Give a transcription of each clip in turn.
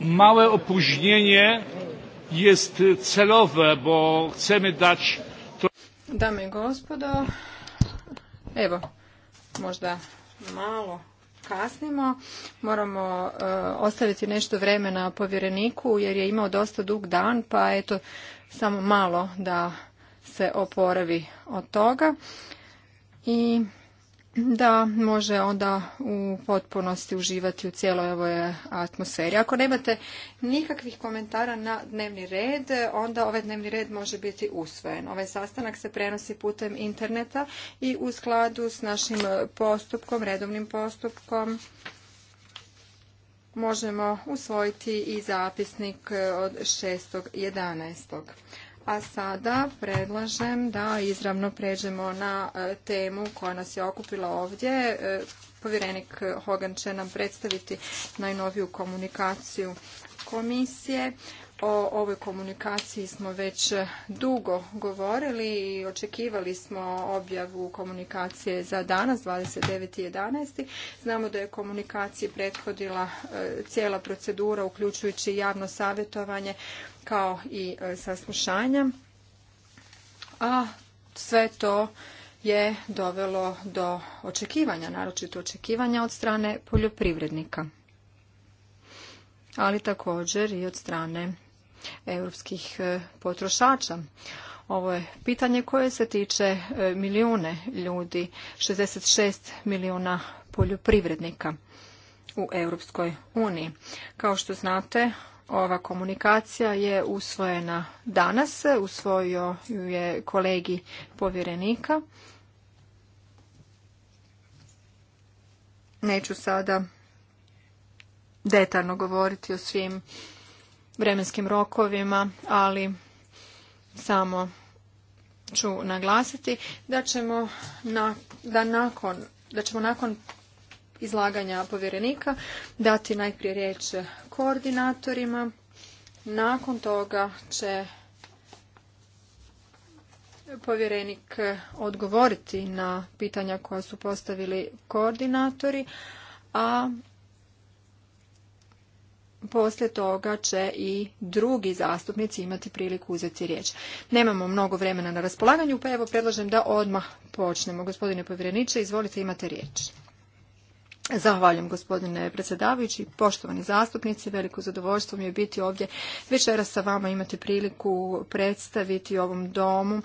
małe opóźnienie jest celowe, bo chcemy dać... To... Dame i gospodo, evo, možda malo kasnimo. Moramo e, ostaviti nešto vremena povjereniku jer je imao dosta dug dan, pa eto, samo malo da se oporavi od toga. I da može onda u potpunosti uživati u cijeloj ovoj atmosferi. Ako nemate nikakvih komentara na dnevni red, onda ovaj dnevni red može biti usvojen. Ovaj sastanak se prenosi putem interneta i u skladu s našim postupkom, redovnim postupkom, možemo usvojiti i zapisnik od 6.11. A sada predlažem da izravno pređemo na e, temu koja nas je okupila ovdje. E, povjerenik Hogan će nam predstaviti najnoviju komunikaciju komisije o ovoj komunikaciji smo već dugo govorili i očekivali smo objavu komunikacije za danas, 29.11. Znamo da je komunikaciji prethodila e, cijela procedura, uključujući javno savjetovanje kao i e, saslušanja. A sve to je dovelo do očekivanja, naročito očekivanja od strane poljoprivrednika ali također i od strane europskih e, potrošača. Ovo je pitanje koje se tiče e, milijune ljudi, 66 milijuna poljoprivrednika u Europskoj uniji. Kao što znate, ova komunikacija je usvojena danas, usvojio ju je kolegi povjerenika. Neću sada detaljno govoriti o svim vremenskim rokovima, ali samo ću naglasiti da ćemo, na, da nakon, da ćemo nakon izlaganja povjerenika dati najprije riječ koordinatorima. Nakon toga će povjerenik odgovoriti na pitanja koja su postavili koordinatori, a poslije toga će i drugi zastupnici imati priliku uzeti riječ. Nemamo mnogo vremena na raspolaganju, pa evo predlažem da odmah počnemo. Gospodine povjereniče, izvolite, imate riječ. Zahvaljujem gospodine predsjedavajući, poštovani zastupnici, veliko zadovoljstvo mi je biti ovdje večeras sa vama imati priliku predstaviti ovom domu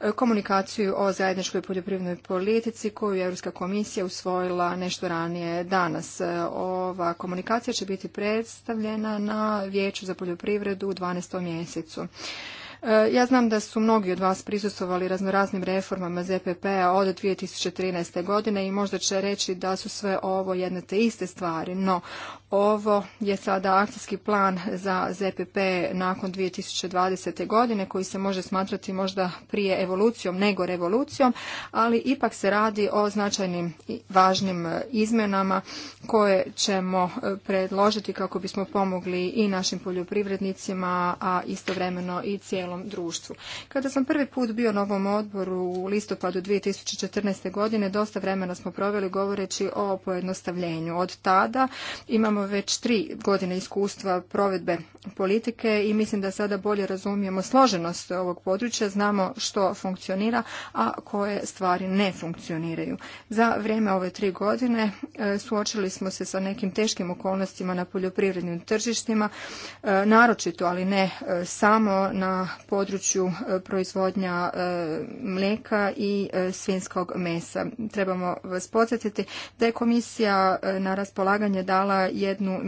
e, komunikaciju o zajedničkoj poljoprivrednoj politici koju je Europska komisija usvojila nešto ranije danas. E, Ova komunikacija će biti predstavljena na Vijeću za poljoprivredu u 12. mjesecu. E, ja znam da su mnogi od vas prisustovali raznoraznim reformama ZPP-a od 2013. godine i možda će reći da su sve ovo jedne te iste stvari, no ovo je sada akcijski plan za ZPP nakon 2020. godine koji se može smatrati možda prije evolucijom nego revolucijom, ali ipak se radi o značajnim i važnim e, izmjenama koje ćemo e, predložiti kako bismo pomogli i našim poljoprivrednicima, a istovremeno i cijelom cijelom društvu. Kada sam prvi put bio na ovom odboru u listopadu 2014. godine, dosta vremena smo proveli govoreći o pojednostavljenju. Od tada imamo već tri godine iskustva provedbe politike i mislim da sada bolje razumijemo složenost ovog područja, znamo što funkcionira, a koje stvari ne funkcioniraju. Za vrijeme ove tri godine e, suočili smo se sa nekim teškim okolnostima na poljoprivrednim tržištima, e, naročito, ali ne e, samo na području e, proizvodnja e, mlijeka i e, svinskog mesa. Trebamo vas podsjetiti da je komisija na raspolaganje dala jednu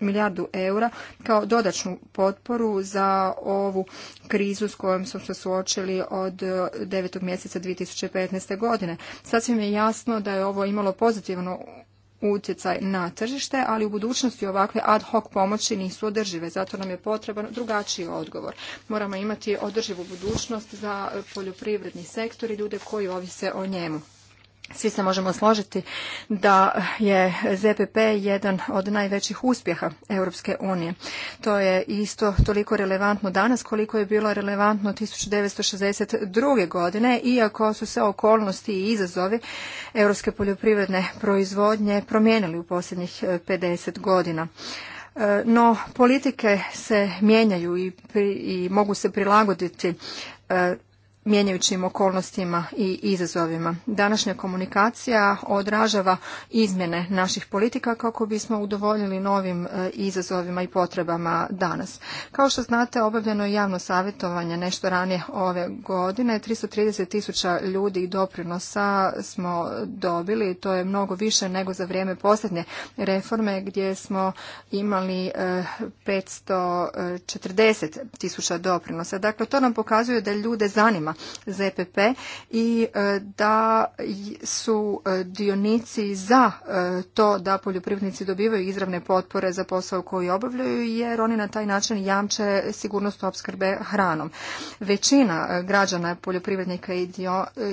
milijardu eura kao dodačnu potporu za ovu krizu s kojom smo se suočili od 9. mjeseca 2015. godine. Sasvim je jasno da je ovo imalo pozitivno utjecaj na tržište, ali u budućnosti ovakve ad hoc pomoći nisu održive. Zato nam je potreban drugačiji odgovor. Moramo imati održivu budućnost za poljoprivredni sektor i ljude koji ovise o njemu svi se možemo složiti da je ZPP jedan od najvećih uspjeha Europske unije. To je isto toliko relevantno danas koliko je bilo relevantno 1962. godine, iako su se okolnosti i izazovi europske poljoprivredne proizvodnje promijenili u posljednjih 50 godina. No, politike se mijenjaju i, i mogu se prilagoditi e, mijenjajućim okolnostima i izazovima. Današnja komunikacija odražava izmjene naših politika kako bismo udovoljili novim e, izazovima i potrebama danas. Kao što znate, obavljeno je javno savjetovanje nešto ranije ove godine. 330 tisuća ljudi i doprinosa smo dobili to je mnogo više nego za vrijeme posljednje reforme gdje smo imali 540 e, tisuća doprinosa. Dakle, to nam pokazuje da ljude zanima ZPP i e, da su e, dionici za e, to da poljoprivrednici dobivaju izravne potpore za posao koji obavljaju jer oni na taj način jamče sigurnost opskrbe hranom. Većina građana poljoprivrednika i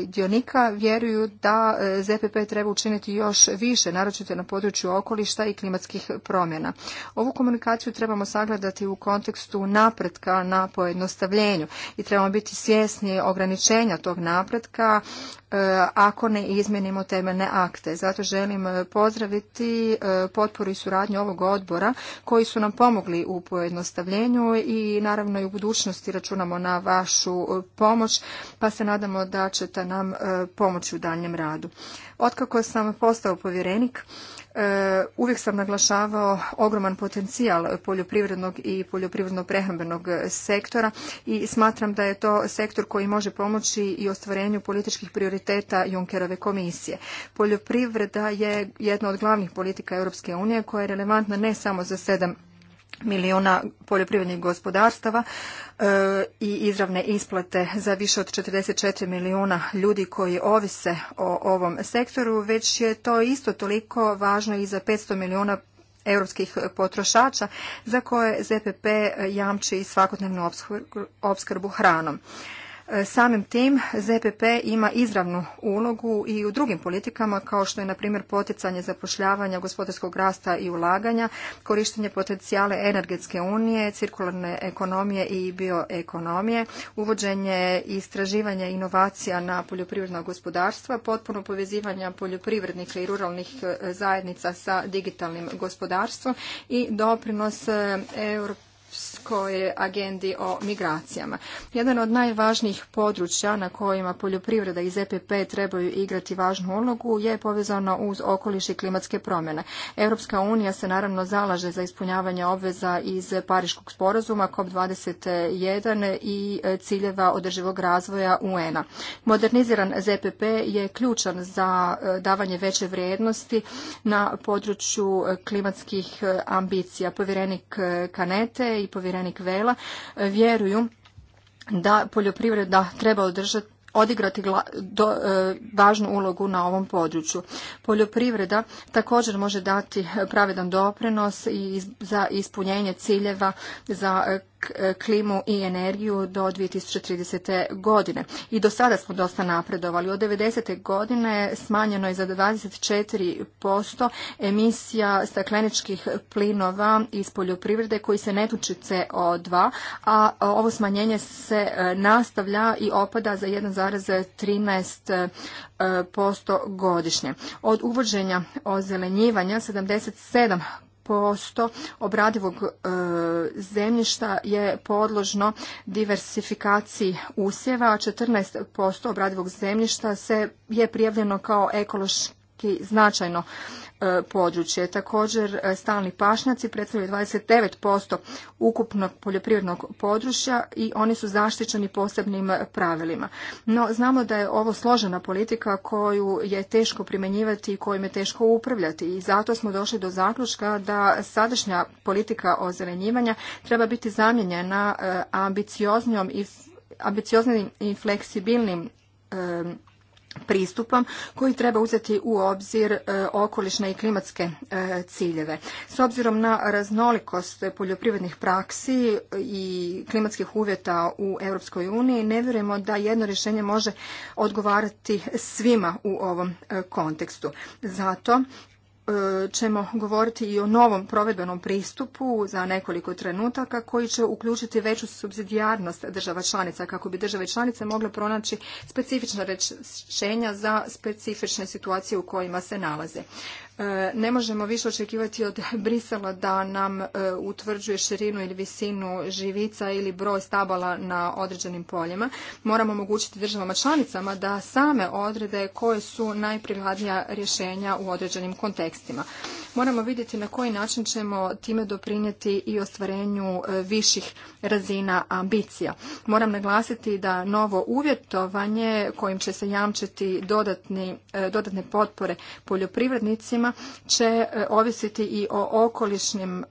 dionika vjeruju da ZPP treba učiniti još više, naročito na području okolišta i klimatskih promjena. Ovu komunikaciju trebamo sagledati u kontekstu napretka na pojednostavljenju i trebamo biti svjesni ograničenja tog napretka e, ako ne izmenimo temeljne akte. Zato želim pozdraviti e, potporu i suradnju ovog odbora koji su nam pomogli u pojednostavljenju i naravno i u budućnosti računamo na vašu e, pomoć pa se nadamo da ćete nam pomoći u daljem radu. Otkako sam postao povjerenik, E, uvijek sam naglašavao ogroman potencijal poljoprivrednog i poljoprivredno-prehrambenog sektora i smatram da je to sektor koji može pomoći i ostvarenju političkih prioriteta Junckerove komisije. Poljoprivreda je jedna od glavnih politika Europske unije koja je relevantna ne samo za sedam milijuna poljoprivrednih gospodarstava e, i izravne isplate za više od 44 milijuna ljudi koji ovise o ovom sektoru, već je to isto toliko važno i za 500 milijuna europskih potrošača za koje ZPP jamči svakodnevnu opskrbu hranom. E, samim tim ZPP ima izravnu ulogu i u drugim politikama kao što je na primjer poticanje zapošljavanja gospodarskog rasta i ulaganja, korištenje potencijale energetske unije, cirkularne ekonomije i bioekonomije, uvođenje istraživanje inovacija na poljoprivredno gospodarstva, potpuno povezivanja poljoprivrednika i ruralnih e, zajednica sa digitalnim gospodarstvom i doprinos e, Europske koje agendi o migracijama. Jedan od najvažnijih područja na kojima poljoprivreda i ZPP e trebaju igrati važnu ulogu je povezano uz okoliš i klimatske promjene. Europska unija se naravno zalaže za ispunjavanje obveza iz Pariškog sporazuma COP21 i ciljeva održivog razvoja un Moderniziran ZPP je ključan za e, davanje veće vrijednosti na području klimatskih e, ambicija. Povjerenik Kanete i povjerenik povjerenik Vela e, vjeruju da poljoprivreda treba održati odigrati e, važnu ulogu na ovom području. Poljoprivreda također može dati pravedan doprinos i za ispunjenje ciljeva za e, E, klimu i energiju do 2030. godine. I do sada smo dosta napredovali. Od 90. godine smanjeno je za 24% emisija stakleničkih plinova iz poljoprivrede koji se ne tuči CO2, a ovo smanjenje se e, nastavlja i opada za 1,13% e, godišnje. Od uvođenja ozelenjivanja 77 posto obradivog e, zemljišta je podložno diversifikaciji usjeva, a 14% obradivog zemljišta se je prijavljeno kao ekološki značajno E, područje. Također, e, stalni pašnjaci predstavljaju 29% ukupnog poljoprivrednog područja i oni su zaštićeni posebnim pravilima. No, znamo da je ovo složena politika koju je teško primjenjivati i kojim je teško upravljati i zato smo došli do zaključka da sadašnja politika ozelenjivanja treba biti zamijenjena e, i ambicioznim i fleksibilnim pristupom koji treba uzeti u obzir e, okolišne i klimatske e, ciljeve. S obzirom na raznolikost poljoprivrednih praksi i klimatskih uvjeta u Europskoj uniji ne vjerujemo da jedno rješenje može odgovarati svima u ovom e, kontekstu. Zato E, ćemo govoriti i o novom provedbenom pristupu za nekoliko trenutaka koji će uključiti veću subsidijarnost država članica kako bi države članice mogle pronaći specifična rješenja za specifične situacije u kojima se nalaze. E, ne možemo više očekivati od Brisela da nam e, utvrđuje širinu ili visinu živica ili broj stabala na određenim poljima. Moramo omogućiti državama članicama da same odrede koje su najprikladnija rješenja u određenim kontekstima. Moramo vidjeti na koji način ćemo time doprinijeti i ostvarenju e, viših razina ambicija. Moram naglasiti da novo uvjetovanje kojim će se jamčiti dodatni, e, dodatne potpore poljoprivrednicima će e, ovisiti i o okolišnim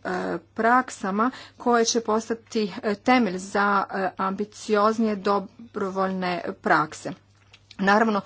praksama koje će postati temelj za ambicioznije dobrovoljne prakse. Naravno,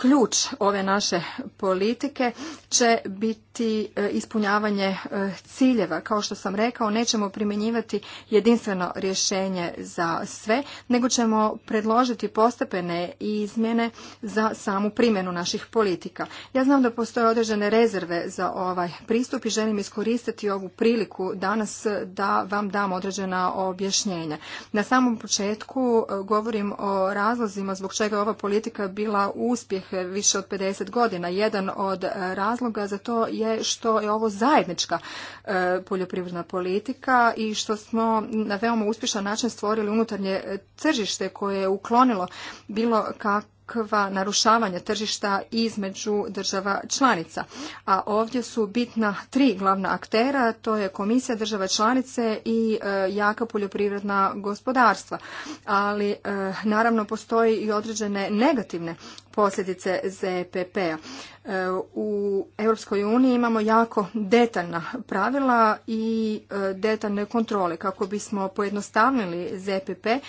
ključ ove naše politike će biti E, ispunjavanje e, ciljeva. Kao što sam rekao, nećemo primjenjivati jedinstveno rješenje za sve, nego ćemo predložiti postepene izmjene za samu primjenu naših politika. Ja znam da postoje određene rezerve za ovaj pristup i želim iskoristiti ovu priliku danas da vam dam određena objašnjenja. Na samom početku e, govorim o razlozima zbog čega je ova politika bila uspjeh više od 50 godina. Jedan od razloga za to je što je ovo zajednička e, poljoprivredna politika i što smo na veoma uspješan način stvorili unutarnje e, tržište koje je uklonilo bilo kakva narušavanja tržišta između država članica. A ovdje su bitna tri glavna aktera, to je komisija država članice i e, jaka poljoprivredna gospodarstva. Ali naravno postoji i određene negativne posljedice ZPP-a. E, u Europskoj uniji imamo jako detaljna pravila i e, detaljne kontrole. Kako bismo pojednostavnili ZPP, e,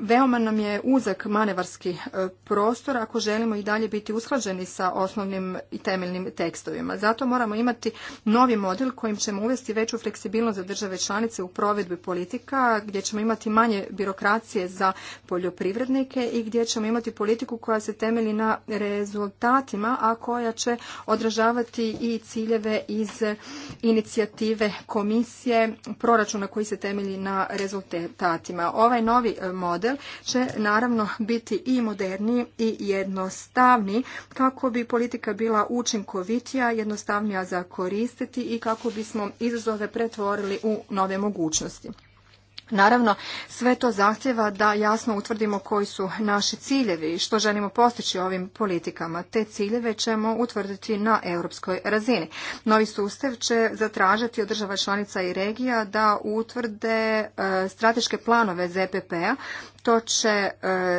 veoma nam je uzak manevarski prostor ako želimo i dalje biti usklađeni sa osnovnim i temeljnim tekstovima. Zato moramo imati novi model kojim ćemo uvesti veću fleksibilnost za države članice u provedbi politika, gdje ćemo imati manje birokracije za poljoprivrednike i gdje ćemo imati politiku koja se temelji na rezultatima a koja će odražavati i ciljeve iz inicijative komisije proračuna koji se temelji na rezultatima. Ovaj novi e, model će naravno biti i moderniji i jednostavniji kako bi politika bila učinkovitija, jednostavnija za koristiti i kako bismo izazove pretvorili u nove mogućnosti. Naravno, sve to zahtjeva da jasno utvrdimo koji su naši ciljevi i što želimo postići ovim politikama. Te ciljeve ćemo utvrditi na europskoj razini. Novi sustav će zatražiti od država članica i regija da utvrde e, strateške planove ZPP-a to će e,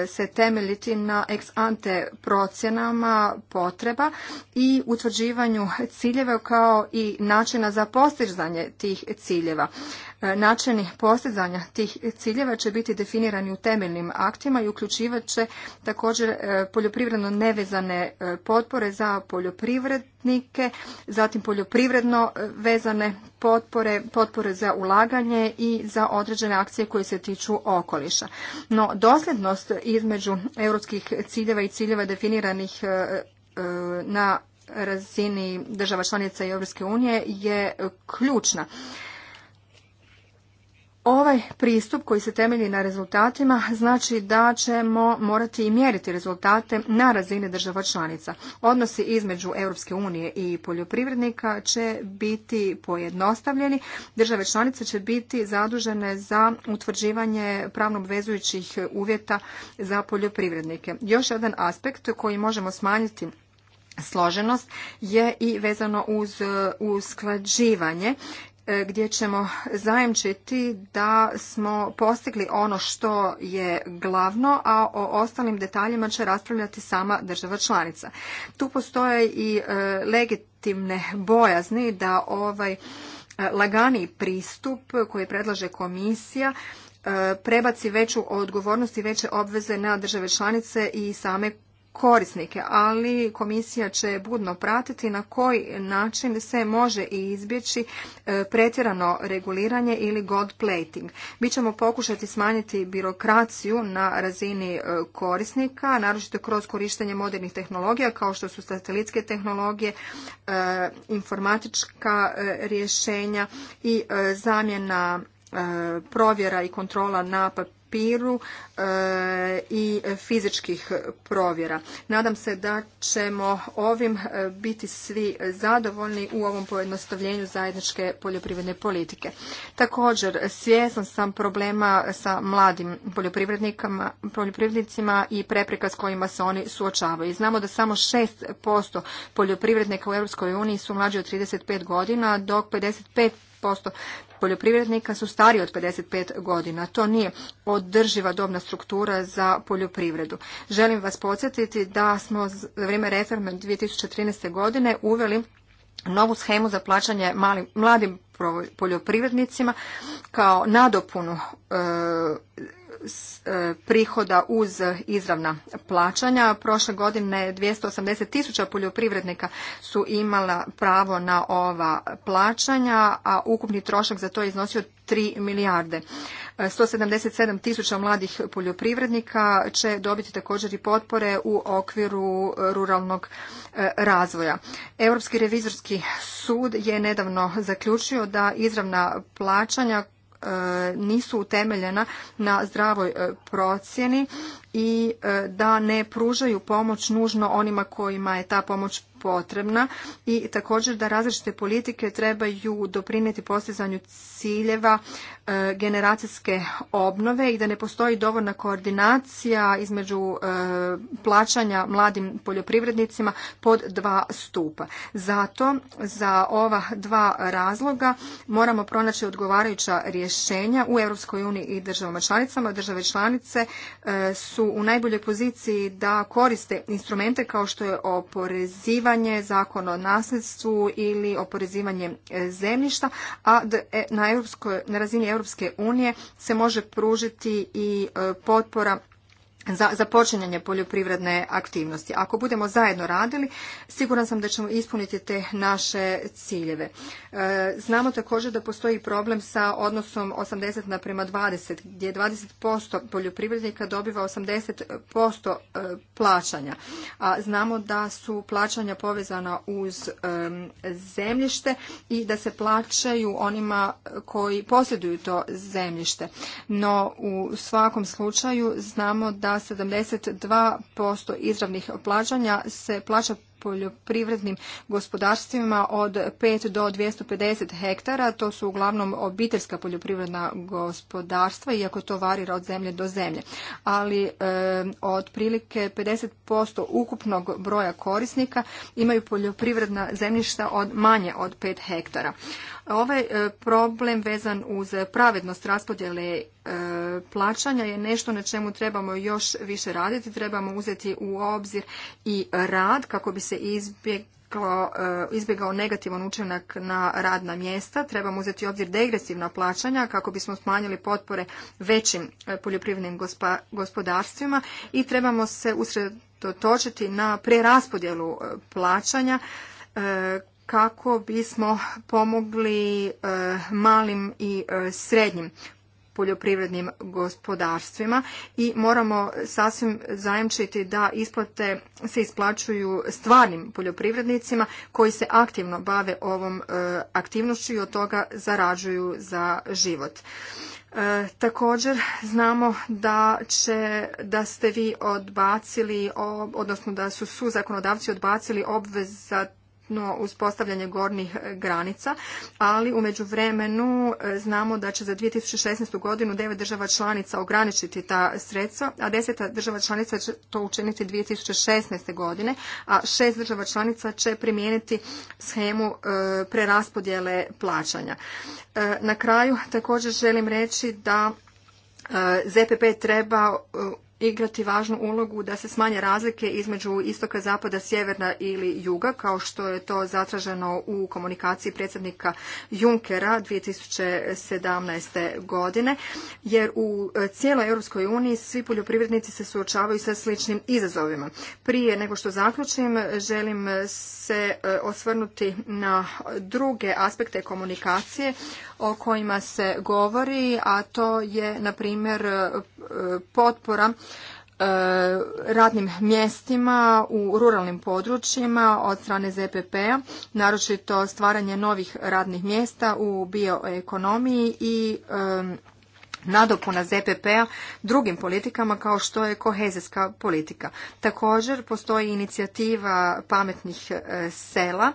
se temeljiti na ex ante procjenama potreba i utvrđivanju ciljeva kao i načina za postizanje tih ciljeva. E, načini postizanja tih ciljeva će biti definirani u temeljnim aktima i uključivat će također e, poljoprivredno nevezane potpore za poljoprivrednike, zatim poljoprivredno vezane potpore, potpore za ulaganje i za određene akcije koje se tiču okoliša. No, dosljednost između europskih ciljeva i ciljeva definiranih e, e, na razini država članica i Europske unije je ključna. Ovaj pristup koji se temelji na rezultatima znači da ćemo morati i mjeriti rezultate na razini država članica. Odnosi između Europske unije i poljoprivrednika će biti pojednostavljeni. Države članice će biti zadužene za utvrđivanje pravno obvezujućih uvjeta za poljoprivrednike. Još jedan aspekt koji možemo smanjiti složenost je i vezano uz usklađivanje E, gdje ćemo zajemčiti da smo postigli ono što je glavno, a o ostalim detaljima će raspravljati sama država članica. Tu postoje i e, legitimne bojazni da ovaj e, lagani pristup koji predlaže komisija prebaci veću odgovornost i veće obveze na države članice i same korisnike, ali komisija će budno pratiti na koji način se može izbjeći e, pretjerano reguliranje ili god plating. Mi ćemo pokušati smanjiti birokraciju na razini e, korisnika, naročito kroz korištenje modernih tehnologija kao što su satelitske tehnologije, e, informatička rješenja i zamjena provjera i kontrola na papiru e, i fizičkih provjera. Nadam se da ćemo ovim e, biti svi zadovoljni u ovom pojednostavljenju zajedničke poljoprivredne politike. Također, svjesna sam problema sa mladim poljoprivrednicima i prepreka s kojima se oni suočavaju. Znamo da samo 6% poljoprivrednika u EU su mlađi od 35 godina, dok 55% poljoprivrednika su stariji od 55 godina. To nije održiva dobna struktura za poljoprivredu. Želim vas podsjetiti da smo za vrijeme reforme 2013. godine uveli novu shemu za plaćanje malim, mladim poljoprivrednicima kao nadopunu e, E, prihoda uz izravna plaćanja. Prošle godine 280 tisuća poljoprivrednika su imala pravo na ova plaćanja, a ukupni trošak za to je iznosio 3 milijarde. 177 e, tisuća mladih poljoprivrednika će dobiti također i potpore u okviru ruralnog e, razvoja. Europski revizorski sud je nedavno zaključio da izravna plaćanja E, nisu utemeljena na zdravoj e, procjeni i e, da ne pružaju pomoć nužno onima kojima je ta pomoć potrebna i također da različite politike trebaju doprinijeti postizanju ciljeva e, generacijske obnove i da ne postoji dovoljna koordinacija između e, plaćanja mladim poljoprivrednicima pod dva stupa. Zato za ova dva razloga moramo pronaći odgovarajuća rješenja u Europskoj uniji i državama članicama. Države članice e, su u najboljoj poziciji da koriste instrumente kao što je oporezivanje oporezivanje, zakon o nasljedstvu ili oporezivanje e, zemljišta, a e, na, Europskoj, na razini Europske unije se može pružiti i e, potpora za započinjanje poljoprivredne aktivnosti. Ako budemo zajedno radili, siguran sam da ćemo ispuniti te naše ciljeve. E, znamo također da postoji problem sa odnosom 80 naprema 20, gdje 20% poljoprivrednika dobiva 80% e, plaćanja. A znamo da su plaćanja povezana uz e, zemljište i da se plaćaju onima koji posjeduju to zemljište. No u svakom slučaju znamo da 72% izravnih plaćanja se plaća poljoprivrednim gospodarstvima od 5 do 250 hektara. To su uglavnom obiteljska poljoprivredna gospodarstva, iako to varira od zemlje do zemlje. Ali od otprilike 50% ukupnog broja korisnika imaju poljoprivredna zemljišta od manje od 5 hektara. Ovaj e, problem vezan uz pravednost raspodjele e, plaćanja je nešto na čemu trebamo još više raditi. Trebamo uzeti u obzir i rad kako bi se e, izbjegao negativan učinak na radna mjesta. Trebamo uzeti u obzir degresivna plaćanja kako bismo smanjili potpore većim poljoprivrednim gospodarstvima i trebamo se usredotočiti na preraspodjelu plaćanja kako bismo pomogli e, malim i e, srednjim poljoprivrednim gospodarstvima i moramo sasvim zajamčiti da isplate se isplaćuju stvarnim poljoprivrednicima koji se aktivno bave ovom e, aktivnošću i od toga zarađuju za život. također znamo da će, da ste vi odbacili, odnosno da su su zakonodavci odbacili obvezat bitno uspostavljanje gornjih granica, ali u međuvremenu e, znamo da će za 2016. godinu devet država članica ograničiti ta sredstva, a deseta država članica će to učiniti 2016. godine, a šest država članica će primijeniti schemu e, preraspodjele plaćanja. E, na kraju također želim reći da ZPP treba igrati važnu ulogu da se smanje razlike između istoka, zapada, sjeverna ili juga, kao što je to zatraženo u komunikaciji predsjednika Junkera 2017. godine, jer u e, cijeloj Europskoj uniji svi poljoprivrednici se suočavaju sa sličnim izazovima. Prije nego što zaključim, želim se e, osvrnuti na druge aspekte komunikacije o kojima se govori, a to je, na primjer, e, potpora E, radnim mjestima u ruralnim područjima od strane ZPP-a, naročito stvaranje novih radnih mjesta u bioekonomiji i e, nadopuna ZPP-a drugim politikama kao što je kohezijska politika. Također postoji inicijativa pametnih e, sela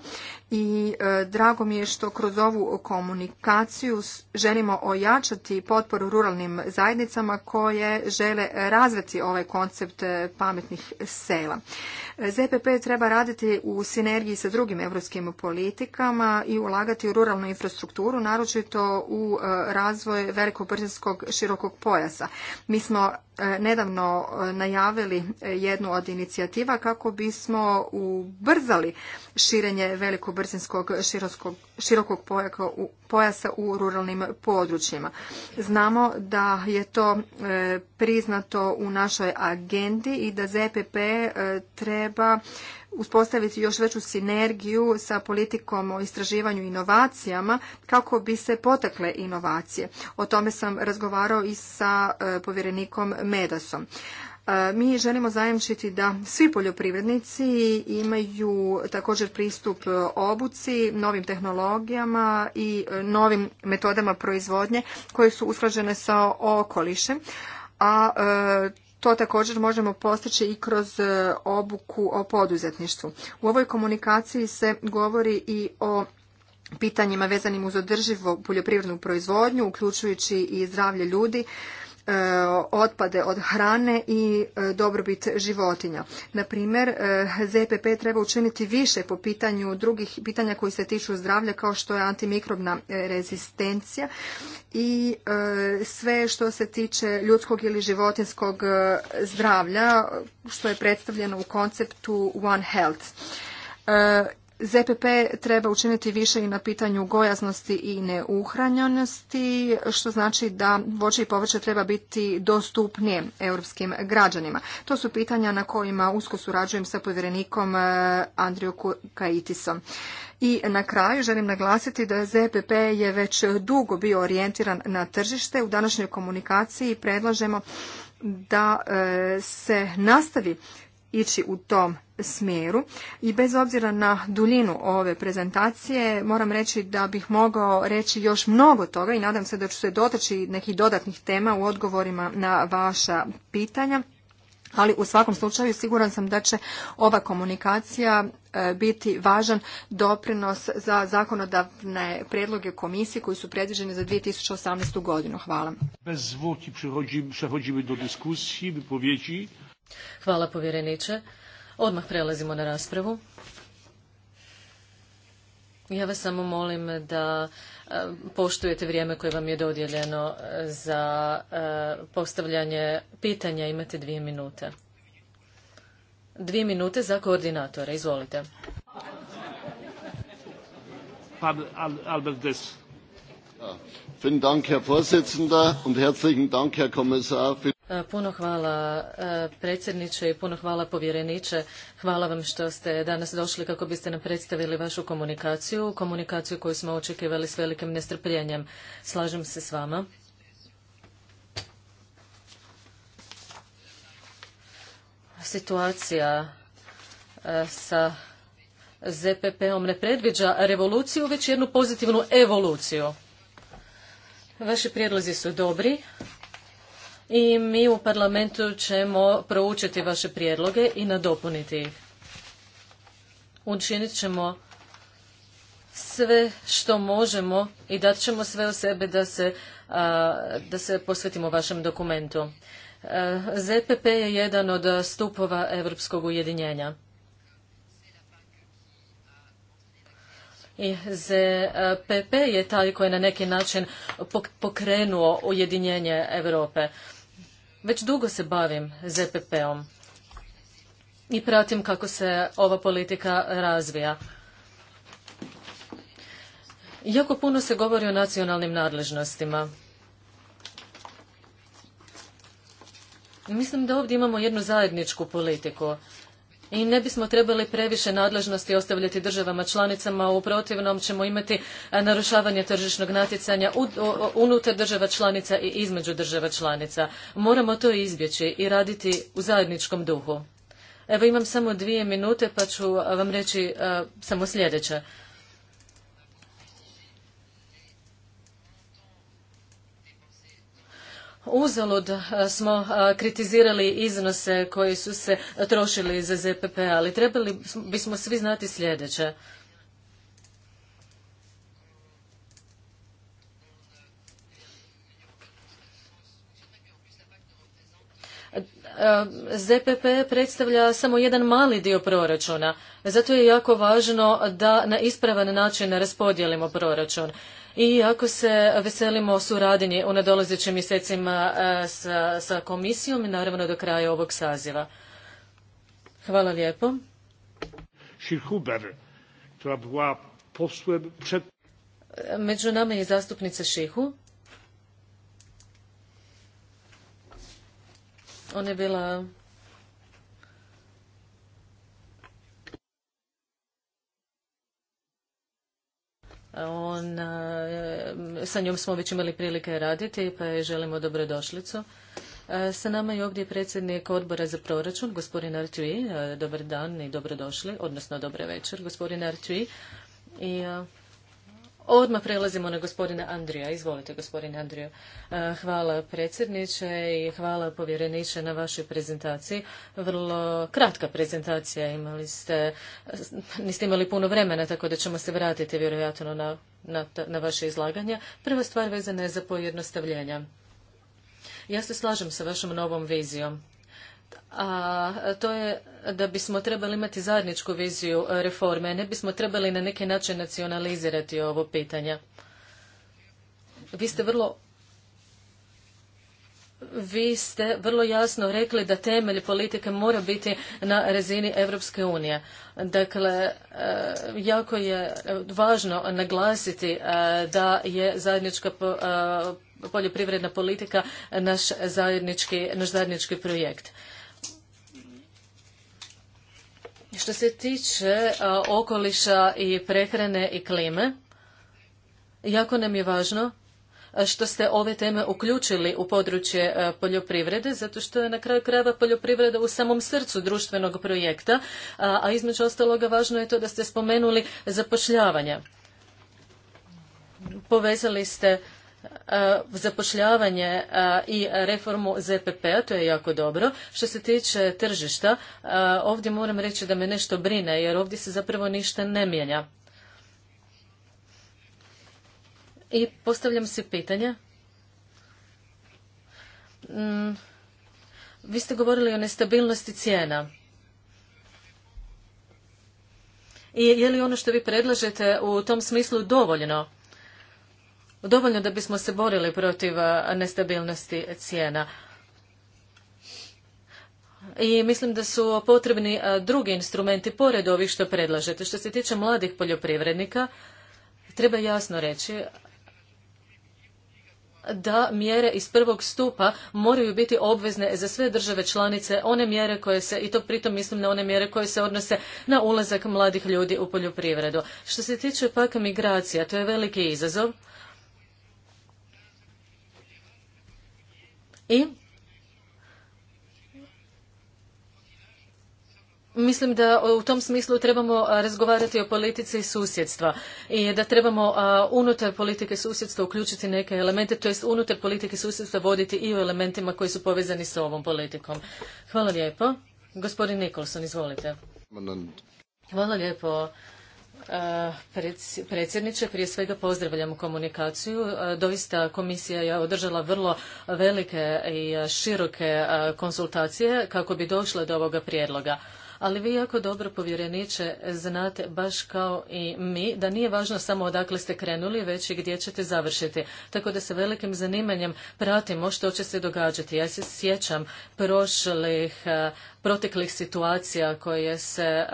i e, drago mi je što kroz ovu komunikaciju želimo ojačati potporu ruralnim zajednicama koje žele razviti ovaj koncept e, pametnih sela. E, ZPP treba raditi u sinergiji sa drugim europskim politikama i ulagati u ruralnu infrastrukturu, naročito u razvoj velikobrzinskog širokog pojasa. Mi smo nedavno najavili jednu od inicijativa kako bismo ubrzali širenje velikobrzinskog brzinskog širokog pojasa u ruralnim područjima. Znamo da je to e, priznato u našoj agendi i da ZPP e, treba uspostaviti još veću sinergiju sa politikom o istraživanju inovacijama kako bi se potakle inovacije. O tome sam razgovarao i sa e, povjerenikom Medasom. Mi želimo zajamčiti da svi poljoprivrednici imaju također pristup obuci, novim tehnologijama i e, novim metodama proizvodnje koje su usklađene sa okolišem, a e, to također možemo postići i kroz e, obuku o poduzetništvu. U ovoj komunikaciji se govori i o pitanjima vezanim uz održivo poljoprivrednu proizvodnju, uključujući i zdravlje ljudi, E, otpade od hrane i e, dobrobit životinja. Na e, ZPP treba učiniti više po pitanju drugih pitanja koji se tiču zdravlja kao što je antimikrobna rezistencija i sve što se tiče ljudskog ili životinskog zdravlja što je predstavljeno u konceptu One Health ZPP treba učiniti više i na pitanju gojaznosti i neuhranjenosti, što znači da voće i povrće treba biti dostupnije europskim građanima. To su pitanja na kojima usko surađujem sa povjerenikom eh, Andriju Kaitisom. I na kraju želim naglasiti da ZPP je već dugo bio orijentiran na tržište. U današnjoj komunikaciji predlažemo da eh, se nastavi ići u tom smjeru i bez obzira na duljinu ove prezentacije moram reći da bih mogao reći još mnogo toga i nadam se da ću se dotaći nekih dodatnih tema u odgovorima na vaša pitanja ali u svakom slučaju siguran sam da će ova komunikacija e, biti važan doprinos za zakonodavne predloge komisije koji su predviđeni za 2018. godinu. Hvala. Bez zvuki do Hvala povjereniče. Odmah prelazimo na raspravu. Ja vas samo molim da e, poštujete vrijeme koje vam je dodijeljeno za e, postavljanje pitanja. Imate dvije minute. Dvije minute za koordinatore. Izvolite. Albert Vielen Dank, E, puno hvala e, predsjedniče i puno hvala povjereniče. Hvala vam što ste danas došli kako biste nam predstavili vašu komunikaciju, komunikaciju koju smo očekivali s velikim nestrpljenjem. Slažem se s vama. Situacija e, sa ZPP-om ne predviđa revoluciju, već jednu pozitivnu evoluciju. Vaši prijedlozi su dobri, i mi u parlamentu ćemo proučiti vaše prijedloge i nadopuniti ih. Učinit ćemo sve što možemo i dat ćemo sve o sebe da se, da se posvetimo vašem dokumentu. ZPP je jedan od stupova Europskog ujedinjenja. I ZPP je taj koji je na neki način pokrenuo ujedinjenje Europe. Već dugo se bavim ZPP-om i pratim kako se ova politika razvija. Jako puno se govori o nacionalnim nadležnostima. Mislim da ovdje imamo jednu zajedničku politiku i ne bismo trebali previše nadležnosti ostavljati državama članicama, u protivnom ćemo imati narušavanje tržišnog natjecanja unutar država članica i između država članica. Moramo to izbjeći i raditi u zajedničkom duhu. Evo imam samo dvije minute pa ću vam reći samo sljedeće. Uzalud e, smo e, kritizirali iznose koji su se trošili za ZPP, ali trebali bismo svi znati sljedeće. ZPP predstavlja samo jedan mali dio proračuna. Zato je jako važno da na ispravan način raspodijelimo proračun i ako se veselimo suradnji u nadolazećim mjesecima e, sa, komisijom i naravno do kraja ovog saziva. Hvala lijepo. Među nama je zastupnica Šihu. Ona je bila On, e, sa njom smo već imali prilike raditi, pa je želimo dobrodošlicu. E, sa nama je ovdje predsjednik odbora za proračun, gospodin Artui. E, dobar dan i dobrodošli, odnosno dobre večer, gospodin Artui. I Odmah prelazimo na gospodina Andrija. Izvolite, gospodine Andrija. E, hvala predsjedniče i hvala povjereniče na vašoj prezentaciji. Vrlo kratka prezentacija imali ste, niste imali puno vremena, tako da ćemo se vratiti vjerojatno na, na vaše izlaganje. Prva stvar vezana je za pojednostavljenja. Ja se slažem sa vašom novom vizijom a to je da bismo trebali imati zajedničku viziju reforme, ne bismo trebali na neki način nacionalizirati ovo pitanje. Vi ste vrlo vi ste vrlo jasno rekli da temelj politike mora biti na razini Europske unije. Dakle, e, jako je važno naglasiti e, da je zajednička e, poljoprivredna politika naš zajednički projekt. Što se tiče e, okoliša i prehrane i klime, jako nam je važno e, što ste ove teme uključili u područje e, poljoprivrede, zato što je na kraju krajeva poljoprivreda u samom srcu društvenog projekta, a između ostaloga važno je to da ste spomenuli zapošljavanje. Povezali ste E, zapošljavanje e, i reformu ZPP-a, to je jako dobro. Što se tiče tržišta, e, ovdje moram reći da me nešto brine, jer ovdje se zapravo ništa ne mijenja. I postavljam si pitanje. Mm, vi ste govorili o nestabilnosti cijena. I je li ono što vi predlažete u tom smislu dovoljno? dovoljno da bismo se borili protiv nestabilnosti cijena. I mislim da su potrebni drugi instrumenti pored ovih što predlažete. Što se tiče mladih poljoprivrednika, treba jasno reći da mjere iz prvog stupa moraju biti obvezne za sve države članice, one mjere koje se, i to pritom mislim na one mjere koje se odnose na ulazak mladih ljudi u poljoprivredu. Što se tiče pak migracija, to je veliki izazov I Mislim da u tom smislu trebamo razgovarati o politici susjedstva i da trebamo unutar politike susjedstva uključiti neke elemente, to jest unutar politike susjedstva voditi i o elementima koji su povezani s ovom politikom. Hvala lijepo. Gospodin Nikolson, izvolite. Hvala lijepo E, predsjedniče. Prije svega pozdravljam komunikaciju. E, doista komisija je održala vrlo velike i široke e, konsultacije kako bi došla do ovoga prijedloga ali vi jako dobro povjereniče znate baš kao i mi da nije važno samo odakle ste krenuli već i gdje ćete završiti. Tako da sa velikim zanimanjem pratimo što će se događati. Ja se sjećam prošlih eh, proteklih situacija koje se eh,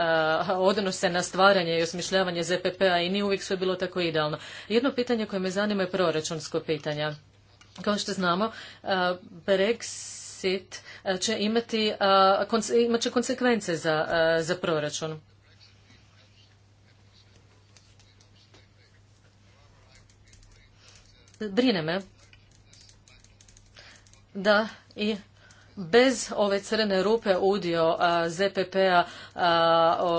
odnose na stvaranje i osmišljavanje ZPP-a i nije uvijek sve bilo tako idealno. Jedno pitanje koje me zanima je proračunsko pitanje. Kao što znamo, eh, Brexit deficit e, će imati, e, imat će konsekvence e, za, proračun. Brine me da i bez ove crne rupe udio ZPP-a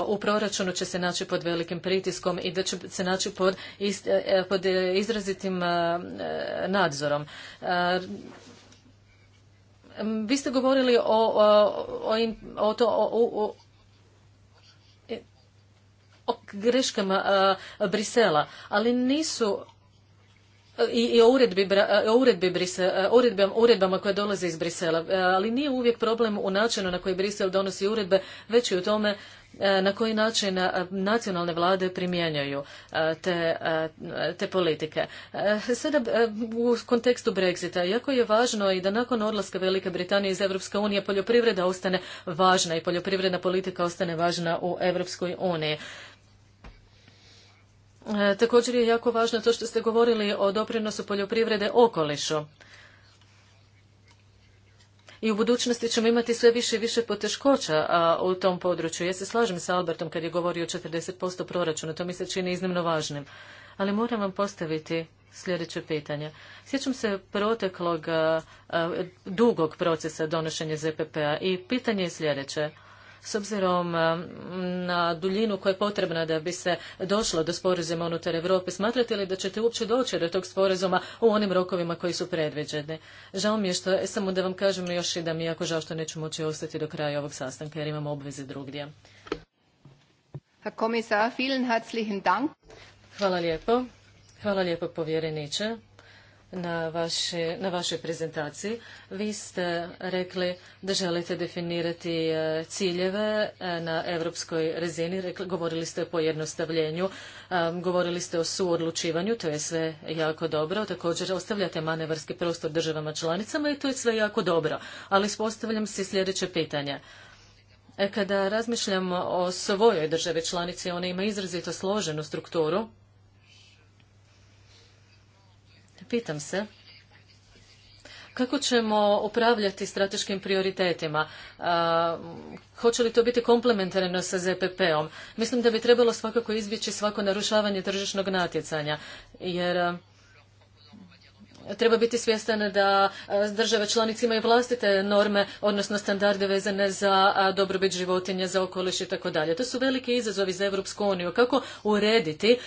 u proračunu će se naći pod velikim pritiskom i da će se naći pod, pod izrazitim nadzorom. Vi ste govorili o, o, o e, greškama e, Brisela, ali nisu i, o, uredbi, e, uredbama, e, uredbama koje dolaze iz Brisela. E, ali nije uvijek problem u načinu na koji Brisel donosi uredbe, već i u tome na koji način nacionalne vlade primjenjuju te, te politike. Sada u kontekstu Brexita, jako je važno i da nakon odlaska Velike Britanije iz Europske unije poljoprivreda ostane važna i poljoprivredna politika ostane važna u Europskoj uniji. E, također je jako važno to što ste govorili o doprinosu poljoprivrede okolišu. I u budućnosti ćemo imati sve više i više poteškoća u tom području. Ja se slažem sa Albertom kad je govorio o 40% proračuna. To mi se čini iznimno važnim. Ali moram vam postaviti sljedeće pitanje. Sjećam se proteklog dugog procesa donošenja ZPP-a i pitanje je sljedeće s obzirom eh, na duljinu koja je potrebna da bi se došlo do sporazuma unutar Europe, smatrate li da ćete uopće doći do tog sporazuma u onim rokovima koji su predviđeni? Žao mi je što, e, samo da vam kažem još i da mi jako žao što neću moći ostati do kraja ovog sastanka jer imam obveze drugdje. Hvala lijepo. Hvala lijepo povjereniče na, vaše, na vašoj prezentaciji. Vi ste rekli da želite definirati e, ciljeve e, na europskoj razini. Rekli, govorili ste o pojednostavljenju, e, govorili ste o suodlučivanju, to je sve jako dobro. Također ostavljate manevarski prostor državama članicama i to je sve jako dobro. Ali postavljam se sljedeće pitanje. Kada razmišljam o svojoj državi članici, ona ima izrazito složenu strukturu Pitam se kako ćemo upravljati strateškim prioritetima? hoće li to biti komplementarno sa ZPP-om? Mislim da bi trebalo svakako izbjeći svako narušavanje tržišnog natjecanja, jer treba biti svjestan da e, države članice imaju vlastite norme, odnosno standarde vezane za e, dobrobit životinja, za okoliš i tako dalje. To su veliki izazovi za Europsku uniju. Kako urediti e,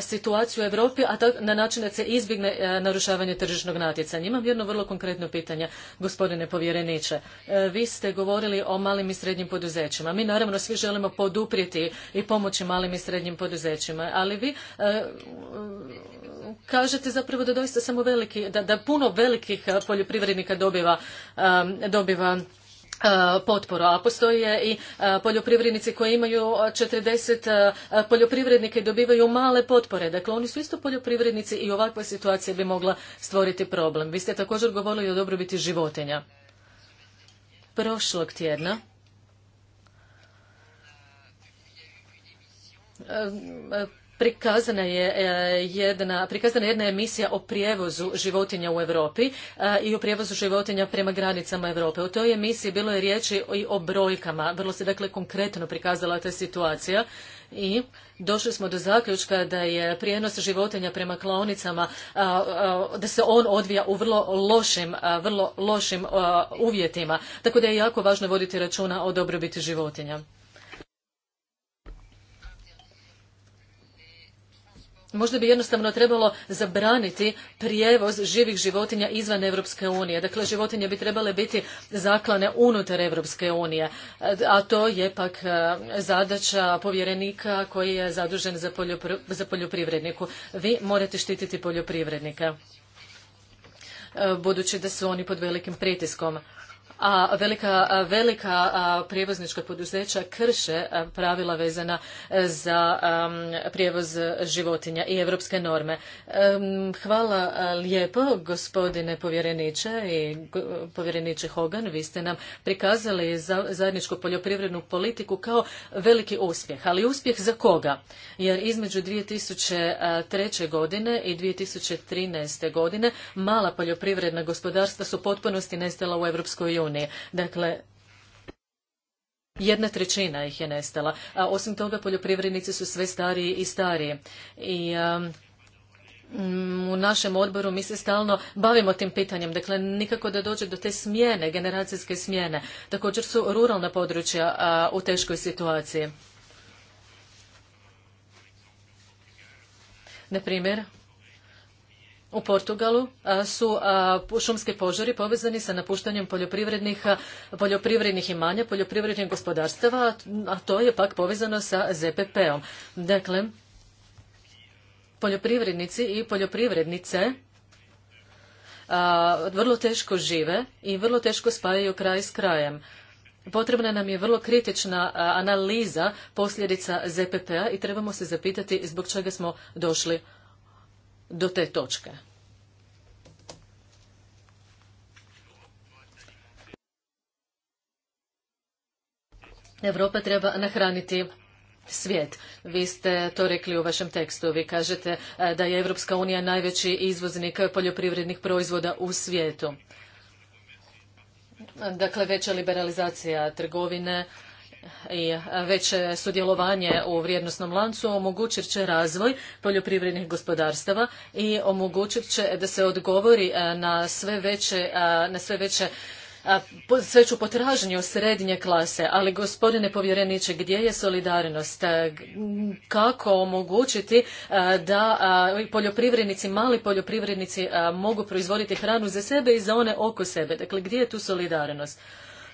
situaciju u Europi, a na način da se izbjegne narušavanje tržišnog natjecanja? Imam jedno vrlo konkretno pitanje, gospodine povjereniče. vi ste govorili o malim i srednjim poduzećima. Mi naravno svi želimo poduprijeti i pomoći malim i srednjim poduzećima, ali vi kažete zapravo da doista samo veliki, da, da puno velikih e, poljoprivrednika dobiva, dobiva e, potporu, a postoje i e, poljoprivrednici koji imaju 40 poljoprivrednika i dobivaju male potpore. Dakle, oni su isto poljoprivrednici i ovakva situacija bi mogla stvoriti problem. Vi ste također govorili o dobrobiti životinja. Prošlog tjedna prikazana je e, jedna, prikazana jedna emisija o prijevozu životinja u Europi e, i o prijevozu životinja prema granicama Europe. U toj emisiji bilo je riječi i o brojkama, vrlo se dakle konkretno prikazala ta situacija i došli smo do zaključka da je prijenos životinja prema klaonicama e, da se on odvija u vrlo lošim, vrlo lošim uvjetima. Tako da je jako važno voditi računa o dobrobiti životinja. Možda bi jednostavno trebalo zabraniti prijevoz živih životinja izvan Europske unije. Dakle, životinje bi trebale biti zaklane unutar Europske unije. A to je pak e, zadaća povjerenika koji je zadužen za, za poljoprivredniku. Vi morate štititi poljoprivrednika e, budući da su oni pod velikim pritiskom a velika, velika prijevoznička poduzeća krše pravila vezana e, za prijevoz životinja i europske norme. Hvala lijepo gospodine povjereniče i povjereniče Hogan, vi ste nam prikazali zajedničku poljoprivrednu politiku kao veliki uspjeh, ali uspjeh za koga? Jer između 2003. godine i 2013. godine mala poljoprivredna gospodarstva su u potpunosti nestala u EU unije. Dakle, jedna trećina ih je nestala. A osim toga, poljoprivrednici su sve stariji i stariji. I um, u našem odboru mi se stalno bavimo tim pitanjem, dakle nikako da dođe do te smjene, generacijske smjene. Također su ruralna područja u teškoj situaciji. Na primjer, u Portugalu su šumske požari povezani sa napuštanjem poljoprivrednih, poljoprivrednih imanja, poljoprivrednih gospodarstava, a to je pak povezano sa ZPP-om. Dakle, poljoprivrednici i poljoprivrednice vrlo teško žive i vrlo teško spajaju kraj s krajem. Potrebna nam je vrlo kritična analiza posljedica ZPP-a i trebamo se zapitati zbog čega smo došli do te točke. Europa treba nahraniti svijet. Vi ste to rekli u vašem tekstu. Vi kažete eh, da je Europska unija najveći izvoznik poljoprivrednih proizvoda u svijetu. Dakle, veća liberalizacija trgovine, i veće sudjelovanje u vrijednosnom lancu omogućit će razvoj poljoprivrednih gospodarstava i omogućit će da se odgovori e, na sve veće, e, na sve veće sve potražnju srednje klase, ali gospodine povjereniče, gdje je solidarnost? E, kako omogućiti da poljoprivrednici, mali poljoprivrednici mogu proizvoditi hranu za sebe i za one oko sebe? Dakle, gdje je tu solidarnost?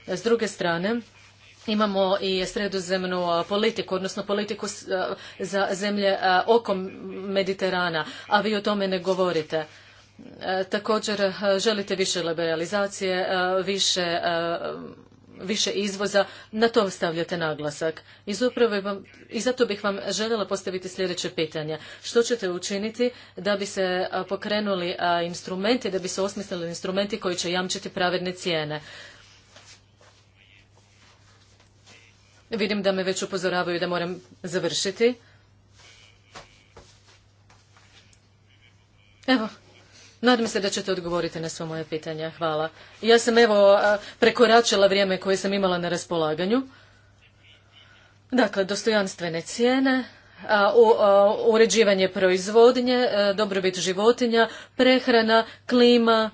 S druge strane, imamo i sredozemnu politiku, odnosno politiku za zemlje oko Mediterana, a vi o tome ne govorite. E, također želite više liberalizacije, više više izvoza, na to stavljate naglasak. I, I zato bih vam željela postaviti sljedeće pitanje. Što ćete učiniti da bi se pokrenuli instrumenti, da bi se osmislili instrumenti koji će jamčiti pravedne cijene? Vidim da me već upozoravaju da moram završiti. Evo, nadam se da ćete odgovoriti na sva moja pitanja. Hvala. Ja sam evo prekoračila vrijeme koje sam imala na raspolaganju. Dakle, dostojanstvene cijene, uređivanje proizvodnje, e, dobrobit životinja, prehrana, klima,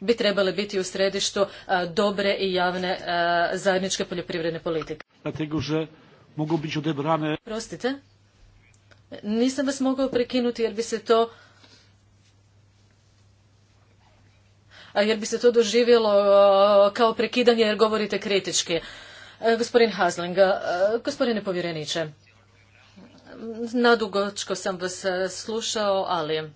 bi trebale biti u središtu dobre i javne zajedničke poljoprivredne politike. mogu biti Prostite, nisam vas mogao prekinuti jer bi se to jer bi se to doživjelo kao prekidanje jer govorite kritički. E, gospodin Hasling, gospodine povjereniče, nadugočko sam vas slušao, ali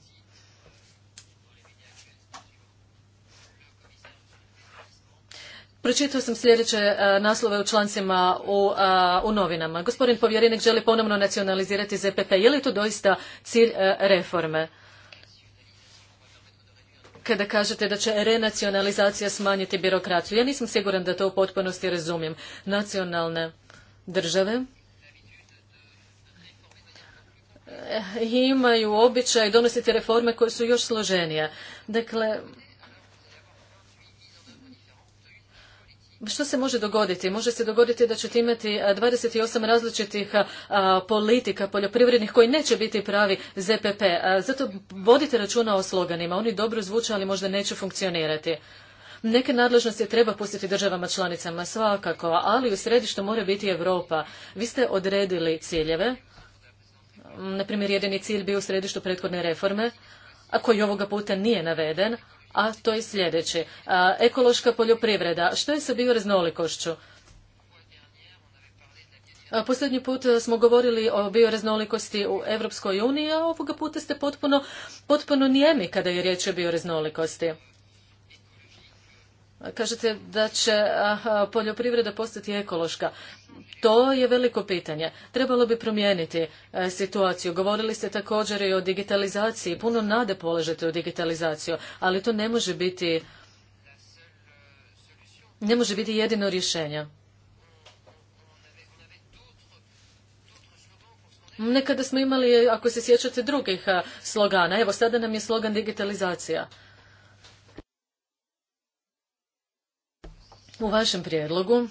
Pročitao sam sljedeće e, naslove u člancima e, u, novinama. Gospodin povjerenik želi ponovno nacionalizirati ZPP. Je li to doista cilj e, reforme? kada kažete da će renacionalizacija smanjiti birokraciju. Ja nisam siguran da to u potpunosti razumijem. Nacionalne države imaju običaj donositi reforme koje su još složenije. Dakle, što se može dogoditi? Može se dogoditi da ćete imati 28 e, različitih e, politika poljoprivrednih koji neće biti pravi ZPP. E, zato vodite računa o sloganima. Oni dobro zvuče, ali možda neće funkcionirati. Neke nadležnosti treba pustiti državama članicama, svakako, ali u središtu mora biti Europa. Vi ste odredili ciljeve. Na primjer, jedini cilj bio u središtu prethodne reforme, a koji ovoga puta nije naveden, a to je sljedeće. Ekološka poljoprivreda. Što je sa bioraznolikošću? Posljednji put smo govorili o bioraznolikosti u Europskoj uniji, a ovoga puta ste potpuno, potpuno nijemi kada je riječ o bioraznolikosti. Kažete da će poljoprivreda postati ekološka. To je veliko pitanje. Trebalo bi promijeniti e, situaciju. Govorili ste također i o digitalizaciji. Puno nade polažete u digitalizaciju, ali to ne može biti ne može biti jedino rješenje. Nekada smo imali, ako se sjećate, drugih slogana. Evo, sada nam je slogan digitalizacija. U vašem prijedlogu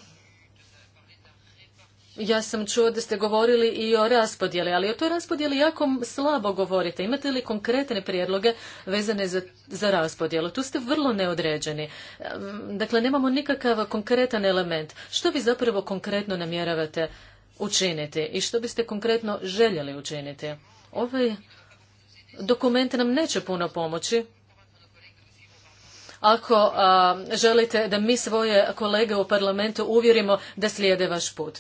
ja sam čuo da ste govorili i o raspodjeli, ali o toj raspodjeli jako slabo govorite. Imate li konkretne prijedloge vezane za, za raspodjelu? Tu ste vrlo neodređeni. Dakle, nemamo nikakav konkretan element. Što vi zapravo konkretno namjeravate učiniti i što biste konkretno željeli učiniti? Ovaj dokument nam neće puno pomoći ako želite da mi svoje kolege u parlamentu uvjerimo da slijede vaš put.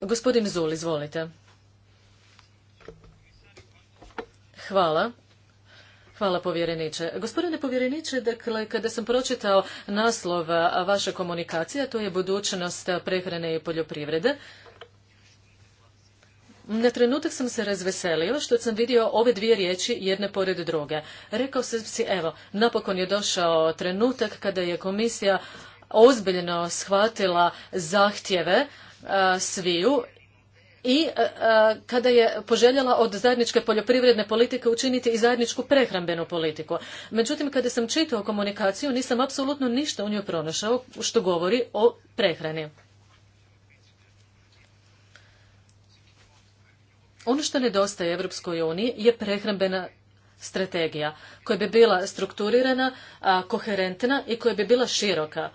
Gospodin Zul, izvolite. Hvala. Hvala povjereniče. Gospodine povjereniče, dakle, kada sam pročitao naslov vaše komunikacije, to je budućnost prehrane i poljoprivrede, na trenutak sam se razveselio što sam vidio ove dvije riječi jedne pored druge. Rekao sam si, evo, napokon je došao trenutak kada je komisija ozbiljno shvatila zahtjeve e, sviju i e, e, kada je poželjela od zajedničke poljoprivredne politike učiniti i zajedničku prehrambenu politiku. Međutim, kada sam čitao komunikaciju, nisam apsolutno ništa u njoj pronašao što govori o prehrani. Ono što nedostaje Europskoj uniji je prehrambena strategija koja bi bila strukturirana, koherentna i koja bi bila široka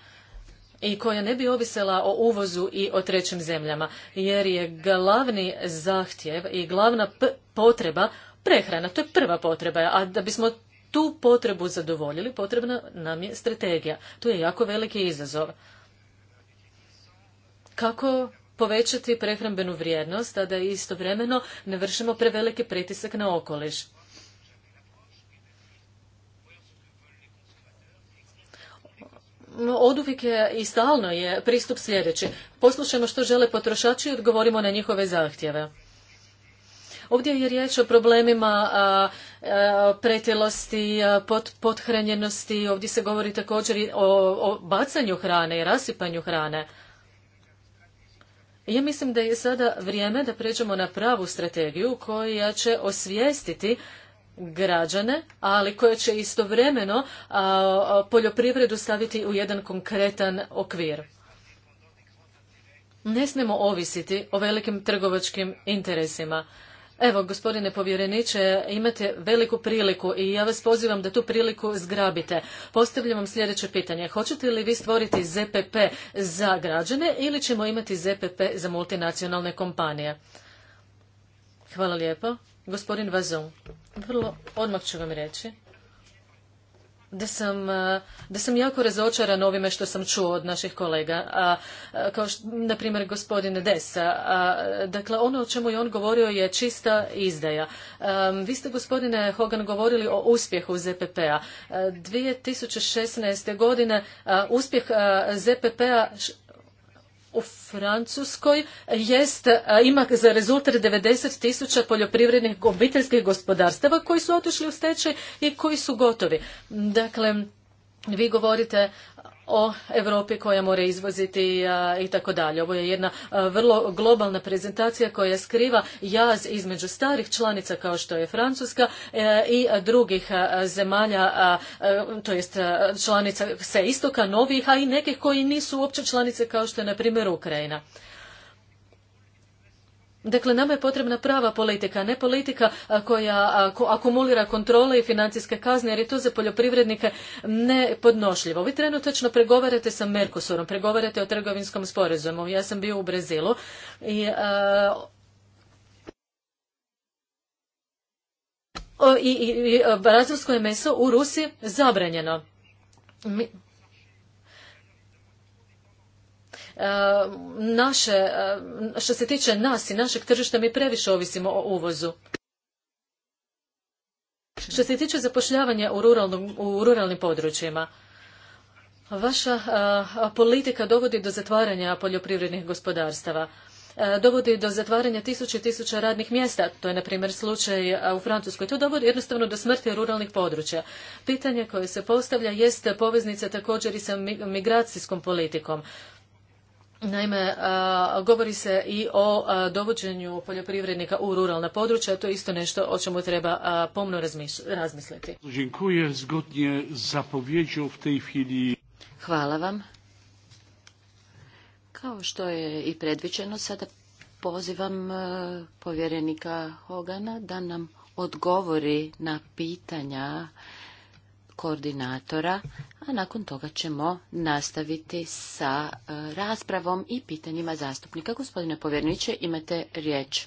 i koja ne bi ovisila o uvozu i o trećim zemljama, jer je glavni zahtjev i glavna potreba prehrana, to je prva potreba, a da bismo tu potrebu zadovoljili, potrebna nam je strategija. To je jako veliki izazov. Kako povećati prehrambenu vrijednost, a da istovremeno ne vršimo preveliki pritisak na okoliš. Oduvijek je i stalno je pristup sljedeći. Poslušajmo što žele potrošači i odgovorimo na njihove zahtjeve. Ovdje je riječ o problemima pretjelosti, pothranjenosti, ovdje se govori također i o, o bacanju hrane i rasipanju hrane. Ja mislim da je sada vrijeme da pređemo na pravu strategiju koja će osvijestiti građane, ali koja će istovremeno poljoprivredu staviti u jedan konkretan okvir. Ne smijemo ovisiti o velikim trgovačkim interesima. Evo, gospodine povjereniče, imate veliku priliku i ja vas pozivam da tu priliku zgrabite. Postavljam vam sljedeće pitanje. Hoćete li vi stvoriti ZPP za građane ili ćemo imati ZPP za multinacionalne kompanije? Hvala lijepo. Gospodin Vazon, vrlo odmah ću vam reći da sam, e, da sam jako razočaran ovime što sam čuo od naših kolega, a, e, kao što, na primjer gospodine Desa. dakle, ono o čemu je on govorio je čista izdaja. E, vi ste gospodine Hogan govorili o uspjehu ZPP-a. 2016. godine uspjeh ZPP-a u Francuskoj jest, e, ima za rezultat 90 tisuća poljoprivrednih obiteljskih gospodarstava koji su otišli u stečaj i koji su gotovi. Dakle, vi govorite o Europi koja mora izvoziti i tako dalje. Ovo je jedna vrlo globalna prezentacija koja skriva jaz između starih članica kao što je Francuska e, i drugih zemalja, e, to jest članica sa istoka, novih, a i nekih koji nisu uopće članice kao što je na primjer Ukrajina. Dakle, nama je potrebna prava politika, ne politika koja akumulira kontrole i financijske kazne, jer je to za poljoprivrednike nepodnošljivo. Vi trenutačno pregovarate sa Mercosurom, pregovarate o trgovinskom sporazumu. Ja sam bio u Brazilu i i, brazilsko je meso u Rusiji zabranjeno. naše, e, što se tiče nas i našeg tržišta, mi previše ovisimo o uvozu. Što se tiče zapošljavanja u, ruralnim područjima, vaša e, politika dovodi do zatvaranja poljoprivrednih gospodarstava. E, dovodi do zatvaranja tisuća i tisuća radnih mjesta. To je, na primjer, slučaj u Francuskoj. To dovodi jednostavno do smrti ruralnih područja. Pitanje koje se postavlja jeste poveznica također i sa migracijskom politikom. Naime, govori se i o dovođenju poljoprivrednika u ruralna područja, to je isto nešto o čemu treba pomno razmisliti. Hvala vam. Kao što je i predviđeno, sada pozivam e, povjerenika Hogana da nam odgovori na pitanja koordinatora, a nakon toga ćemo nastaviti sa e, raspravom i pitanjima zastupnika. Gospodine povjerniče, imate riječ.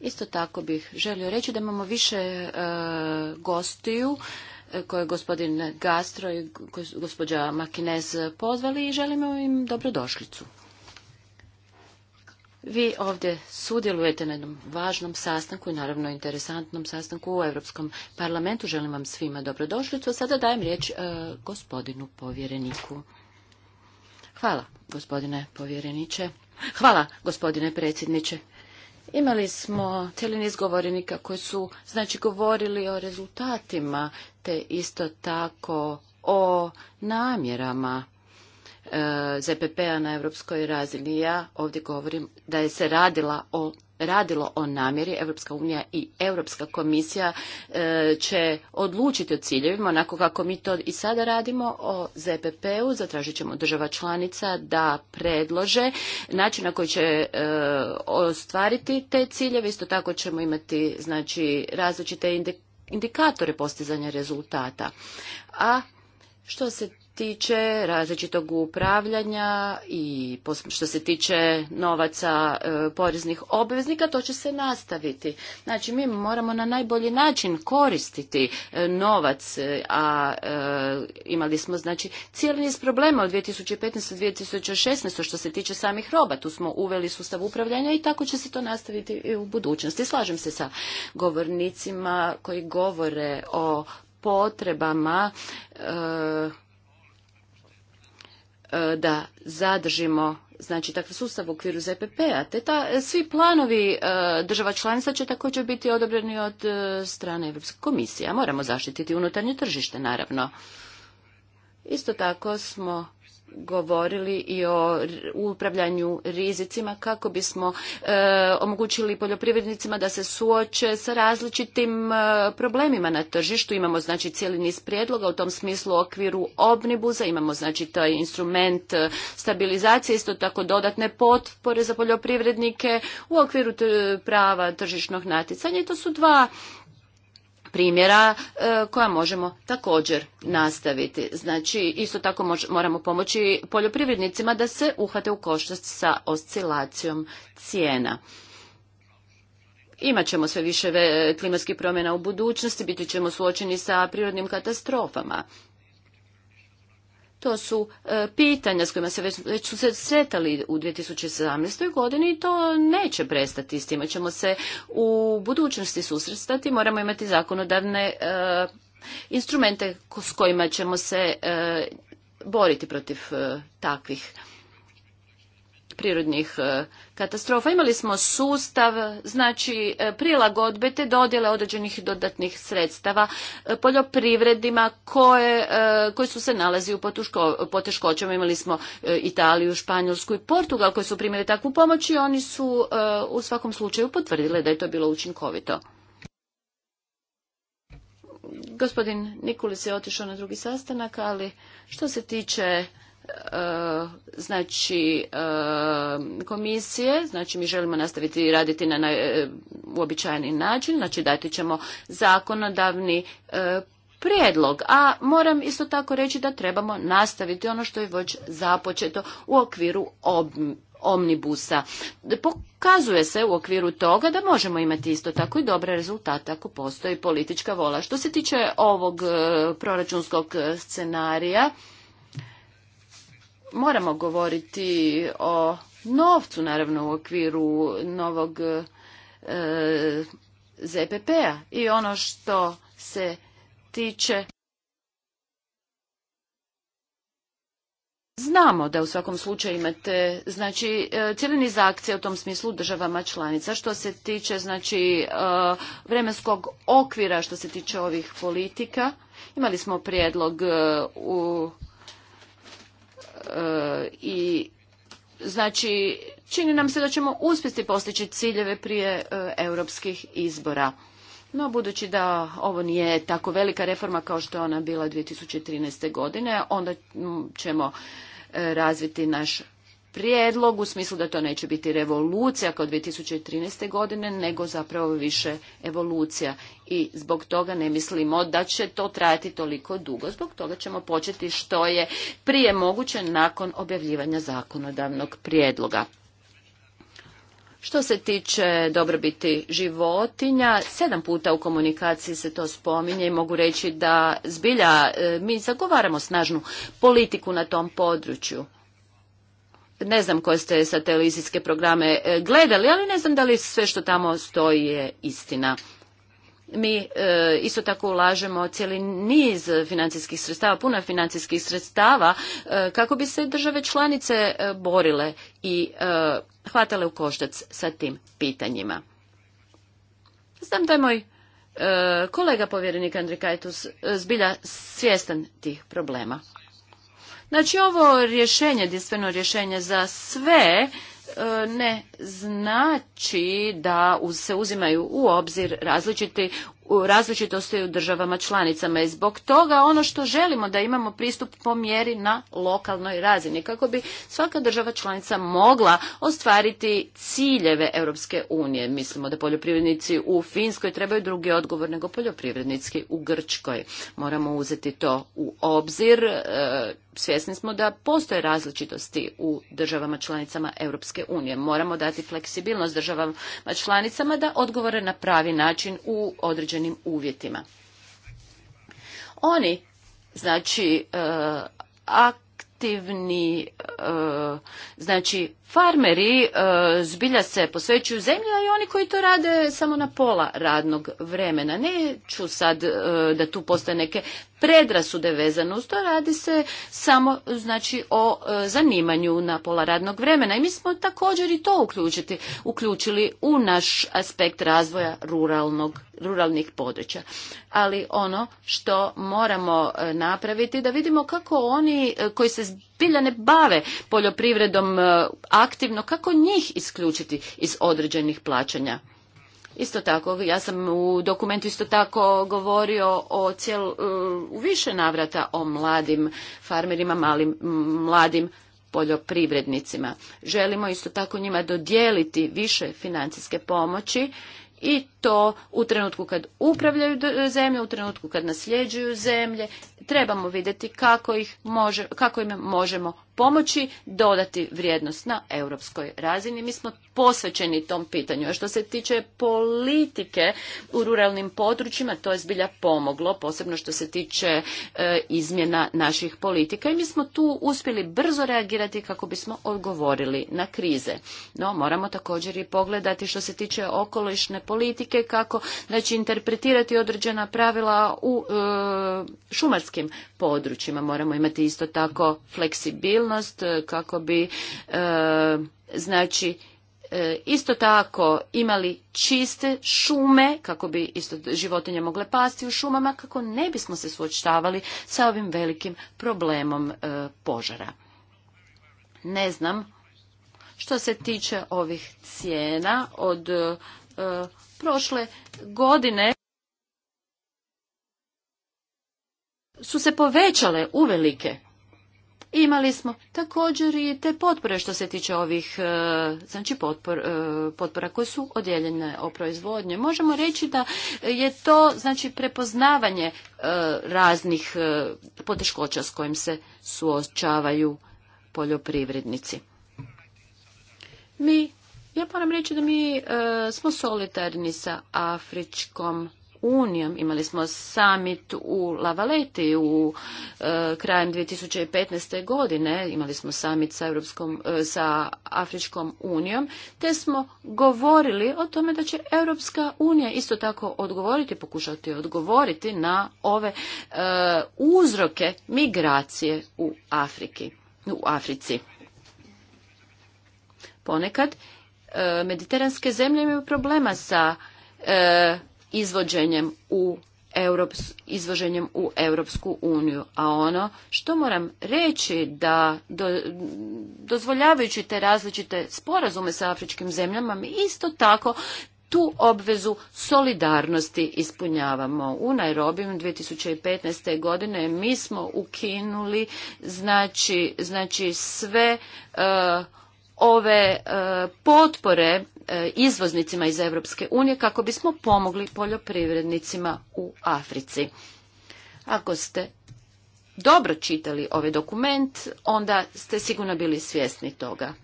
Isto tako bih želio reći da imamo više e, gostiju e, koje je gospodin Gastro i gospođa Makinez pozvali i želimo im dobrodošlicu. Vi ovdje sudjelujete na jednom važnom sastanku i naravno interesantnom sastanku u Europskom parlamentu. Želim vam svima dobrodošlicu. Sada dajem riječ e, gospodinu povjereniku. Hvala, gospodine povjereniče. Hvala, gospodine predsjedniče. Imali smo cijeli niz govorenika koji su znači govorili o rezultatima te isto tako o namjerama E, ZPP-a na europskoj razini. Ja ovdje govorim da je se radila o radilo o namjeri, Europska unija i Europska komisija e, će odlučiti o ciljevima, onako kako mi to i sada radimo, o ZPP-u, zatražit ćemo država članica da predlože način na koji će e, ostvariti te ciljeve, isto tako ćemo imati znači, različite indikatore postizanja rezultata. A što se tiče različitog upravljanja i što se tiče novaca e, poreznih obveznika, to će se nastaviti. Znači, mi moramo na najbolji način koristiti e, novac, e, a imali smo znači cijeli niz problema od 2015. 2016. što se tiče samih roba. Tu smo uveli sustav upravljanja i tako će se to nastaviti i u budućnosti. Slažem se sa govornicima koji govore o potrebama E, da zadržimo znači takav sustav u okviru ZPP-a, te ta, svi planovi e, država članica će također biti odobreni od e, strane Europske komisije. Moramo zaštititi unutarnje tržište, naravno. Isto tako smo govorili i o upravljanju rizicima kako bismo e, omogućili poljoprivrednicima da se suoče sa različitim e, problemima na tržištu. Imamo znači cijeli niz prijedloga u tom smislu u okviru obnibuza, imamo znači taj instrument e, stabilizacije, isto tako dodatne potpore za poljoprivrednike u okviru prava tržišnog natjecanja. I to su dva primjera e, koja možemo također nastaviti. Znači, isto tako moramo pomoći poljoprivrednicima da se uhvate u koštac sa oscilacijom cijena. Imaćemo sve više klimatskih promjena u budućnosti, biti ćemo suočeni sa prirodnim katastrofama. To su e, pitanja s kojima se već, već su se sretali u 2017. godini i to neće prestati s time. Ćemo se u budućnosti susretati moramo imati zakonodavne e, instrumente s kojima ćemo se e, boriti protiv takvih prirodnih e, katastrofa. Imali smo sustav, znači e, prilagodbe te dodjele određenih dodatnih sredstava e, poljoprivredima koje, koji su se nalazi u poteškoćama. Imali smo Italiju, Španjolsku i Portugal koji su primjeli takvu pomoć i oni su u svakom slučaju potvrdili da je to bilo učinkovito. Gospodin Nikulis je otišao na drugi sastanak, ali što se tiče E, znači e, komisije, znači mi želimo nastaviti raditi na e, uobičajeni način, znači dati ćemo zakonodavni prijedlog, a moram isto tako reći da trebamo nastaviti ono što je već započeto u okviru omnibusa. Pokazuje se u okviru toga da možemo imati isto tako i dobre rezultate ako postoji politička vola. Što se tiče ovog proračunskog scenarija, moramo govoriti o novcu naravno u okviru novog e, ZPP-a i ono što se tiče Znamo da u svakom slučaju imate znači, e, cijeli niz akcije u tom smislu državama članica što se tiče znači, e, vremenskog okvira što se tiče ovih politika. Imali smo prijedlog u E, i znači čini nam se da ćemo uspjeti postići ciljeve prije e, europskih izbora. No, budući da ovo nije tako velika reforma kao što je ona bila 2013. godine, onda ćemo e, razviti naš prijedlog u smislu da to neće biti revolucija kao 2013. godine, nego zapravo više evolucija. I zbog toga ne mislimo da će to trajati toliko dugo. Zbog toga ćemo početi što je prije moguće nakon objavljivanja zakonodavnog prijedloga. Što se tiče dobrobiti životinja, sedam puta u komunikaciji se to spominje i mogu reći da zbilja e, mi zagovaramo snažnu politiku na tom području. Ne znam koje ste televizijske programe e, gledali, ali ne znam da li sve što tamo stoji je istina. Mi e, isto tako ulažemo cijeli niz financijskih sredstava, puno financijskih sredstava e, kako bi se države članice borile i hvatale u koštac sa tim pitanjima. Znam da je moj kolega povjerenik Andrikajtus zbilja svjestan tih problema. Znači ovo rješenje, jedinstveno rješenje za sve e, ne znači da se uzimaju u obzir različiti u različitosti u državama članicama i zbog toga ono što želimo da imamo pristup po mjeri na lokalnoj razini kako bi svaka država članica mogla ostvariti ciljeve Europske unije. Mislimo da poljoprivrednici u Finskoj trebaju drugi odgovor nego poljoprivrednici u Grčkoj. Moramo uzeti to u obzir. E, svjesni smo da postoje različitosti u državama članicama Europske unije. Moramo dati fleksibilnost državama članicama da odgovore na pravi način u određenju određenim uvjetima. Oni, znači, e, aktivni, e, znači, farmeri e, zbilja se posvećuju zemlji, a i oni koji to rade samo na pola radnog vremena. Neću sad e, da tu postoje neke predrasude vezano uz to, radi se samo znači o e, zanimanju na pola radnog vremena i mi smo također i to uključiti, uključili u naš aspekt razvoja ruralnog ruralnih područja. Ali ono što moramo napraviti da vidimo kako oni koji se zbilja ne bave poljoprivredom e, aktivno, kako njih isključiti iz određenih plaćanja? Isto tako, ja sam u dokumentu isto tako govorio o cijel, e, u više navrata o mladim farmerima, malim, mladim poljoprivrednicima. Želimo isto tako njima dodijeliti više financijske pomoći i to u trenutku kad upravljaju zemlje, u trenutku kad nasljeđuju zemlje trebamo vidjeti kako, ih može, kako im možemo pomoći dodati vrijednost na europskoj razini. Mi smo posvećeni tom pitanju. A što se tiče politike u ruralnim područjima, to je zbilja pomoglo, posebno što se tiče e, izmjena naših politika. I mi smo tu uspjeli brzo reagirati kako bismo odgovorili na krize. No, moramo također i pogledati što se tiče okolišne politike, kako znači, interpretirati određena pravila u e, šumarskim područjima. Moramo imati isto tako fleksibilnost stabilnost e, kako bi e, znači e, isto tako imali čiste šume kako bi isto životinje mogle pasti u šumama kako ne bismo se suočavali sa ovim velikim problemom požara. Ne znam što se tiče ovih cijena od prošle godine su se povećale uvelike Imali smo također i te potpore što se tiče ovih e, znači potpor, e, potpora koje su odjeljene o proizvodnje. Možemo reći da je to znači prepoznavanje e, raznih poteškoća s kojim se suočavaju poljoprivrednici. Mi, ja moram reći da mi smo solidarni sa afričkom unijom. Imali smo summit u Lavaleti u e, krajem 2015. godine. Imali smo summit sa, Europskom, e, sa Afričkom unijom. Te smo govorili o tome da će Europska unija isto tako odgovoriti, pokušati odgovoriti na ove e, uzroke migracije u, Afriki, u Africi. Ponekad mediteranske zemlje imaju problema sa izvođenjem u izvoženjem u Europsku uniju. A ono što moram reći da dozvoljavajući te različite sporazume sa afričkim zemljama mi isto tako tu obvezu solidarnosti ispunjavamo. U Nairobi 2015. godine mi smo ukinuli znači, znači sve eh, ove e, potpore e, izvoznicima iz Europske unije kako bismo pomogli poljoprivrednicima u Africi. Ako ste dobro čitali ovaj dokument, onda ste sigurno bili svjesni toga.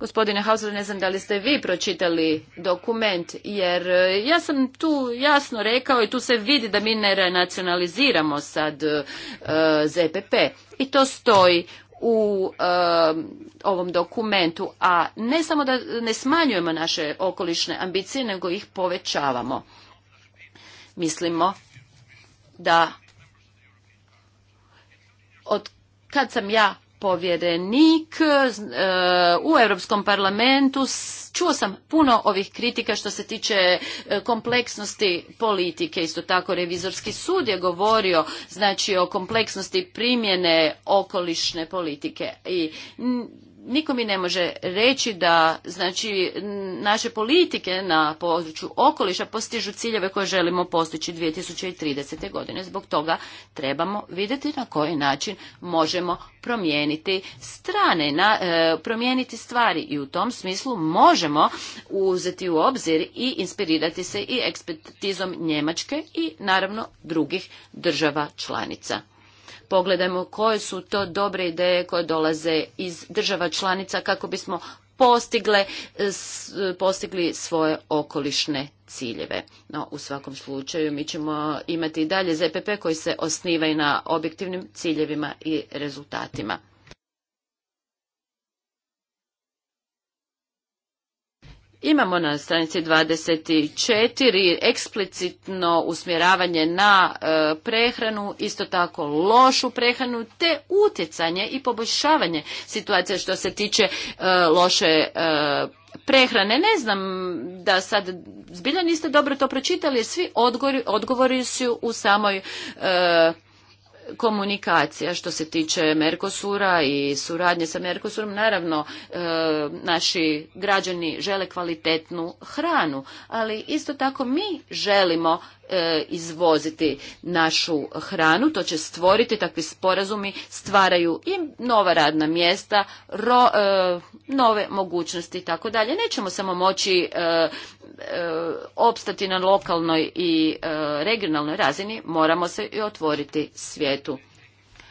Gospodine Hauser, ne znam da li ste vi pročitali dokument, jer e, ja sam tu jasno rekao i tu se vidi da mi ne renacionaliziramo sad e, ZPP. I to stoji u e, ovom dokumentu, a ne samo da ne smanjujemo naše okolišne ambicije, nego ih povećavamo. Mislimo da od kad sam ja povjerenik e, u Europskom parlamentu čuo sam puno ovih kritika što se tiče e, kompleksnosti politike. Isto tako revizorski sud je govorio znači o kompleksnosti primjene okolišne politike i niko mi ne može reći da znači naše politike na području okoliša postižu ciljeve koje želimo postići 2030. godine. Zbog toga trebamo vidjeti na koji način možemo promijeniti strane, na, e, promijeniti stvari i u tom smislu možemo uzeti u obzir i inspirirati se i ekspertizom Njemačke i naravno drugih država članica pogledajmo koje su to dobre ideje koje dolaze iz država članica kako bismo postigle, postigli svoje okolišne ciljeve. No, u svakom slučaju mi ćemo imati i dalje ZPP koji se osniva i na objektivnim ciljevima i rezultatima. Imamo na stranici 24 eksplicitno usmjeravanje na e, prehranu, isto tako lošu prehranu, te utjecanje i poboljšavanje situacije što se tiče e, loše e, prehrane. Ne znam da sad zbilja niste dobro to pročitali, svi odgovori, odgovori su u samoj komunikacija što se tiče Merkosura i suradnje sa Merkosurom. Naravno, e, naši građani žele kvalitetnu hranu, ali isto tako mi želimo e, izvoziti našu hranu. To će stvoriti, takvi sporazumi stvaraju i nova radna mjesta, e, nove mogućnosti i tako dalje. Nećemo samo moći E, opstati na lokalnoj i e, regionalnoj razini, moramo se i otvoriti svijetu.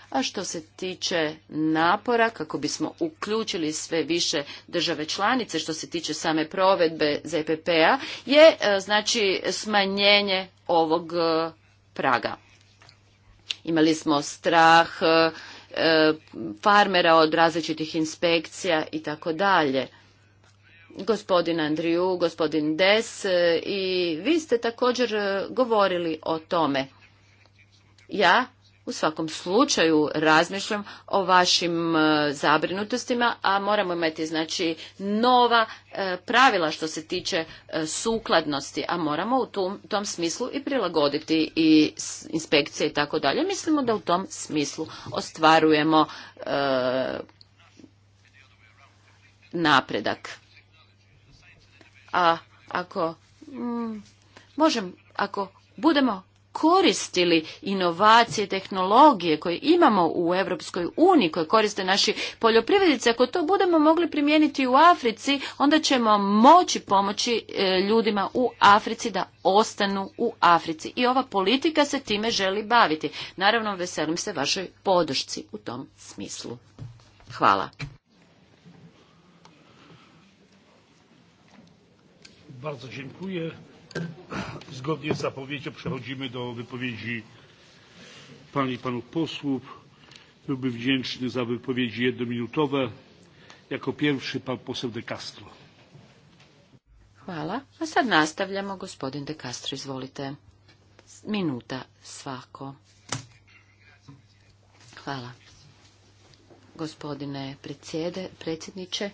A što se tiče napora, kako bismo uključili sve više države članice, što se tiče same provedbe ZPP-a, je e, znači smanjenje ovog praga. Imali smo strah farmera od različitih inspekcija i tako dalje gospodin Andriju, gospodin Des e, i vi ste također e, govorili o tome. Ja u svakom slučaju razmišljam o vašim e, zabrinutostima, a moramo imati znači nova pravila što se tiče sukladnosti, a moramo u tom, tom smislu i prilagoditi i inspekcije i tako dalje. Mislimo da u tom smislu ostvarujemo napredak. A ako mm, ako budemo koristili inovacije, tehnologije koje imamo u Europskoj uniji, koje koriste naši poljoprivrednici, ako to budemo mogli primijeniti u Africi, onda ćemo moći pomoći e, ljudima u Africi da ostanu u Africi. I ova politika se time želi baviti. Naravno, veselim se vašoj podršci u tom smislu. Hvala. Bardzo dziękuję. Zgodnie z zapowiedzią przechodzimy do wypowiedzi pani i panów posłów. Byłbym wdzięczny za wypowiedzi jednominutowe. Jako pierwszy pan poseł De Castro. Hvala. A sad nastavljamo. Gospodin De Castro, izvolite. Minuta svako. Hvala. Gospodine predsjede, predsjedniče,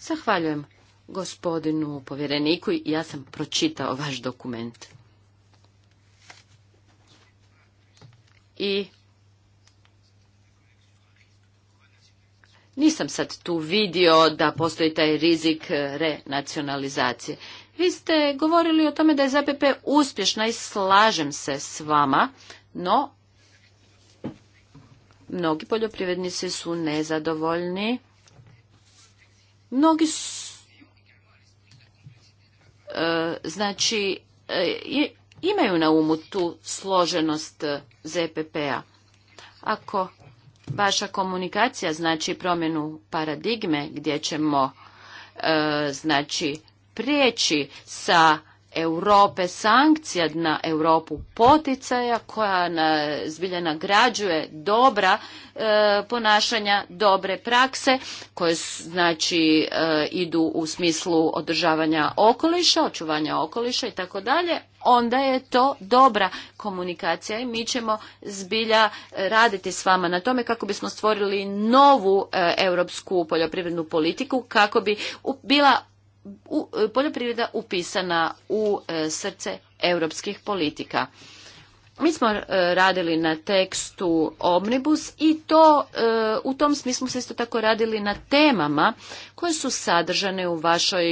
zahvaljujem gospodinu povjereniku. Ja sam pročitao vaš dokument. I nisam sad tu vidio da postoji taj rizik renacionalizacije. Vi ste govorili o tome da je ZPP uspješna i slažem se s vama, no mnogi poljoprivrednici su nezadovoljni. Mnogi E, znači e, imaju na umu tu složenost e, ZPP-a. Ako vaša komunikacija znači promjenu paradigme gdje ćemo znači prijeći sa Europe sankcija na Europu poticaja koja na, zbilja nagrađuje dobra e, ponašanja, dobre prakse koje znači e, idu u smislu održavanja okoliša, očuvanja okoliša i tako dalje, onda je to dobra komunikacija i mi ćemo zbilja raditi s vama na tome kako bismo stvorili novu e, europsku poljoprivrednu politiku kako bi bila E, poljoprivreda upisana u e, srce europskih politika. Mi smo e, radili na tekstu Omnibus i to u tom smislu se isto tako radili na temama koje su sadržane u vašoj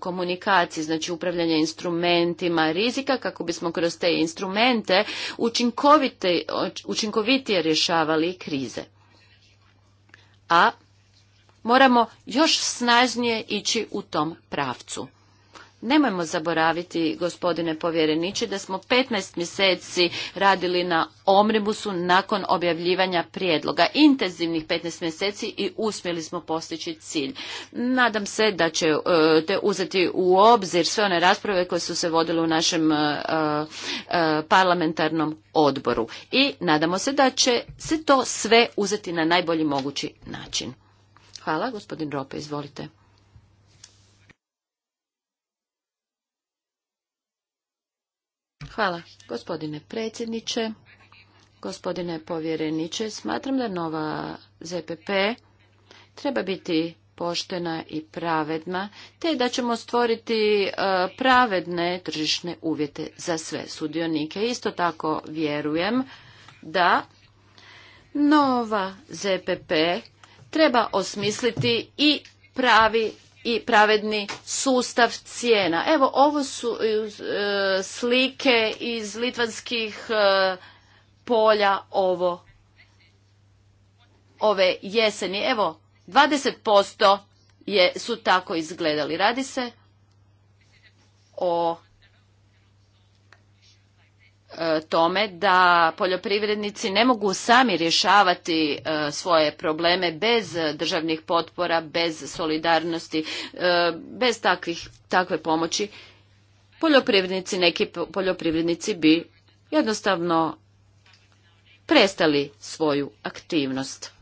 komunikaciji, znači upravljanje instrumentima rizika kako bismo kroz te instrumente učinkovite, učinkovitije rješavali krize. A moramo još snažnije ići u tom pravcu. Nemojmo zaboraviti, gospodine povjereniče, da smo 15 mjeseci radili na Omnibusu nakon objavljivanja prijedloga. Intenzivnih 15 mjeseci i uspjeli smo postići cilj. Nadam se da će e, te uzeti u obzir sve one rasprave koje su se vodile u našem e, e, parlamentarnom odboru. I nadamo se da će se to sve uzeti na najbolji mogući način. Hvala. Gospodin Rope, izvolite. Hvala. Gospodine predsjedniče, gospodine povjereniče, smatram da nova ZPP treba biti poštena i pravedna, te da ćemo stvoriti e, pravedne tržišne uvjete za sve sudionike. Isto tako vjerujem da nova ZPP treba osmisliti i pravi i pravedni sustav cijena. Evo ovo su e, slike iz litvanskih e, polja ovo ove jeseni. Evo 20% je su tako izgledali. Radi se o E, tome da poljoprivrednici ne mogu sami rješavati e, svoje probleme bez državnih potpora, bez solidarnosti, e, bez takvih, takve pomoći. Poljoprivrednici, neki poljoprivrednici bi jednostavno prestali svoju aktivnost.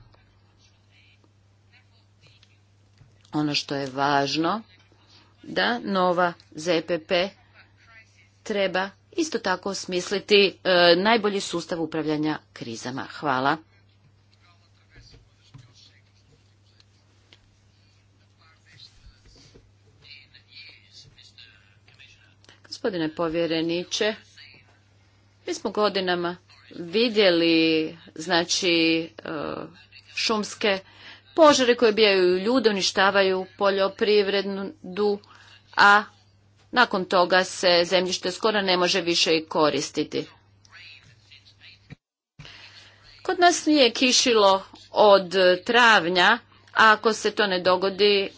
Ono što je važno da nova ZPP treba isto tako smisliti e, najbolji sustav upravljanja krizama. Hvala. Gospodine povjereniče, mi smo godinama vidjeli znači e, šumske požare koje bijaju ljude, uništavaju poljoprivrednu, a nakon toga se zemljište skoro ne može više koristiti. Kod nas nije kišilo od travnja, a ako se to ne dogodi,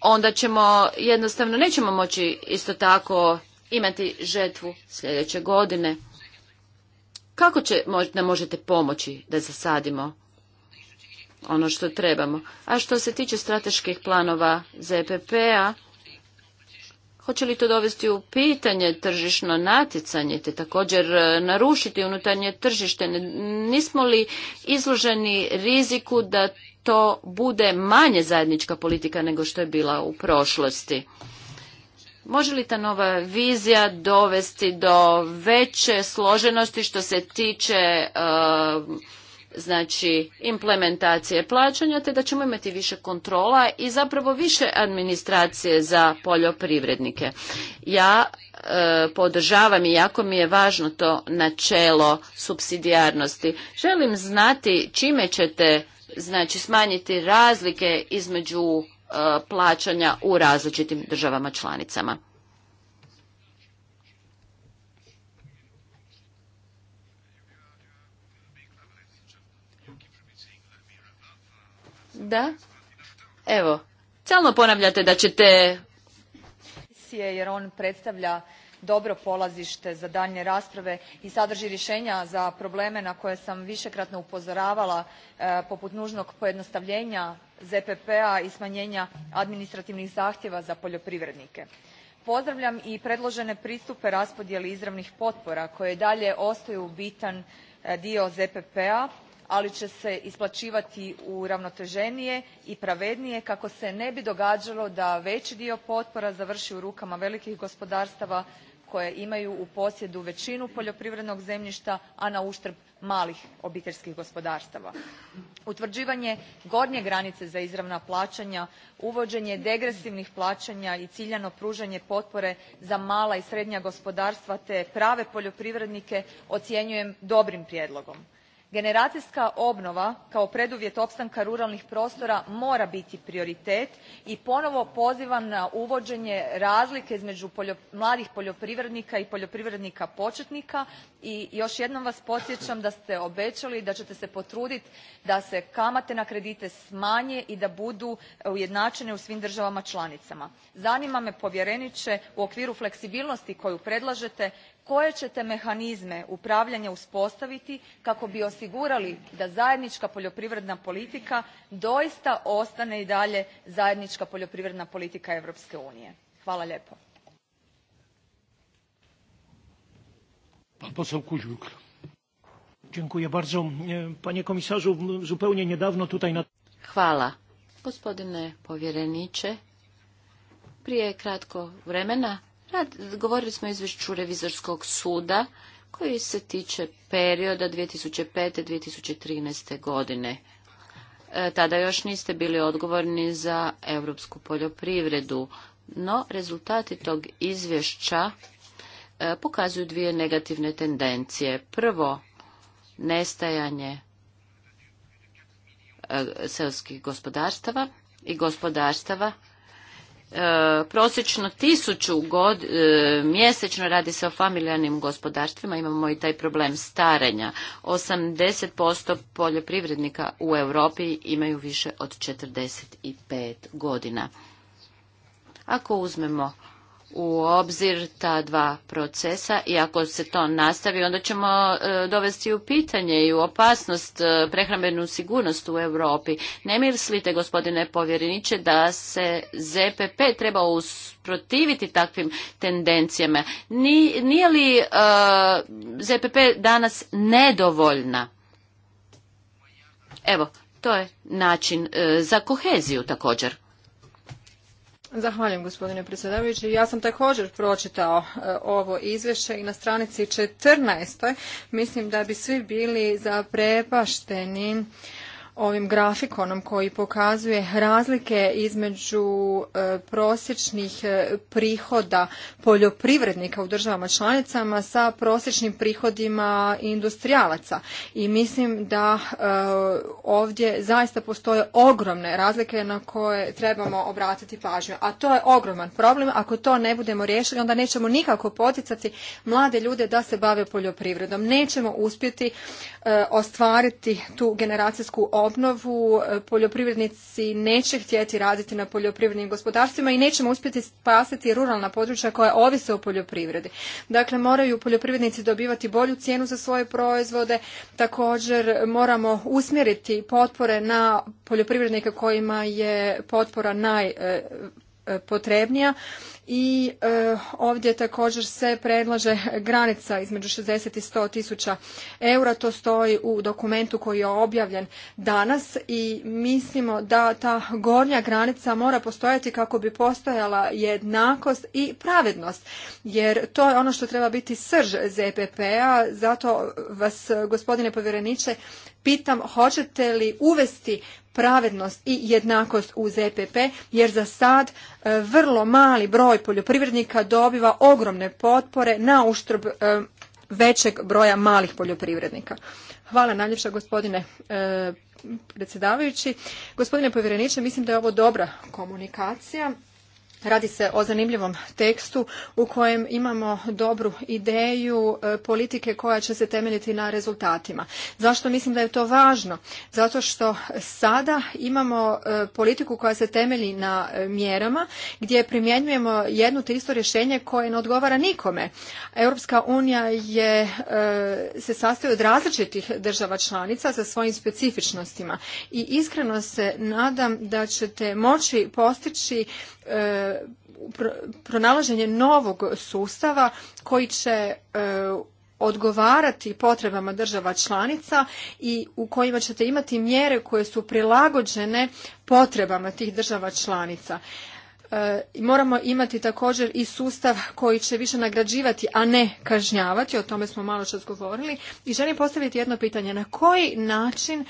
onda ćemo jednostavno nećemo moći isto tako imati žetvu sljedeće godine. Kako će, nam možete pomoći da zasadimo ono što trebamo? A što se tiče strateških planova ZPP-a, Hoće li to dovesti u pitanje tržišno natjecanje te također e, narušiti unutarnje tržište? Nismo li izloženi riziku da to bude manje zajednička politika nego što je bila u prošlosti? Može li ta nova vizija dovesti do veće složenosti što se tiče e, znači implementacije plaćanja te da ćemo imati više kontrola i zapravo više administracije za poljoprivrednike. Ja e, podržavam i jako mi je važno to načelo subsidijarnosti. Želim znati čime ćete znači smanjiti razlike između e, plaćanja u različitim državama članicama. Da? Evo, stalno ponavljate da ćete... ...jer on predstavlja dobro polazište za daljnje rasprave i sadrži rješenja za probleme na koje sam višekratno upozoravala e, poput nužnog pojednostavljenja zpp a p-a i smanjenja administrativnih zahtjeva za poljoprivrednike. pozdravljam i predložene pristupe raspodjeli izravnih potpora koje dalje ostaju bitan e, dio zpp a p-a, ali će se isplaćivati uravnoteženije i pravednije kako se ne bi događalo da veći dio potpora završi u rukama velikih gospodarstava koje imaju u posjedu većinu poljoprivrednog zemljišta a na uštrb malih obiteljskih gospodarstava. utvrđivanje gornje granice za izravna plaćanja uvođenje degresivnih plaćanja i ciljano pružanje potpore za mala i srednja gospodarstva te prave poljoprivrednike ocjenjujem dobrim prijedlogom generacijska obnova kao preduvjet opstanka ruralnih prostora mora biti prioritet i ponovo pozivam na uvođenje razlike između mladih poljoprivrednika i poljoprivrednika početnika i još jednom vas podsjećam da ste obećali da ćete se potruditi da se kamate na kredite smanje i da budu ujednačene u svim državama članicama. zanima me povjereniče u okviru fleksibilnosti koju predlažete koje ćete mehanizme upravljanja uspostaviti kako bi osigurali da zajednička poljoprivredna politika doista ostane i dalje zajednička poljoprivredna politika europske unije? hvala lijepo. E, Hvala. Gospodine povjereniče, prije kratko vremena govorili smo o izvješću revizorskog suda koji se tiče perioda 2005-2013. godine. E, tada još niste bili odgovorni za europsku poljoprivredu, no rezultati tog izvješća E, pokazuju dvije negativne tendencije. Prvo, nestajanje e, selskih gospodarstava i gospodarstava. E, prosječno tisuću god, mjesečno radi se o familijanim gospodarstvima, imamo i taj problem starenja. 80% poljoprivrednika u Europi imaju više od 45 godina. Ako uzmemo u obzir ta dva procesa i ako se to nastavi onda ćemo e, dovesti u pitanje i u opasnost e, prehrambenu sigurnost u Europi. Ne mislite gospodine povjereniče da se ZPP treba usprotiviti takvim tendencijama? nije li e, ZPP danas nedovoljna? Evo, to je način za koheziju također. Zahvaljujem gospodine predsjedavajući. Ja sam također pročitao e, ovo izvješće i na stranici 14. mislim da bi svi bili zaprepašteni ovim grafikonom koji pokazuje razlike između e, prosječnih e, prihoda poljoprivrednika u državama članicama sa prosječnim prihodima industrijalaca i mislim da e, ovdje zaista postoje ogromne razlike na koje trebamo obratiti pažnju a to je ogroman problem ako to ne budemo riješili onda nećemo nikako poticati mlade ljude da se bave poljoprivredom nećemo uspjeti ostvariti tu generacijsku obnovu e, poljoprivrednici neće htjeti raditi na poljoprivrednim gospodarstvima i nećemo uspjeti spasiti ruralna područja koja ovise o poljoprivredi. Dakle, moraju poljoprivrednici dobivati bolju cijenu za svoje proizvode, također moramo usmjeriti potpore na poljoprivrednike kojima je potpora najpotrebnija. E, e, i e, ovdje također se predlaže granica između 60 i 100 tisuća eura. To stoji u dokumentu koji je objavljen danas i mislimo da ta gornja granica mora postojati kako bi postojala jednakost i pravednost. Jer to je ono što treba biti srž ZPP-a. Zato vas, gospodine povjereniče, pitam hoćete li uvesti pravednost i jednakost u ZPP jer za sad e, vrlo mali broj poljoprivrednika dobiva ogromne potpore na uštrb e, većeg broja malih poljoprivrednika. Hvala najljepša gospodine e, predsjedavajući. Gospodine povjereniče, mislim da je ovo dobra komunikacija Radi se o zanimljivom tekstu u kojem imamo dobru ideju e, politike koja će se temeljiti na rezultatima. Zašto mislim da je to važno? Zato što sada imamo e, politiku koja se temelji na e, mjerama gdje primjenjujemo jedno te isto rješenje koje ne odgovara nikome. Europska unija je, se sastoji od različitih država članica sa svojim specifičnostima i iskreno se nadam da ćete moći postići E, pronalaženje novog sustava koji će e, odgovarati potrebama država članica i u kojima ćete imati mjere koje su prilagođene potrebama tih država članica. E, moramo imati također i sustav koji će više nagrađivati, a ne kažnjavati, o tome smo malo čas govorili. I želim postaviti jedno pitanje, na koji način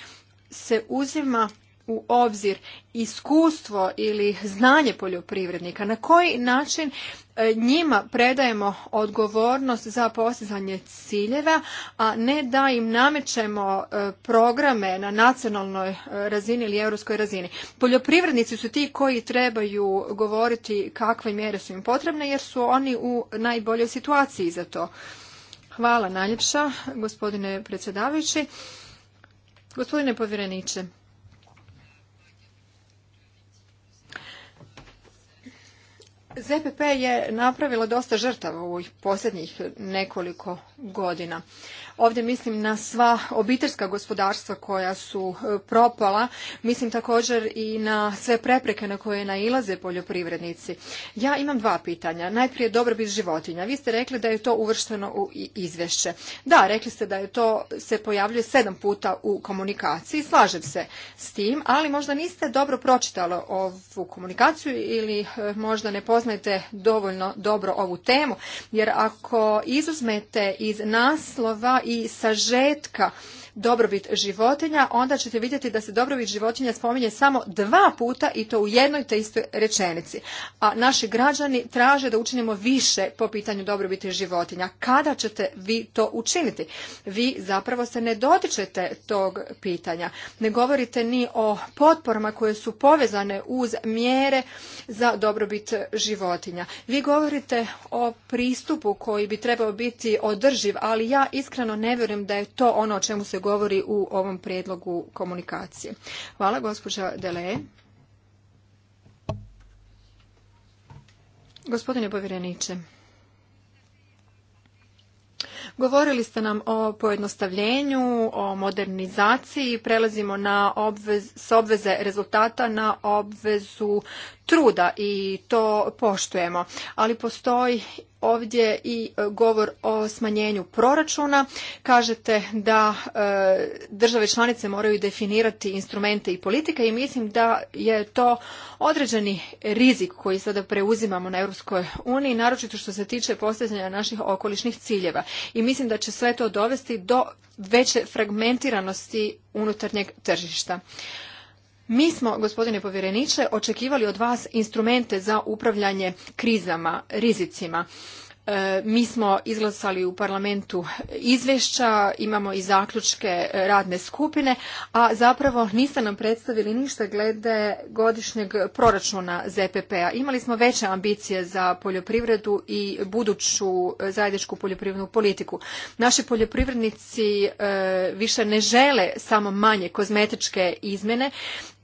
se uzima u obzir iskustvo ili znanje poljoprivrednika, na koji način e, njima predajemo odgovornost za postizanje ciljeva, a ne da im namećemo e, programe na nacionalnoj e, razini ili europskoj razini. Poljoprivrednici su ti koji trebaju govoriti kakve mjere su im potrebne jer su oni u najboljoj situaciji za to. Hvala najljepša, gospodine predsjedavajući. Gospodine povjereniče, ZPP je napravila dosta žrtava u ovih posljednjih nekoliko godina. Ovdje mislim na sva obiteljska gospodarstva koja su e, propala. Mislim također i na sve prepreke na koje nailaze poljoprivrednici. Ja imam dva pitanja. Najprije dobrobit životinja. Vi ste rekli da je to uvršteno u izvješće. Da, rekli ste da je to se pojavljuje sedam puta u komunikaciji. Slažem se s tim, ali možda niste dobro pročitali ovu komunikaciju ili e, možda ne poznajete dovoljno dobro ovu temu. Jer ako izuzmete iz naslova i sažetka dobrobit životinja, onda ćete vidjeti da se dobrobit životinja spominje samo dva puta i to u jednoj te istoj rečenici. A naši građani traže da učinimo više po pitanju dobrobiti životinja. Kada ćete vi to učiniti? Vi zapravo se ne dotičete tog pitanja. Ne govorite ni o potporama koje su povezane uz mjere za dobrobit životinja. Vi govorite o pristupu koji bi trebao biti održiv, ali ja iskreno ne vjerujem da je to ono o čemu se govori u ovom prijedlogu komunikacije. Hvala gospođa Dele. Gospodine povjereniče, Govorili ste nam o pojednostavljenju, o modernizaciji, prelazimo na s obveze rezultata na obvezu truda i to poštujemo. Ali postoji ovdje i e, govor o smanjenju proračuna. Kažete da e, države članice moraju definirati instrumente i politike i mislim da je to određeni rizik koji sada preuzimamo na Europskoj uniji, naročito što se tiče postavljanja naših okolišnih ciljeva. I mislim da će sve to dovesti do veće fragmentiranosti unutarnjeg tržišta. Mi smo, gospodine povjereniče, očekivali od vas instrumente za upravljanje krizama, rizicima. E, mi smo izglasali u parlamentu izvješća, imamo i zaključke e, radne skupine, a zapravo niste nam predstavili ništa glede godišnjeg proračuna ZPP-a. Imali smo veće ambicije za poljoprivredu i buduću e, zajedničku poljoprivrednu politiku. Naši poljoprivrednici više ne žele samo manje kozmetičke izmjene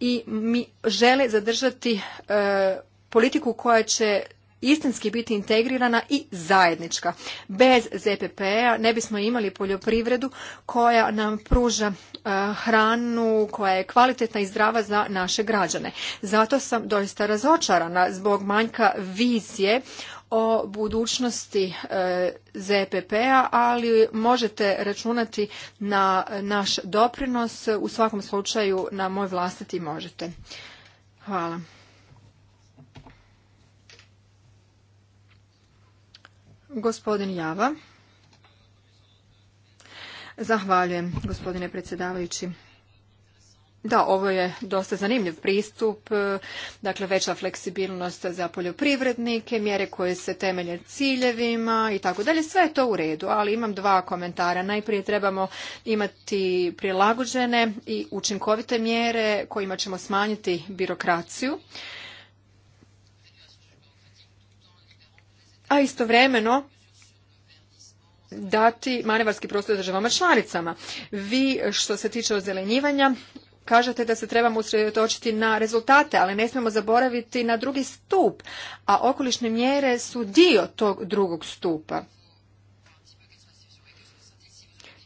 i žele zadržati politiku koja će istinski biti integrirana i zajednička. Bez ZPP-a ne bismo imali poljoprivredu koja nam pruža e, hranu koja je kvalitetna i zdrava za naše građane. Zato sam doista razočarana zbog manjka vizije o budućnosti e, ZPP-a, ali možete računati na naš doprinos. U svakom slučaju na moj vlastiti možete. Hvala. Gospodin Java. Zahvaljujem, gospodine predsjedavajući. Da, ovo je dosta zanimljiv pristup, e, dakle veća fleksibilnost za poljoprivrednike, mjere koje se temelje ciljevima i tako dalje, sve je to u redu, ali imam dva komentara. Najprije trebamo imati prilagođene i učinkovite mjere kojima ćemo smanjiti birokraciju a istovremeno dati manevarski prostor državama članicama. Vi što se tiče ozelenjivanja kažete da se trebamo usredotočiti na rezultate, ali ne smijemo zaboraviti na drugi stup, a okolišne mjere su dio tog drugog stupa.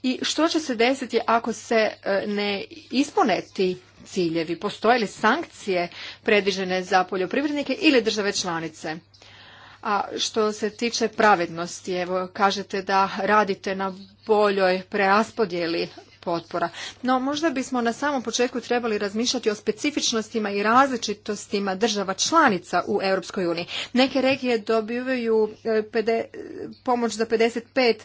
I što će se desiti ako se e, ne ispune ti ciljevi? Postoje li sankcije predviđene za poljoprivrednike ili države članice? A što se tiče pravednosti, evo kažete da radite na boljoj preraspodjeli potpora. No možda bismo na samom početku trebali razmišljati o specifičnostima i različitostima država članica u Europskoj uniji. Neke regije dobivaju e, pomoć za 55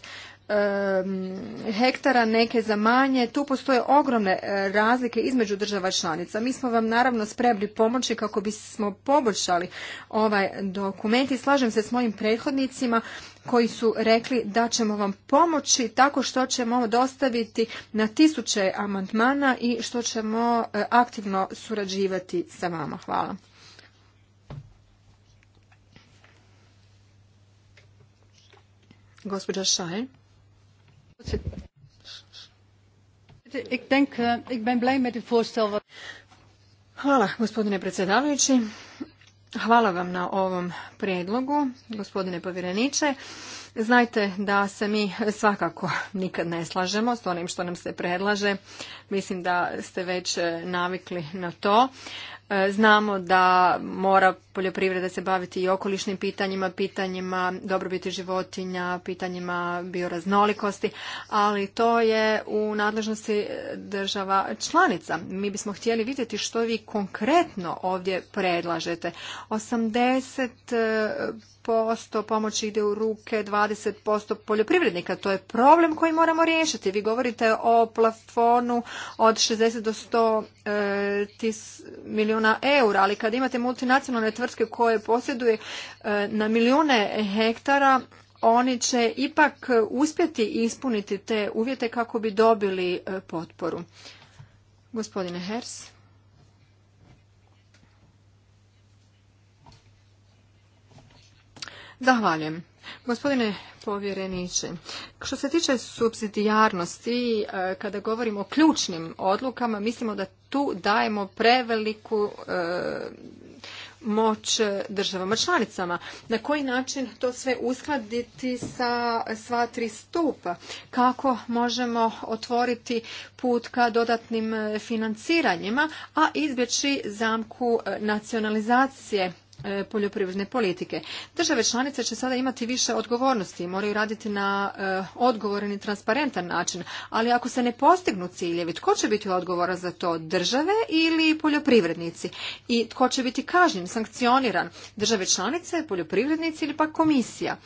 hektara, neke za manje. Tu postoje ogromne e, razlike između država članica. Mi smo vam naravno spremni pomoći kako bismo poboljšali ovaj dokument i slažem se s mojim prethodnicima koji su rekli da ćemo vam pomoći tako što ćemo dostaviti na tisuće amandmana i što ćemo e, aktivno surađivati sa vama. Hvala. Gospođa Šajn. Eh, Hvala gospodine predsjedavajući. Hvala vam na ovom prijedlogu, gospodine povjereniče. Znajte da se mi svakako nikad ne slažemo s onim što nam se predlaže. Mislim da ste već eh, navikli na to. E, znamo da mora poljoprivreda se baviti i okolišnim pitanjima, pitanjima dobrobiti životinja, pitanjima bioraznolikosti, ali to je u nadležnosti država članica. Mi bismo htjeli vidjeti što vi konkretno ovdje predlažete. 80% e, pomoći ide u ruke 20% poljoprivrednika. To je problem koji moramo riješiti. Vi govorite o plafonu od 60 do 100 e, milijuna milijuna eura, ali kad imate multinacionalne tvrtke koje posjeduje e, na milijune hektara, oni će ipak uspjeti ispuniti te uvjete kako bi dobili e, potporu. Gospodine Hers. Zahvaljujem. Gospodine povjereniče, što se tiče subsidijarnosti, e, kada govorimo o ključnim odlukama, mislimo da tu dajemo preveliku e, moć državama članicama. Na koji način to sve uskladiti sa sva tri stupa? Kako možemo otvoriti put ka dodatnim e, financiranjima, a izbjeći zamku nacionalizacije E, poljoprivredne politike. Države članice će sada imati više odgovornosti, i moraju raditi na e, odgovoran i transparentan način, ali ako se ne postignu ciljevi, tko će biti odgovoran za to? Države ili poljoprivrednici? I tko će biti kažnjen, sankcioniran? Države članice, poljoprivrednici ili pa komisija?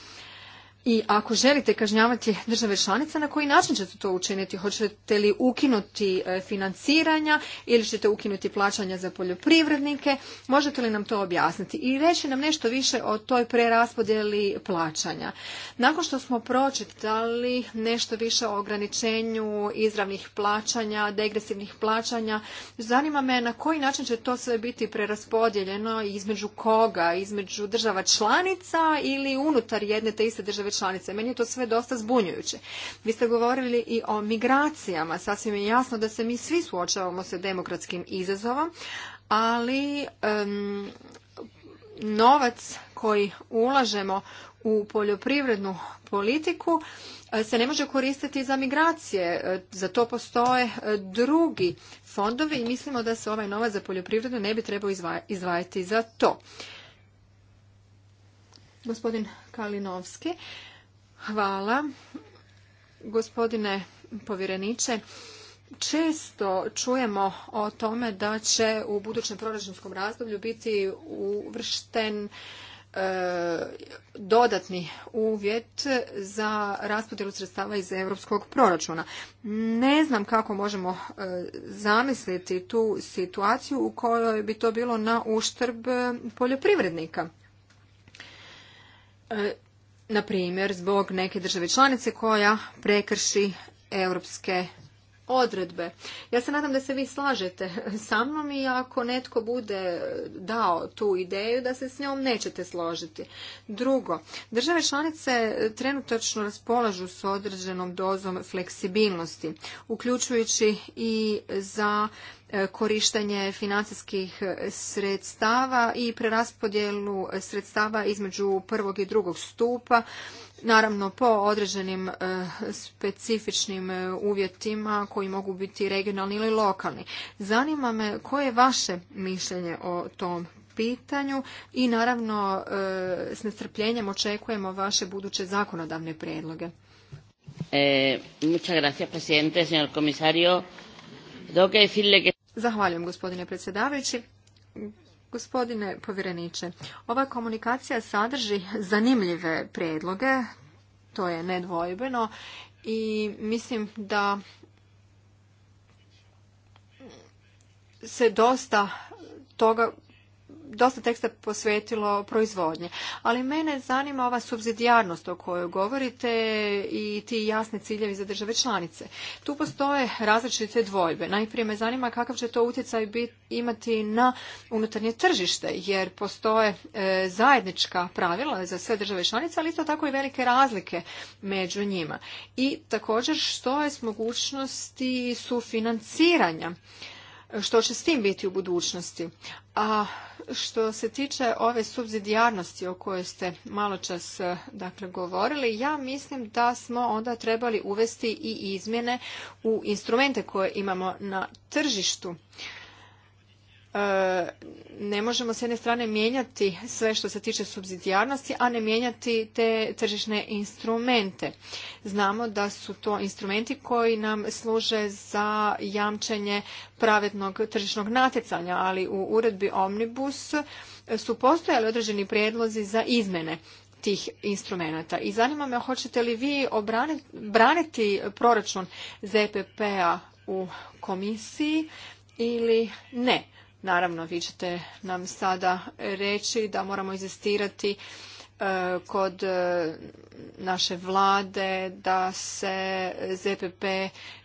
i ako želite kažnjavati države članice, na koji način ćete to učiniti? Hoćete li ukinuti e, financiranja ili ćete ukinuti plaćanja za poljoprivrednike? Možete li nam to objasniti? I reći nam nešto više o toj preraspodjeli plaćanja. Nakon što smo pročitali nešto više o ograničenju izravnih plaćanja, degresivnih plaćanja, zanima me na koji način će to sve biti preraspodijeljeno između koga? Između država članica ili unutar jedne te iste države članice. Meni je to sve dosta zbunjujuće. Vi ste govorili i o migracijama. Sasvim je jasno da se mi svi suočavamo sa demokratskim izazovom, ali novac koji ulažemo u poljoprivrednu politiku e, se ne može koristiti za migracije. E, za to postoje e, drugi fondovi i mislimo da se ovaj novac za poljoprivredu ne bi trebao izdvajati za to. Gospodin Kalinovski, hvala. Gospodine povjereniče, često čujemo o tome da će u budućem proračunskom razdoblju biti uvršten e, dodatni uvjet za raspodjelu sredstava iz europskog proračuna. Ne znam kako možemo e, zamisliti tu situaciju u kojoj bi to bilo na uštrb poljoprivrednika. E, na primjer zbog neke države članice koja prekrši europske odredbe. Ja se nadam da se vi slažete sa mnom i ako netko bude dao tu ideju da se s njom nećete složiti. Drugo, države članice trenutačno raspolažu s određenom dozom fleksibilnosti, uključujući i za E, korištenje financijskih sredstava i preraspodjelu sredstava između prvog i drugog stupa, naravno po određenim e, specifičnim e, uvjetima koji mogu biti regionalni ili lokalni. Zanima me koje je vaše mišljenje o tom pitanju i naravno s nestrpljenjem očekujemo vaše buduće zakonodavne prijedloge. Eh, muchas gracias, presidente, señor comisario. Tengo que decirle Zahvaljujem gospodine predsjedavajući. Gospodine povjereniče, ova komunikacija sadrži zanimljive predloge, to je nedvojbeno i mislim da se dosta toga dosta teksta posvetilo proizvodnje. Ali mene zanima ova subsidijarnost o kojoj govorite i ti jasni ciljevi za države članice. Tu postoje različite dvojbe. Najprije me zanima kakav će to utjecaj imati na unutarnje tržište, jer postoje e, zajednička pravila za sve države članice, ali isto tako i velike razlike među njima. I također što je s mogućnosti sufinanciranja što će s tim biti u budućnosti. A što se tiče ove subsidijarnosti o kojoj ste malo čas e, dakle, govorili, ja mislim da smo onda trebali uvesti i izmjene u instrumente koje imamo na tržištu E, ne možemo s jedne strane mijenjati sve što se tiče subsidijarnosti, a ne mijenjati te tržišne instrumente. Znamo da su to instrumenti koji nam služe za jamčenje pravednog tržišnog natjecanja, ali u uredbi Omnibus su postojali određeni prijedlozi za izmene tih instrumenta. I zanima me, hoćete li vi obraniti, braniti proračun ZPP-a u komisiji ili ne? Naravno, vi ćete nam sada reći da moramo izistirati E, kod e, naše vlade da se ZPP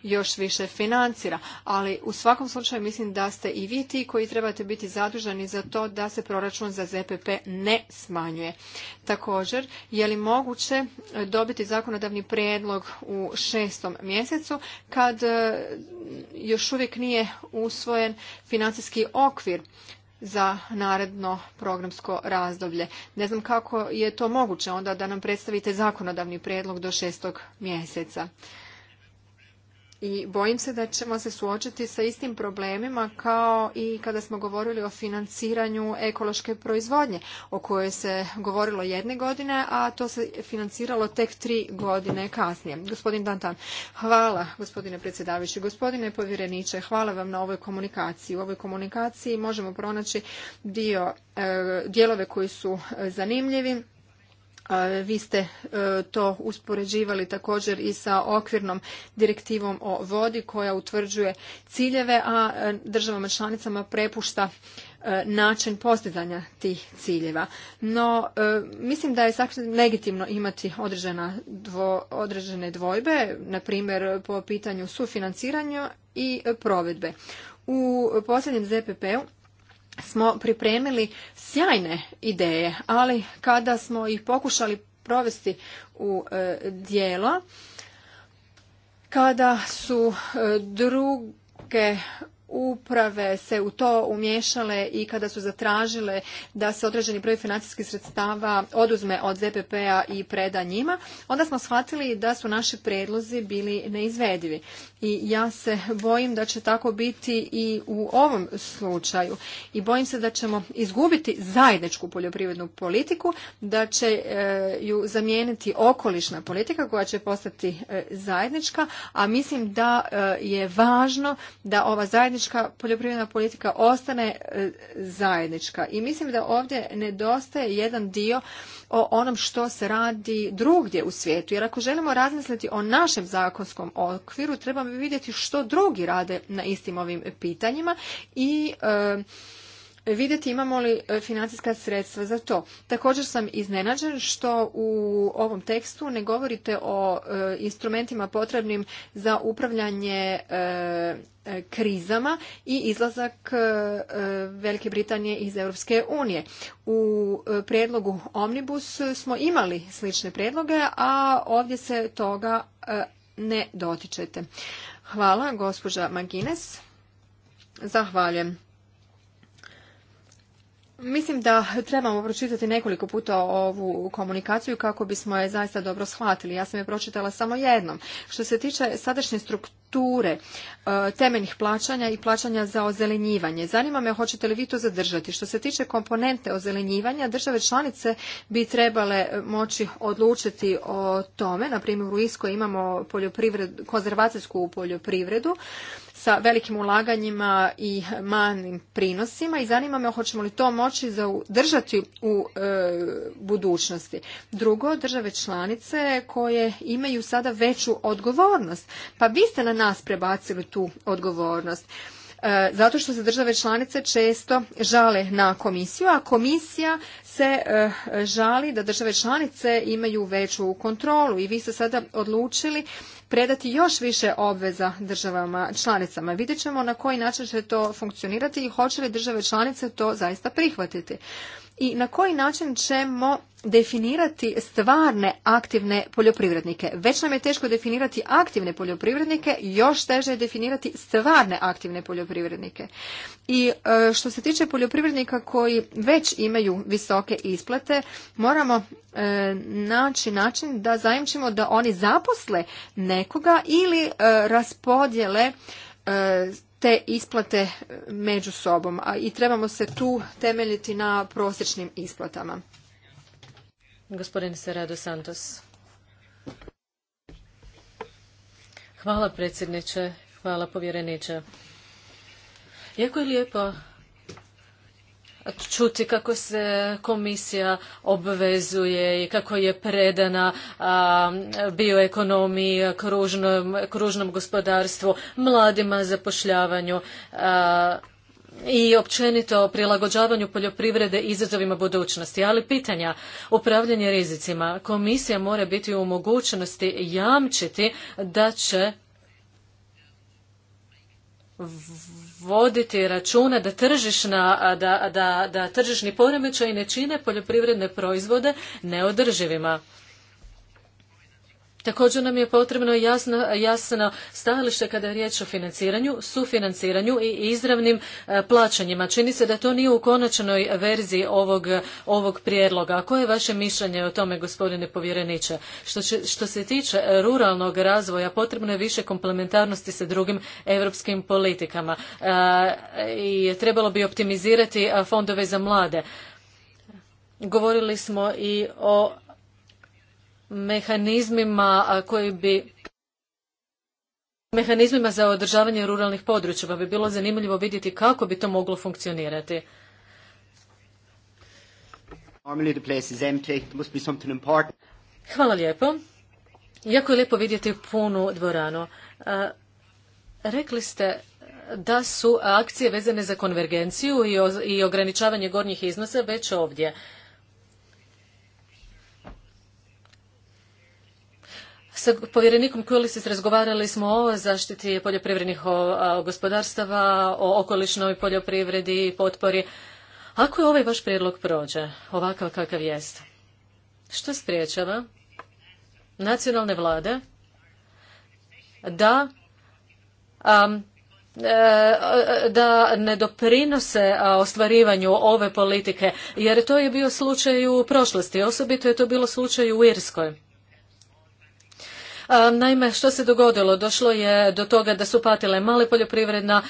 još više financira. Ali u svakom slučaju mislim da ste i vi ti koji trebate biti zaduženi za to da se proračun za ZPP ne smanjuje. Također, je li moguće dobiti zakonodavni prijedlog u šestom mjesecu kad e, još uvijek nije usvojen financijski okvir za naredno programsko razdoblje. Ne znam kako je to moguće onda da nam predstavite zakonodavni prijedlog do šestog mjeseca i bojim se da ćemo se suočiti sa istim problemima kao i kada smo govorili o financiranju ekološke proizvodnje o kojoj se govorilo jedne godine, a to se financiralo tek tri godine kasnije. Gospodin Dantan, hvala gospodine predsjedavajući, gospodine povjereniče, hvala vam na ovoj komunikaciji. U ovoj komunikaciji možemo pronaći dio, e, dijelove koji su e, zanimljivi vi ste e, to uspoređivali također i sa okvirnom direktivom o vodi koja utvrđuje ciljeve, a e, državama članicama prepušta e, način postizanja tih ciljeva. No, mislim da je sasvim legitimno imati određene dvojbe, na primjer po pitanju sufinanciranja i provedbe. U posljednjem ZPP-u smo pripremili sjajne ideje, ali kada smo ih pokušali provesti u e, dijelo, kada su e, druge uprave se u to umješale i kada su zatražile da se određeni broj financijskih sredstava oduzme od ZPP-a i preda njima, onda smo shvatili da su naši predlozi bili neizvedivi. I ja se bojim da će tako biti i u ovom slučaju. I bojim se da ćemo izgubiti zajedničku poljoprivrednu politiku, da će e, ju zamijeniti okolišna politika koja će postati e, zajednička, a mislim da e, je važno da ova zajednička zajednička poljoprivredna politika ostane e, zajednička. I mislim da ovdje nedostaje jedan dio o onom što se radi drugdje u svijetu. Jer ako želimo razmisliti o našem zakonskom okviru, trebamo vidjeti što drugi rade na istim ovim pitanjima i e, vidjeti imamo li e, financijska sredstva za to. Također sam iznenađen što u ovom tekstu ne govorite o e, instrumentima potrebnim za upravljanje e, krizama i izlazak Velike Britanije iz Europske unije. U prijedlogu Omnibus smo imali slične prijedloge, a ovdje se toga ne dotičete. Hvala, gospođa Magines. Zahvaljujem. Mislim da trebamo pročitati nekoliko puta ovu komunikaciju kako bismo je zaista dobro shvatili. Ja sam je pročitala samo jednom. Što se tiče sadašnje strukture e, temeljnih plaćanja i plaćanja za ozelenjivanje, zanima me hoćete li vi to zadržati. Što se tiče komponente ozelenjivanja, države članice bi trebale moći odlučiti o tome. Na primjer, u Iskoj imamo konzervacijsku poljoprivredu sa velikim ulaganjima i manjim prinosima i zanima me hoćemo li to moći zadržati u e, budućnosti. Drugo, države članice koje imaju sada veću odgovornost, pa vi ste na nas prebacili tu odgovornost e, zato što se države članice često žale na komisiju, a komisija se e, žali da države članice imaju veću kontrolu i vi ste sada odlučili predati još više obveza državama članicama. Vidjet ćemo na koji način će to funkcionirati i hoće li države članice to zaista prihvatiti. I na koji način ćemo definirati stvarne aktivne poljoprivrednike. Već nam je teško definirati aktivne poljoprivrednike, još teže je definirati stvarne aktivne poljoprivrednike. I e, što se tiče poljoprivrednika koji već imaju visoke isplate, moramo e, naći način da zajemčimo da oni zaposle ne nekoga ili e, raspodjele e, te isplate među sobom a i trebamo se tu temeljiti na prosječnim isplatama. Gospodin Serado Santos. Hvala predsjedniče, hvala povjereniče. Jako je lijepo čuti kako se komisija obvezuje i kako je predana bioekonomiji, kružnom, gospodarstvu, mladima zapošljavanju i općenito prilagođavanju poljoprivrede izazovima budućnosti. Ali pitanja upravljanje rizicima. Komisija mora biti u mogućnosti jamčiti da će voditi računa da tržišna, da, da, da tržišni poremećaj ne čine poljoprivredne proizvode neodrživima. Također nam je potrebno jasno, jasno stajalište kada je riječ o financiranju, sufinanciranju i izravnim e, plaćanjima. Čini se da to nije u konačnoj verziji ovog, ovog prijedloga. A koje je vaše mišljenje o tome, gospodine povjereniče? Što, što se tiče ruralnog razvoja, potrebno je više komplementarnosti sa drugim europskim politikama. E, I trebalo bi optimizirati fondove za mlade. Govorili smo i o mehanizmima koji bi mehanizmima za održavanje ruralnih područja, pa bi bilo zanimljivo vidjeti kako bi to moglo funkcionirati. Hvala lijepo. Jako je lijepo vidjeti punu dvoranu. E, rekli ste da su akcije vezane za konvergenciju i ograničavanje gornjih iznosa već ovdje. Sa povjerenikom Kulisis razgovarali smo o zaštiti poljoprivrednih gospodarstava, o okolišnoj poljoprivredi i potpori. Ako je ovaj vaš prijedlog prođe, ovakav kakav jest, što spriječava nacionalne vlade da e, da ne doprinose ostvarivanju ove politike, jer to je bio slučaj u prošlosti, osobito je to bilo slučaj u Irskoj. Naime, što se dogodilo? Došlo je do toga da su patile male poljoprivredna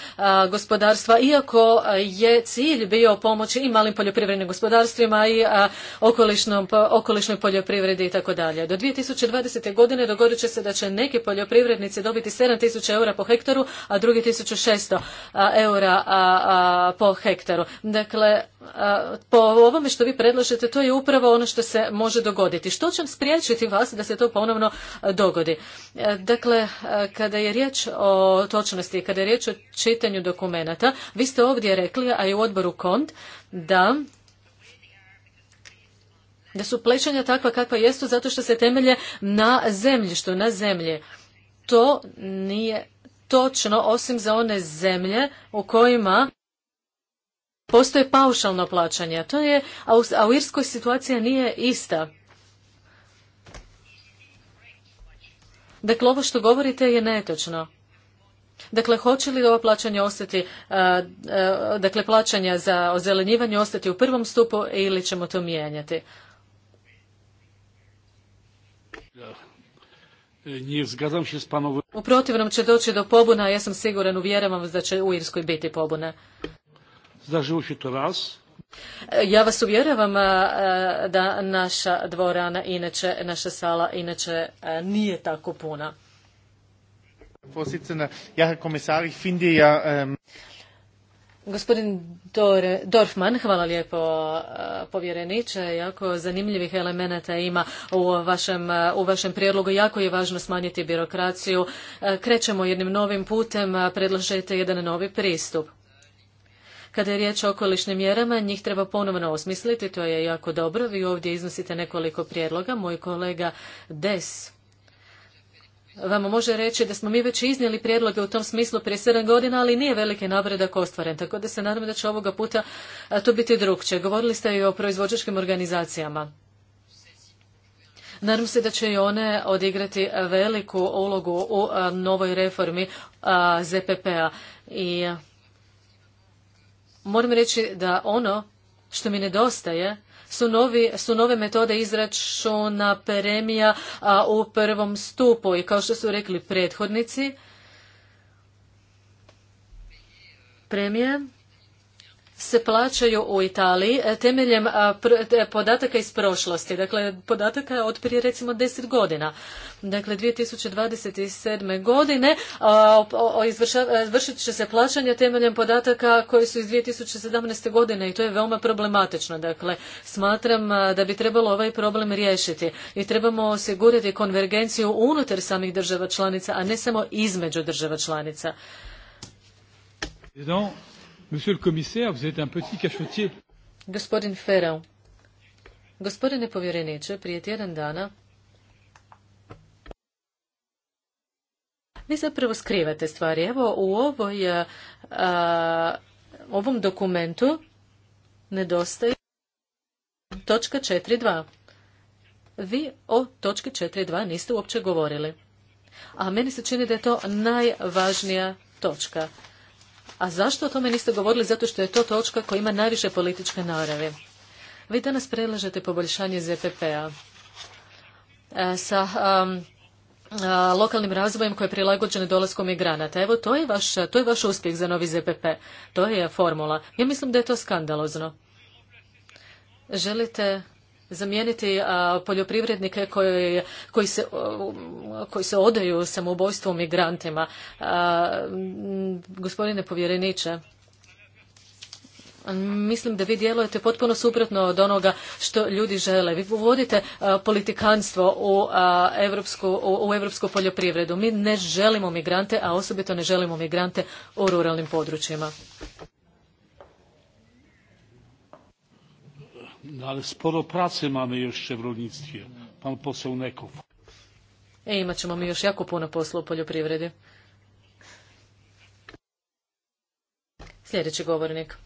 gospodarstva, iako je cilj bio pomoći i malim poljoprivrednim gospodarstvima i okolišnoj poljoprivredi i tako dalje. Do 2020. godine dogodit će se da će neki poljoprivrednici dobiti 7000 eura po hektaru, a drugi 1600 eura po hektaru. Dakle, po ovome što vi predlažete, to je upravo ono što se može dogoditi. Što će spriječiti vas da se to ponovno dogodi? Dakle, kada je riječ o točnosti, kada je riječ o čitanju dokumenata, vi ste ovdje rekli, a i u odboru KONT, da da su plećanja takva kakva jesu zato što se temelje na zemljištu, na zemlji. To nije točno, osim za one zemlje u kojima postoje paušalno plaćanje, a to je, a u Irskoj situacija nije ista. Dakle, ovo što govorite je netočno. Dakle, hoće li ovo plaćanje ostati, e, e, dakle, plaćanja za ozelenjivanje ostati u prvom stupu ili ćemo to mijenjati? U protivnom će doći do pobuna, ja sam siguran, uvjeravam vas da će u Irskoj biti pobuna. Ja vas uvjeravam e, da naša dvorana, inače naša sala, inače e, nije tako puna. Ja, ja... Ehm, Gospodin Dorfman, hvala lijepo e, povjereniče, jako zanimljivih elemenata ima u vašem, u vašem prijedlogu, jako je važno smanjiti birokraciju. Krećemo jednim novim putem, predlažete jedan novi pristup. Kada je riječ o okolišnim mjerama, njih treba ponovno osmisliti, to je jako dobro. Vi ovdje iznosite nekoliko prijedloga. Moj kolega Des vam može reći da smo mi već iznijeli prijedloge u tom smislu prije sedam godina, ali nije veliki napredak ostvaren. Tako da se nadam da će ovoga puta to biti drukčije. Govorili ste i o proizvođačkim organizacijama. Nadam se da će i one odigrati veliku ulogu u novoj reformi ZPP-a. I moram reći da ono što mi nedostaje su, su nove metode izračuna premija a, u prvom stupu i kao što su rekli prethodnici, premije se plaćaju u Italiji e, temeljem e, podataka iz prošlosti, dakle podataka od prije recimo 10 godina. Dakle, 2027. godine dvadeset sedam godine vršit će se plaćanje temeljem podataka koji su iz 2017. godine i to je veoma problematično. Dakle, smatram da bi trebalo ovaj problem riješiti i trebamo osigurati konvergenciju unutar samih država članica, a ne samo između država članica. Monsieur le commissaire, vous êtes un petit cachotier. Gospodin Ferrao, Gospodine povjereniče, prije tjedan dana vi zapravo skrivate stvari. Evo u ovoj, a, ovom dokumentu nedostaje točka 4.2. Vi o točki 4.2 niste uopće govorili. A meni se čini da je to najvažnija točka. A zašto o tome niste govorili? Zato što je to točka koja ima najviše političke narave. Vi danas predlažete poboljšanje ZPP-a e, sa um, lokalnim razvojem koji je prilagođen dolaskom migranata. Evo, to je, vaš, to je vaš uspjeh za novi ZPP. To je formula. Ja mislim da je to skandalozno. Želite zamijeniti poljoprivrednike koji, se, odaju samoubojstvu migrantima. Gospodine povjereniče, Mislim da vi djelujete potpuno suprotno od onoga što ljudi žele. Vi uvodite politikanstvo u, europsku u evropsku poljoprivredu. Mi ne želimo migrante, a osobito ne želimo migrante u ruralnim područjima. No ale sporo pracy mamy jeszcze w rolnictwie. Pan poseł Nekow. E, imat ćemo mi još jako puno posla u poljoprivredi. Sljedeći govornik.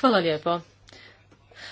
Hvala lijepo.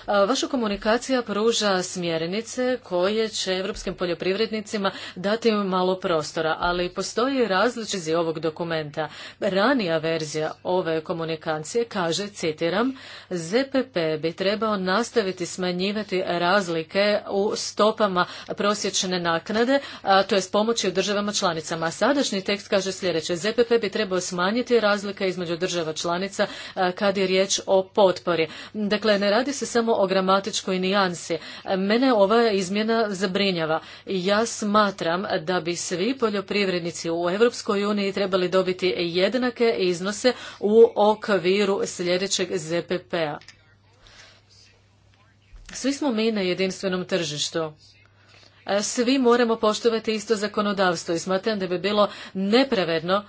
Vaša komunikacija pruža smjernice koje će europskim poljoprivrednicima dati malo prostora, ali postoji različiti ovog dokumenta. Ranija verzija ove komunikacije kaže, citiram, ZPP bi trebao nastaviti smanjivati razlike u stopama prosječne naknade, to je pomoći u državama članicama. Sadašnji tekst kaže sljedeće, ZPP bi trebao smanjiti razlike između država članica kad je riječ o potpori. Dakle, ne radi se samo o gramatičkoj nijansi. Mene ova izmjena zabrinjava. Ja smatram da bi svi poljoprivrednici u Europskoj uniji trebali dobiti jednake iznose u okviru sljedećeg ZPP-a. Svi smo mi na jedinstvenom tržištu svi moramo poštovati isto zakonodavstvo i smatram da bi bilo nepravedno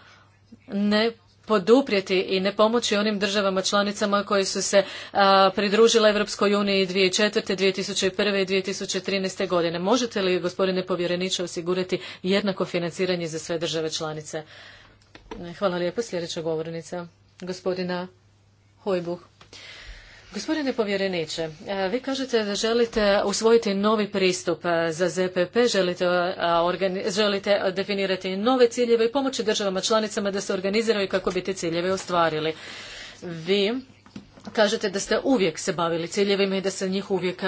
ne poduprijeti i ne pomoći onim državama članicama koje su se a, pridružile Europskoj uniji 2004., 2001. i 2013. godine. Možete li, gospodine povjereniče, osigurati jednako financiranje za sve države članice? Hvala lijepo. Sljedeća govornica, gospodina Hojbuh. Gospodine povjereniče, e, vi kažete da želite usvojiti novi pristup e, za ZPP, želite, e, želite definirati nove ciljeve i pomoći državama članicama da se organiziraju kako bi te ciljeve ostvarili. Vi kažete da ste uvijek se bavili ciljevima i da se njih uvijek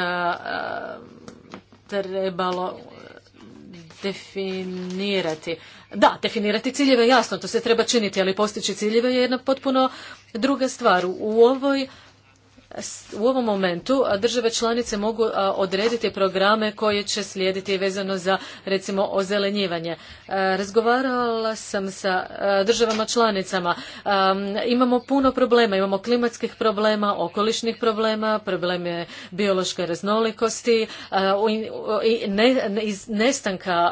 trebalo definirati. Da, definirati ciljeve, jasno, to se treba činiti, ali postići ciljeve je jedna potpuno druga stvar. U ovoj u ovom momentu države članice mogu odrediti programe koje će slijediti vezano za recimo ozelenjivanje. Razgovarala sam sa državama članicama. Imamo puno problema, imamo klimatskih problema, okolišnih problema, probleme biološke raznolikosti, nestanka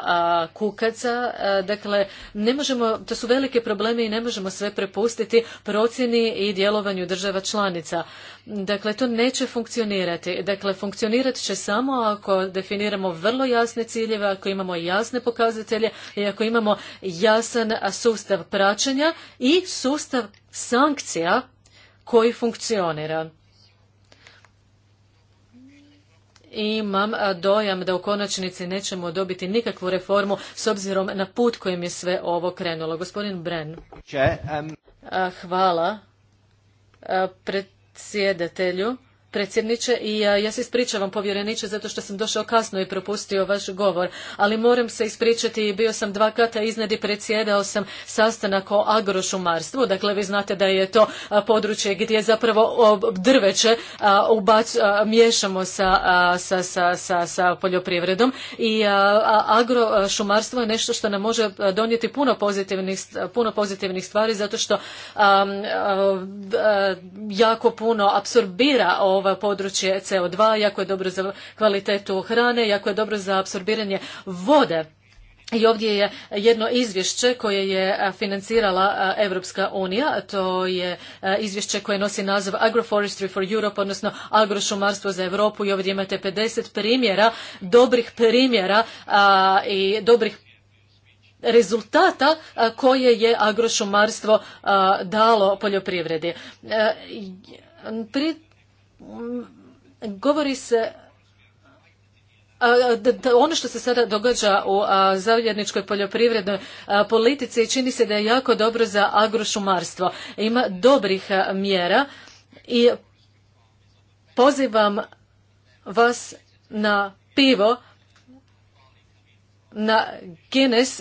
kukaca. Dakle, ne možemo, to su velike probleme i ne možemo sve prepustiti procjeni i djelovanju država članica. Dakle, to neće funkcionirati. Dakle, funkcionirat će samo ako definiramo vrlo jasne ciljeve, ako imamo jasne pokazatelje i ako imamo jasan sustav praćenja i sustav sankcija koji funkcionira. imam dojam da u konačnici nećemo dobiti nikakvu reformu s obzirom na put kojim je sve ovo krenulo. Gospodin Bren. Hvala. Pred sjedatelju predsjedniče i ja se ispričavam povjereniče zato što sam došao kasno i propustio vaš govor, ali moram se ispričati i bio sam dva kata iznad i predsjedao sam sastanak o agrošumarstvu. Dakle, vi znate da je to područje gdje zapravo drveće ubac, miješamo sa, poljoprivredom i agrošumarstvo je nešto što nam može donijeti puno pozitivnih, puno pozitivnih stvari zato što jako puno apsorbira o ovo područje CO2, jako je dobro za kvalitetu hrane, jako je dobro za apsorbiranje vode. I ovdje je jedno izvješće koje je financirala Europska unija, to je izvješće koje nosi naziv Agroforestry for Europe, odnosno agrošumarstvo za Europu i ovdje imate 50 primjera, dobrih primjera i dobrih rezultata koje je agrošumarstvo dalo poljoprivredi. E, pri govori se ono što se sada događa u zajedničkoj poljoprivrednoj politici čini se da je jako dobro za agrošumarstvo. Ima dobrih mjera i pozivam vas na pivo na Guinness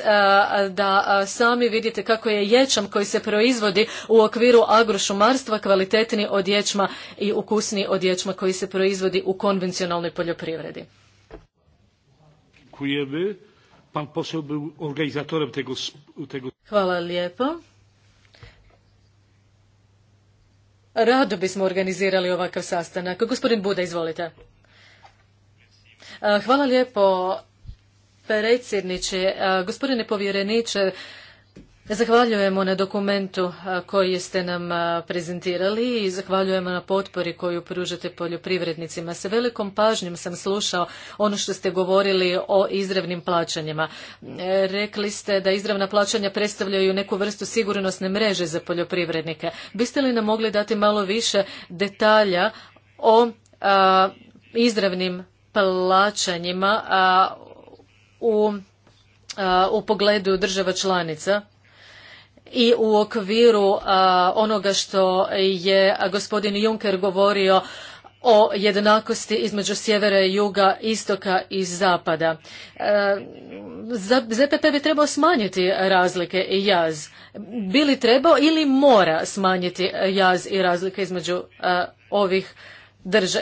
da sami vidite kako je ječam koji se proizvodi u okviru agrošumarstva kvalitetniji od ječma i ukusniji od ječma koji se proizvodi u konvencionalnoj poljoprivredi. Hvala lijepo. Rado bismo organizirali ovakav sastanak. Gospodin Buda, izvolite. Hvala lijepo predsjedniče, e, gospodine povjereniče, Zahvaljujemo na dokumentu e, koji ste nam e, prezentirali i zahvaljujemo na potpori koju pružate poljoprivrednicima. Sa velikom pažnjom sam slušao ono što ste govorili o izravnim plaćanjima. Rekli ste da izravna plaćanja predstavljaju neku vrstu sigurnosne mreže za poljoprivrednike. Biste li nam mogli dati malo više detalja o izravnim plaćanjima a, Uh, u, pogledu država članica i u okviru uh, onoga što je gospodin Juncker govorio o jednakosti između sjevera i juga, istoka i zapada. Uh, ZPP bi trebao smanjiti razlike i jaz. Bi li trebao ili mora smanjiti jaz i razlike između ovih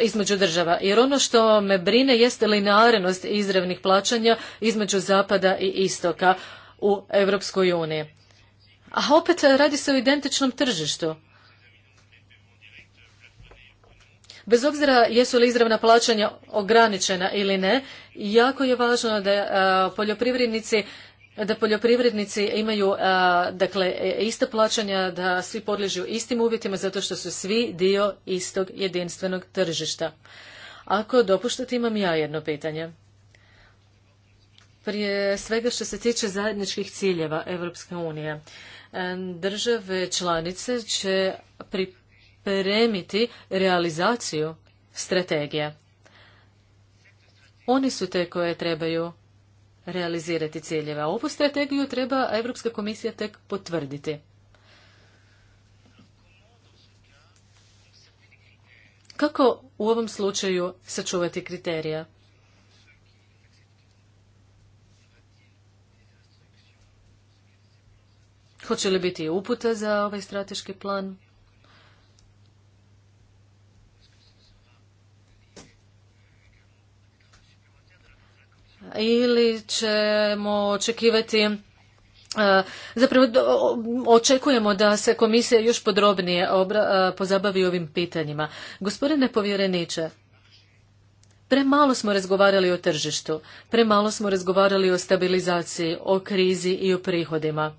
između država. Jer ono što me brine jeste linearnost izravnih plaćanja između zapada i istoka u Europskoj uniji. A opet radi se o identičnom tržištu. Bez obzira jesu li izravna plaćanja ograničena ili ne, jako je važno da poljoprivrednici da poljoprivrednici imaju dakle ista plaćanja, da svi podliježu istim uvjetima zato što su svi dio istog jedinstvenog tržišta. Ako dopuštate imam ja jedno pitanje. Prije svega što se tiče zajedničkih ciljeva Europske unije, države članice će pripremiti realizaciju strategija. Oni su te koje trebaju realizirati ciljeve. A ovu strategiju treba Europska komisija tek potvrditi. Kako u ovom slučaju sačuvati kriterija? Hoće li biti uputa za ovaj strateški plan? ili ćemo očekivati e, zapravo očekujemo da se komisija još podrobnije e, pozabavi ovim pitanjima. Gospodine povjereniče, premalo smo razgovarali o tržištu, premalo smo razgovarali o stabilizaciji, o krizi i o prihodima.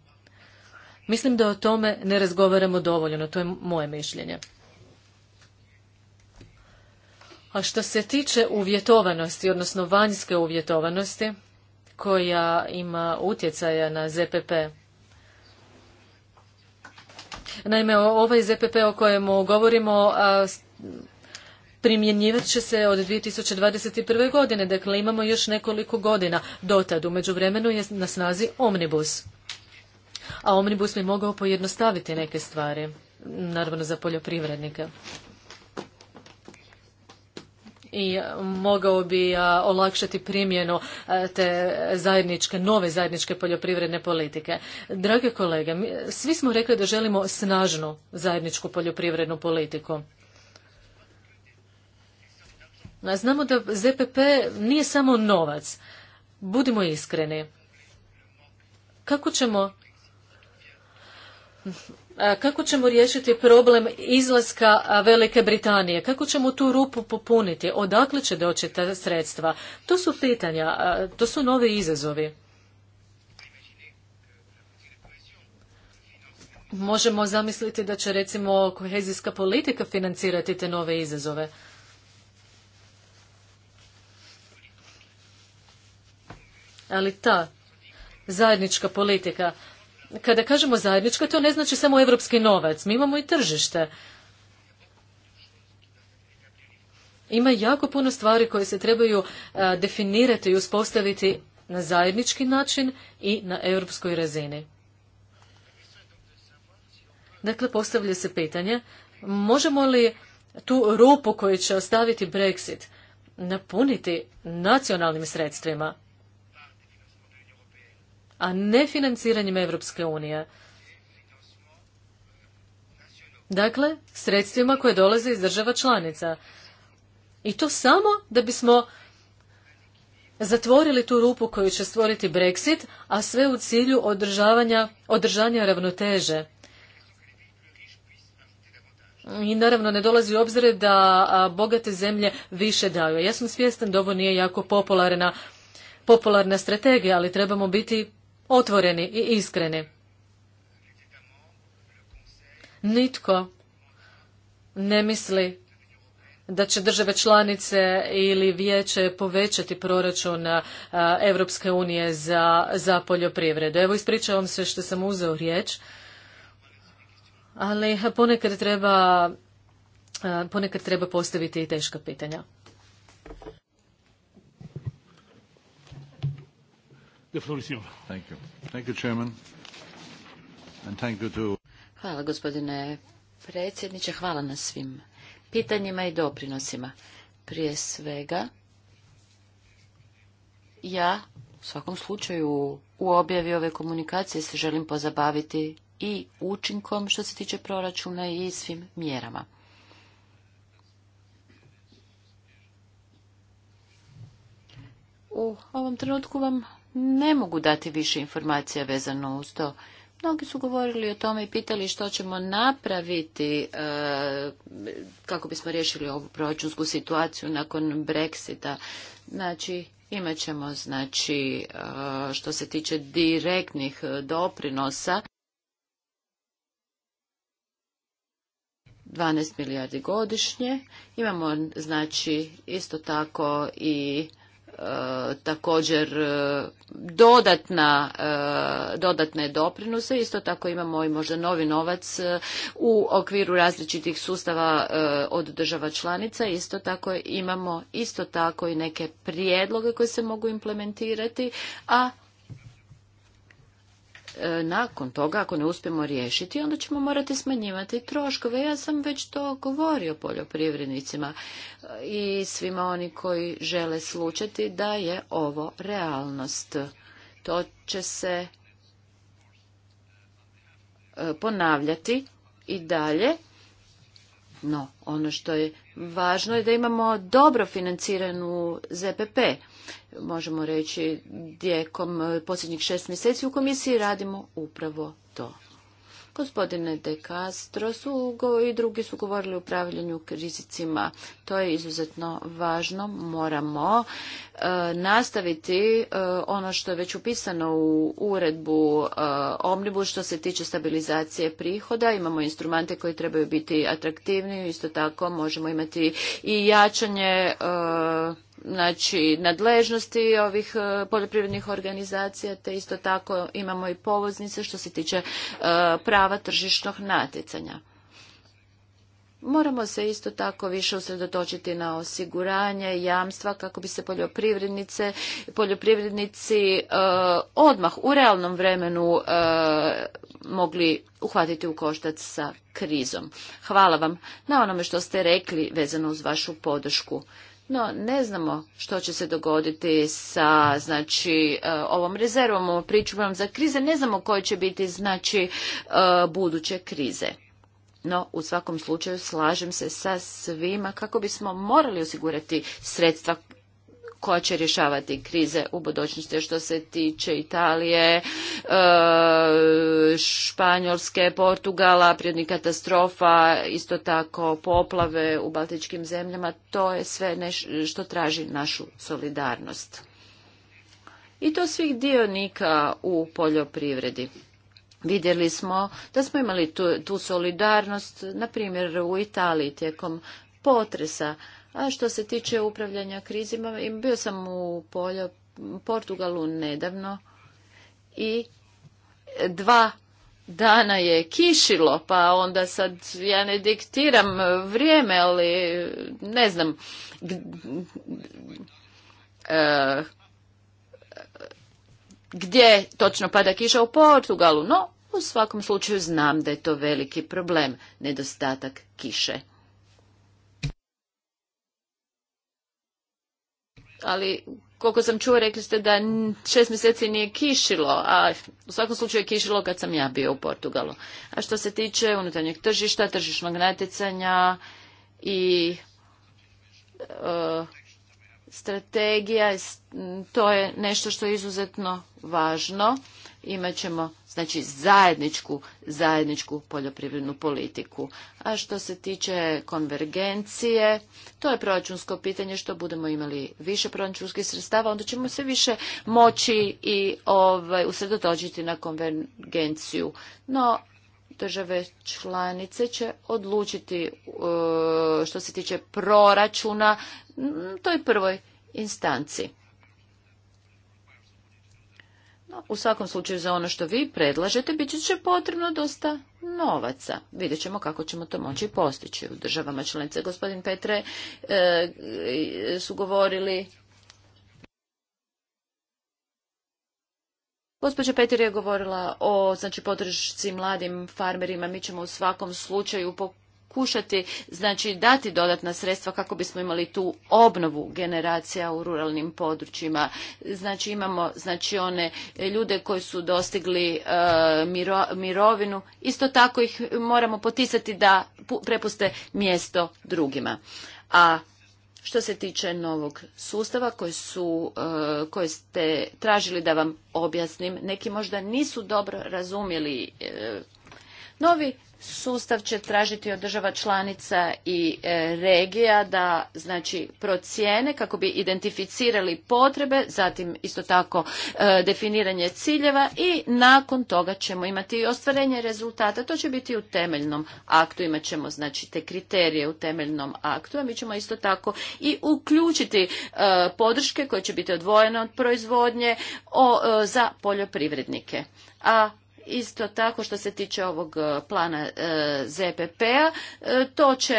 Mislim da o tome ne razgovaramo dovoljno, to je moje mišljenje. A što se tiče uvjetovanosti, odnosno vanjske uvjetovanosti, koja ima utjecaja na ZPP. Naime, ovaj ZPP o kojemu govorimo primjenjivat će se od 2021. godine, dakle imamo još nekoliko godina dotad. U međuvremenu je na snazi Omnibus. A Omnibus mi mogao pojednostaviti neke stvari, naravno za poljoprivrednike i e, mogao bi e, olakšati primjenu e, te zajedničke, nove zajedničke poljoprivredne politike. Drage kolege, svi smo rekli da želimo snažnu zajedničku poljoprivrednu politiku. Znamo da ZPP nije samo novac. Budimo iskreni. Kako ćemo E, kako ćemo riješiti problem izlaska Velike Britanije? Kako ćemo tu rupu popuniti? Odakle će doći ta sredstva? To su pitanja, to su novi izazovi. Možemo zamisliti da će recimo kohezijska politika financirati te nove izazove. Ali ta zajednička politika kada kažemo zajednička, to ne znači samo evropski novac. Mi imamo i tržište. Ima jako puno stvari koje se trebaju definirati i uspostaviti na zajednički način i na europskoj razini. Dakle, postavlja se pitanje, možemo li tu rupu koju će ostaviti Brexit napuniti nacionalnim sredstvima? a ne financiranjem Europske unije. Dakle, sredstvima koje dolaze iz država članica. I to samo da bismo zatvorili tu rupu koju će stvoriti Brexit, a sve u cilju održavanja, održanja ravnoteže. I naravno ne dolazi u obzir da bogate zemlje više daju. Ja sam svjestan da ovo nije jako popularna, popularna strategija, ali trebamo biti otvoreni i iskreni. Nitko ne misli da će države članice ili vijeće povećati proračun Europske unije za, za poljoprivredu. Evo ispričavam se što sam uzeo riječ, ali ponekad treba, ponekad treba postaviti i teška pitanja. Hvala gospodine predsjedniče, hvala na svim pitanjima i doprinosima. Prije svega, ja u svakom slučaju u objavi ove komunikacije se želim pozabaviti i učinkom što se tiče proračuna i svim mjerama. U ovom trenutku vam ne mogu dati više informacija vezano uz to. Mnogi su govorili o tome i pitali što ćemo napraviti e, kako bismo riješili ovu proračunsku situaciju nakon Brexita. Znači, imat ćemo znači, e, što se tiče direktnih doprinosa 12 milijardi godišnje. Imamo znači isto tako i E, također e, dodatna, e, dodatne doprinose. Isto tako imamo i možda novi novac u okviru različitih sustava od država članica. Isto tako imamo isto tako i neke prijedloge koje se mogu implementirati, a E, nakon toga, ako ne uspijemo riješiti, onda ćemo morati smanjivati troškove. Ja sam već to govorio poljoprivrednicima e, i svima oni koji žele slučati da je ovo realnost. To će se e, ponavljati i dalje. No, ono što je važno je da imamo dobro financiranu ZPP možemo reći, tijekom e, posljednjih šest mjeseci u komisiji radimo upravo to. Gospodine De Castro i drugi su govorili o upravljanju rizicima. To je izuzetno važno. Moramo e, nastaviti e, ono što je već upisano u uredbu e, Omnibu što se tiče stabilizacije prihoda. Imamo instrumente koji trebaju biti atraktivni. Isto tako možemo imati i jačanje znači nadležnosti ovih e, poljoprivrednih organizacija te isto tako imamo i povoznice što se tiče e, prava tržišnog natjecanja. Moramo se isto tako više usredotočiti na osiguranje, jamstva kako bi se poljoprivrednice, poljoprivrednici e, odmah u realnom vremenu mogli uhvatiti u koštac sa krizom. Hvala vam na onome što ste rekli vezano uz vašu podršku no, ne znamo što će se dogoditi sa znači, e, ovom rezervom, pričuvom za krize. Ne znamo koje će biti znači, e, buduće krize. No, u svakom slučaju slažem se sa svima kako bismo morali osigurati sredstva koja će rješavati krize u budućnosti što se tiče Italije, e, Španjolske, Portugala, prirodnih katastrofa, isto tako poplave u baltičkim zemljama, to je sve što traži našu solidarnost. I to svih dionika u poljoprivredi. Vidjeli smo da smo imali tu solidarnost, na primjer u Italiji tijekom potresa a što se tiče upravljanja krizima, bio sam u Polju, Portugalu nedavno i dva dana je kišilo, pa onda sad ja ne diktiram vrijeme, ali ne znam e, gdje točno pada kiša u Portugalu, no u svakom slučaju znam da je to veliki problem, nedostatak kiše. ali koliko sam čuo rekli ste da šest mjeseci nije kišilo, a u svakom slučaju je kišilo kad sam ja bio u Portugalu. A što se tiče unutarnjeg tržišta, tržišnog natjecanja i e, strategija, to je nešto što je izuzetno važno imat ćemo znači zajedničku zajedničku poljoprivrednu politiku. A što se tiče konvergencije, to je proračunsko pitanje što budemo imali više proračunskih sredstava, onda ćemo se više moći i ovaj usredotočiti na konvergenciju. No države članice će odlučiti e, što se tiče proračuna toj prvoj instanci. No, u svakom slučaju za ono što vi predlažete bit će potrebno dosta novaca. Vidjet ćemo kako ćemo to moći postići u državama članice. Gospodin Petre e, su govorili Gospođa Petir je govorila o znači, podršci mladim farmerima. Mi ćemo u svakom slučaju pokušati pokušati znači dati dodatna sredstva kako bismo imali tu obnovu generacija u ruralnim područjima. Znači imamo znači one ljude koji su dostigli e, mirovinu, isto tako ih moramo poticati da prepuste mjesto drugima. A što se tiče novog sustava koji su, e, ste tražili da vam objasnim, neki možda nisu dobro razumjeli e, novi sustav će tražiti od država članica i e, regija da znači procijene kako bi identificirali potrebe, zatim isto tako e, definiranje ciljeva i nakon toga ćemo imati i ostvarenje rezultata. To će biti u temeljnom aktu, imat ćemo znači te kriterije u temeljnom aktu, a mi ćemo isto tako i uključiti e, podrške koje će biti odvojene od proizvodnje za poljoprivrednike. A isto tako što se tiče ovog e, plana e, ZPP-a, e, to će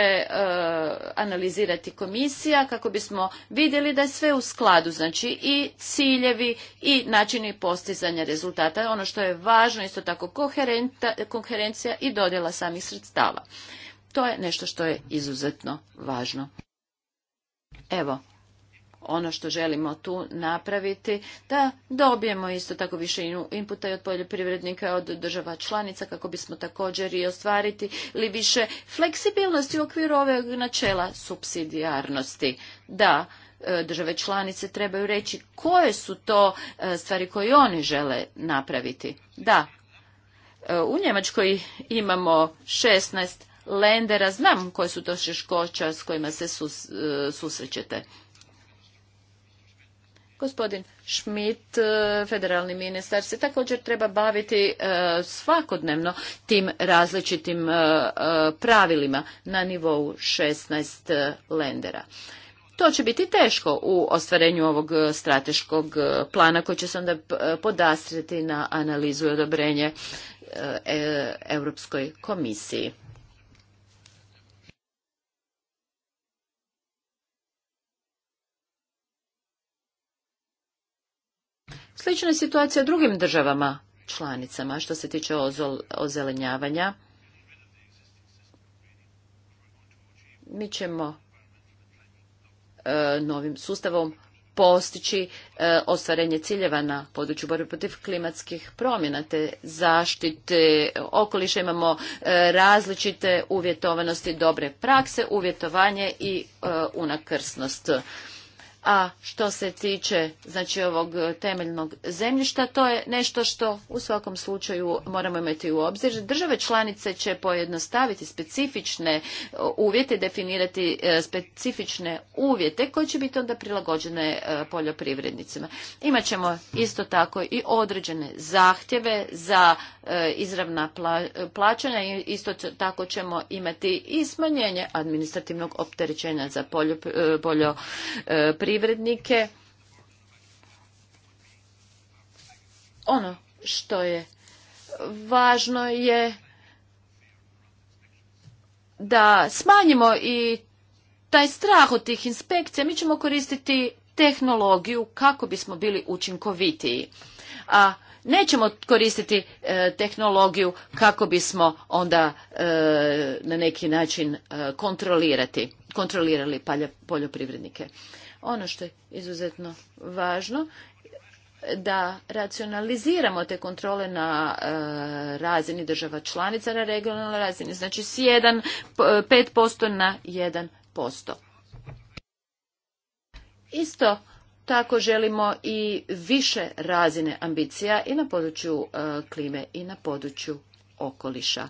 analizirati komisija kako bismo vidjeli da je sve u skladu, znači i ciljevi i načini postizanja rezultata. Ono što je važno, isto tako koherencija i dodjela samih sredstava. To je nešto što je izuzetno važno. Evo, ono što želimo tu napraviti, da dobijemo isto tako više inputa i od poljoprivrednika, od država članica, kako bismo također i ostvariti ili više fleksibilnosti u okviru ovog načela subsidijarnosti. Da, e, države članice trebaju reći koje su to e, stvari koje oni žele napraviti. Da, e, u Njemačkoj imamo 16 lendera, znam koje su to šeškoća s kojima se susrećete. Gospodin Schmidt, e, federalni ministar, se također treba baviti e, svakodnevno tim različitim e, pravilima na nivou 16 lendera. To će biti teško u ostvarenju ovog strateškog plana koji će se onda podastriti na analizu i odobrenje Europskoj komisiji. Slična je situacija u drugim državama članicama što se tiče ozelenjavanja. Mi ćemo e, novim sustavom postići e, ostvarenje ciljeva na području borbe protiv klimatskih promjena te zaštite okoliša. Imamo e, različite uvjetovanosti dobre prakse, uvjetovanje i unakrsnost. A što se tiče znači ovog e, temeljnog zemljišta, to je nešto što u svakom slučaju moramo imati u obzir. Države članice će pojednostaviti specifične e, uvjete, definirati e, specifične uvjete koji će biti onda prilagođene poljoprivrednicima. Imaćemo isto tako i određene zahtjeve za izravna plaćanja i isto tako ćemo imati i smanjenje administrativnog opterećenja za poljoprivrednike poljoprivrednike ono što je važno je da smanjimo i taj strah od tih inspekcija mi ćemo koristiti tehnologiju kako bismo bili učinkovitiji a nećemo koristiti e, tehnologiju kako bismo onda e, na neki način e, kontrolirati kontrolirali poljoprivrednike ono što je izuzetno važno da racionaliziramo te kontrole na e, razini država članica na regionalnoj razini, znači s 1, 5% na 1%. Isto tako želimo i više razine ambicija i na području e, klime i na području okoliša.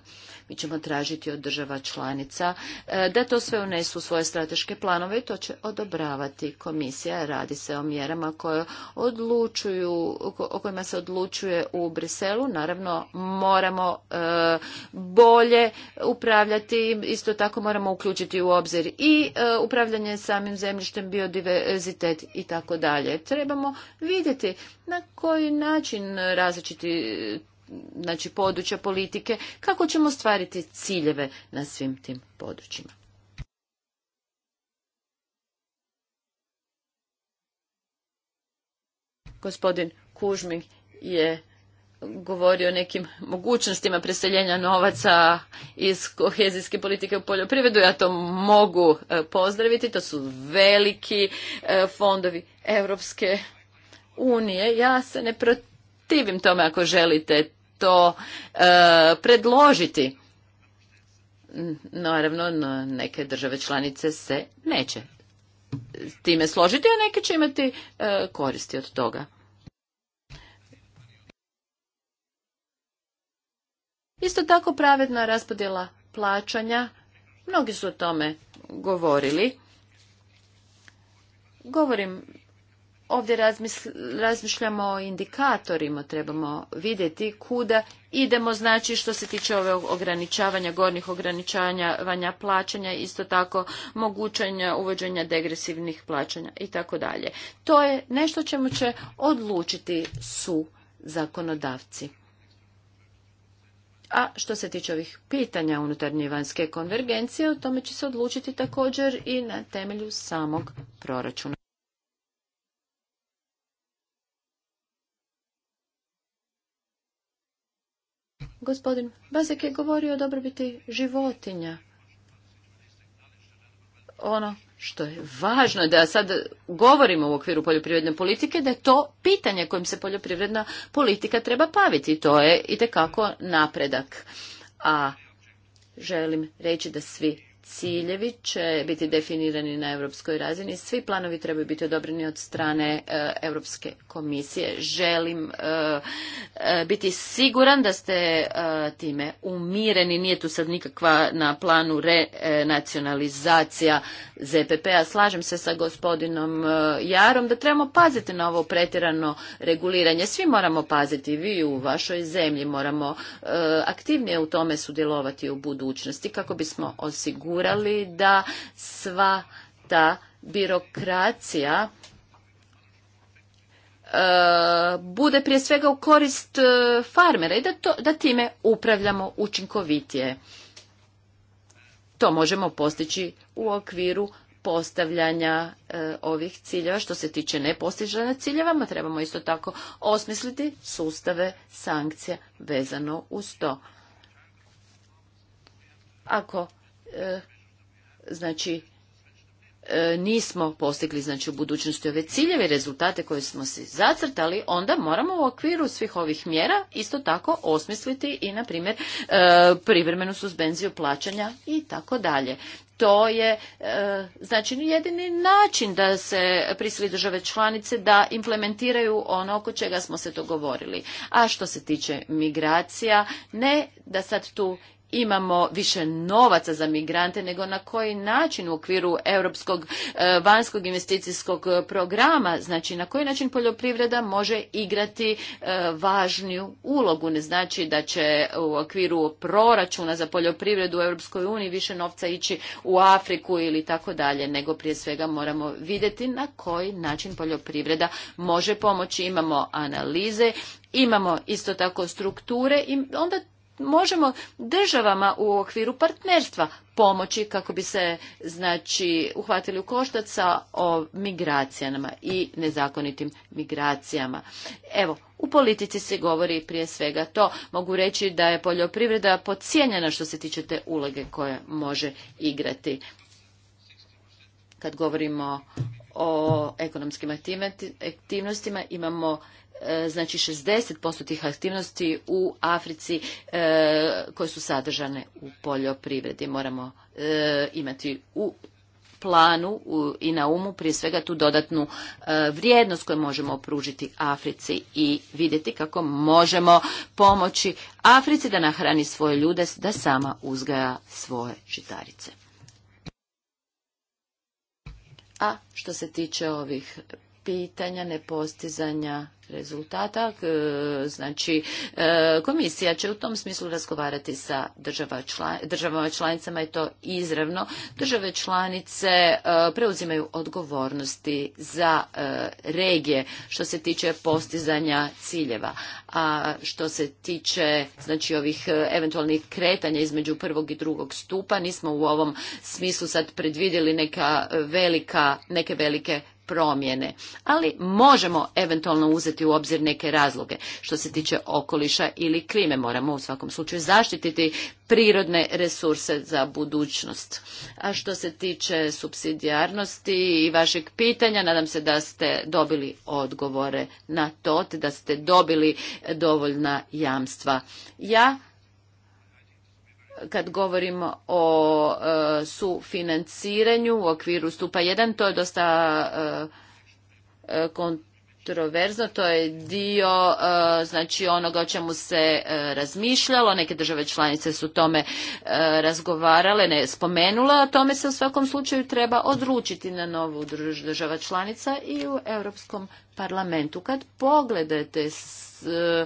Mi ćemo tražiti od država članica e, da to sve unesu u svoje strateške planove i to će odobravati komisija. Radi se o mjerama koje odlučuju, o kojima se odlučuje u Briselu. Naravno moramo e, bolje upravljati, isto tako moramo uključiti u obzir i e, upravljanje samim zemljištem, biodiverzitet i tako dalje. Trebamo vidjeti na koji način različiti znači područja politike, kako ćemo stvariti ciljeve na svim tim područjima. Gospodin Kužming je govorio o nekim mogućnostima preseljenja novaca iz kohezijske politike u poljoprivredu. Ja to mogu e, pozdraviti. To su veliki e, fondovi Europske unije. Ja se ne protivim tome ako želite to e, predložiti. Naravno, neke države članice se neće time složiti, a neke će imati e, koristi od toga. Isto tako pravedna raspodjela plaćanja, mnogi su o tome govorili. Govorim ovdje razmišljamo o indikatorima, trebamo vidjeti kuda idemo, znači što se tiče ove ograničavanja, gornjih ograničavanja plaćanja, isto tako mogućanja uvođenja degresivnih plaćanja i tako dalje. To je nešto čemu će odlučiti su zakonodavci. A što se tiče ovih pitanja unutarnje vanjske konvergencije, o tome će se odlučiti također i na temelju samog proračuna. Gospodin Bazek je govorio o dobrobiti životinja. Ono što je važno da sad govorimo u okviru poljoprivredne politike, da je to pitanje kojim se poljoprivredna politika treba baviti. To je i itekako napredak. A želim reći da svi Ciljevi će biti definirani na europskoj razini. Svi planovi trebaju biti odobreni od strane e, Europske komisije. Želim e, e, biti siguran da ste time umireni. Nije tu sad nikakva na planu renacionalizacija ZPP-a. Slažem se sa gospodinom Jarom da trebamo paziti na ovo pretjerano reguliranje. Svi moramo paziti. Vi u vašoj zemlji moramo aktivnije u tome sudjelovati u budućnosti kako bismo osigurali osigurali da sva ta birokracija e, bude prije svega u korist e, farmera i da, time upravljamo učinkovitije. To možemo postići u okviru postavljanja e, ovih ciljeva. Što se tiče nepostižena ciljeva, trebamo isto tako osmisliti sustave sankcija vezano uz to. Ako E, znači e, nismo postigli znači u budućnosti ove ciljeve i rezultate koje smo si zacrtali, onda moramo u okviru svih ovih mjera isto tako osmisliti i na primjer e, privremenu suspenziju plaćanja i tako dalje. To je znači jedini način da se prisili države članice da implementiraju ono oko čega smo se to govorili. A što se tiče migracija, ne da sad tu imamo više novaca za migrante, nego na koji način u okviru europskog e, vanjskog investicijskog programa, znači na koji način poljoprivreda može igrati e, važniju ulogu. Ne znači da će u okviru proračuna za poljoprivredu u Europskoj uniji više novca ići u Afriku ili tako dalje, nego prije svega moramo vidjeti na koji način poljoprivreda može pomoći. Imamo analize, imamo isto tako strukture i onda možemo državama u okviru partnerstva pomoći kako bi se znači uhvatili u koštac o migracijama i nezakonitim migracijama. Evo, u politici se govori prije svega to. Mogu reći da je poljoprivreda podcijenjena što se tiče te uloge koje može igrati. Kad govorimo o ekonomskim aktivnostima imamo E, znači 60% tih aktivnosti u Africi e, koje su sadržane u poljoprivredi. Moramo e, imati u planu i na umu prije svega tu dodatnu vrijednost koju možemo pružiti Africi i vidjeti kako možemo pomoći Africi da nahrani svoje ljude da sama uzgaja svoje žitarice. A što se tiče ovih pitanja nepostizanja rezultata. E, znači, e, komisija će u tom smislu razgovarati sa državama članicama i to izravno. Države članice e, preuzimaju odgovornosti za regije što se tiče postizanja ciljeva. A što se tiče znači ovih eventualnih kretanja između prvog i drugog stupa, nismo u ovom smislu sad predvidjeli neka velika, neke velike promjene, ali možemo eventualno uzeti u obzir neke razloge što se tiče okoliša ili klime. Moramo u svakom slučaju zaštititi prirodne resurse za budućnost. A što se tiče subsidijarnosti i vašeg pitanja, nadam se da ste dobili odgovore na to, te da ste dobili dovoljna jamstva. Ja kad govorimo o e, sufinanciranju u okviru stupa 1, to je dosta e, e, kontroverzno, to je dio znači onoga o čemu se razmišljalo, neke države članice su tome razgovarale, ne spomenula, O tome se u svakom slučaju treba odručiti na novu država članica i u Europskom parlamentu. Kad pogledate e, e,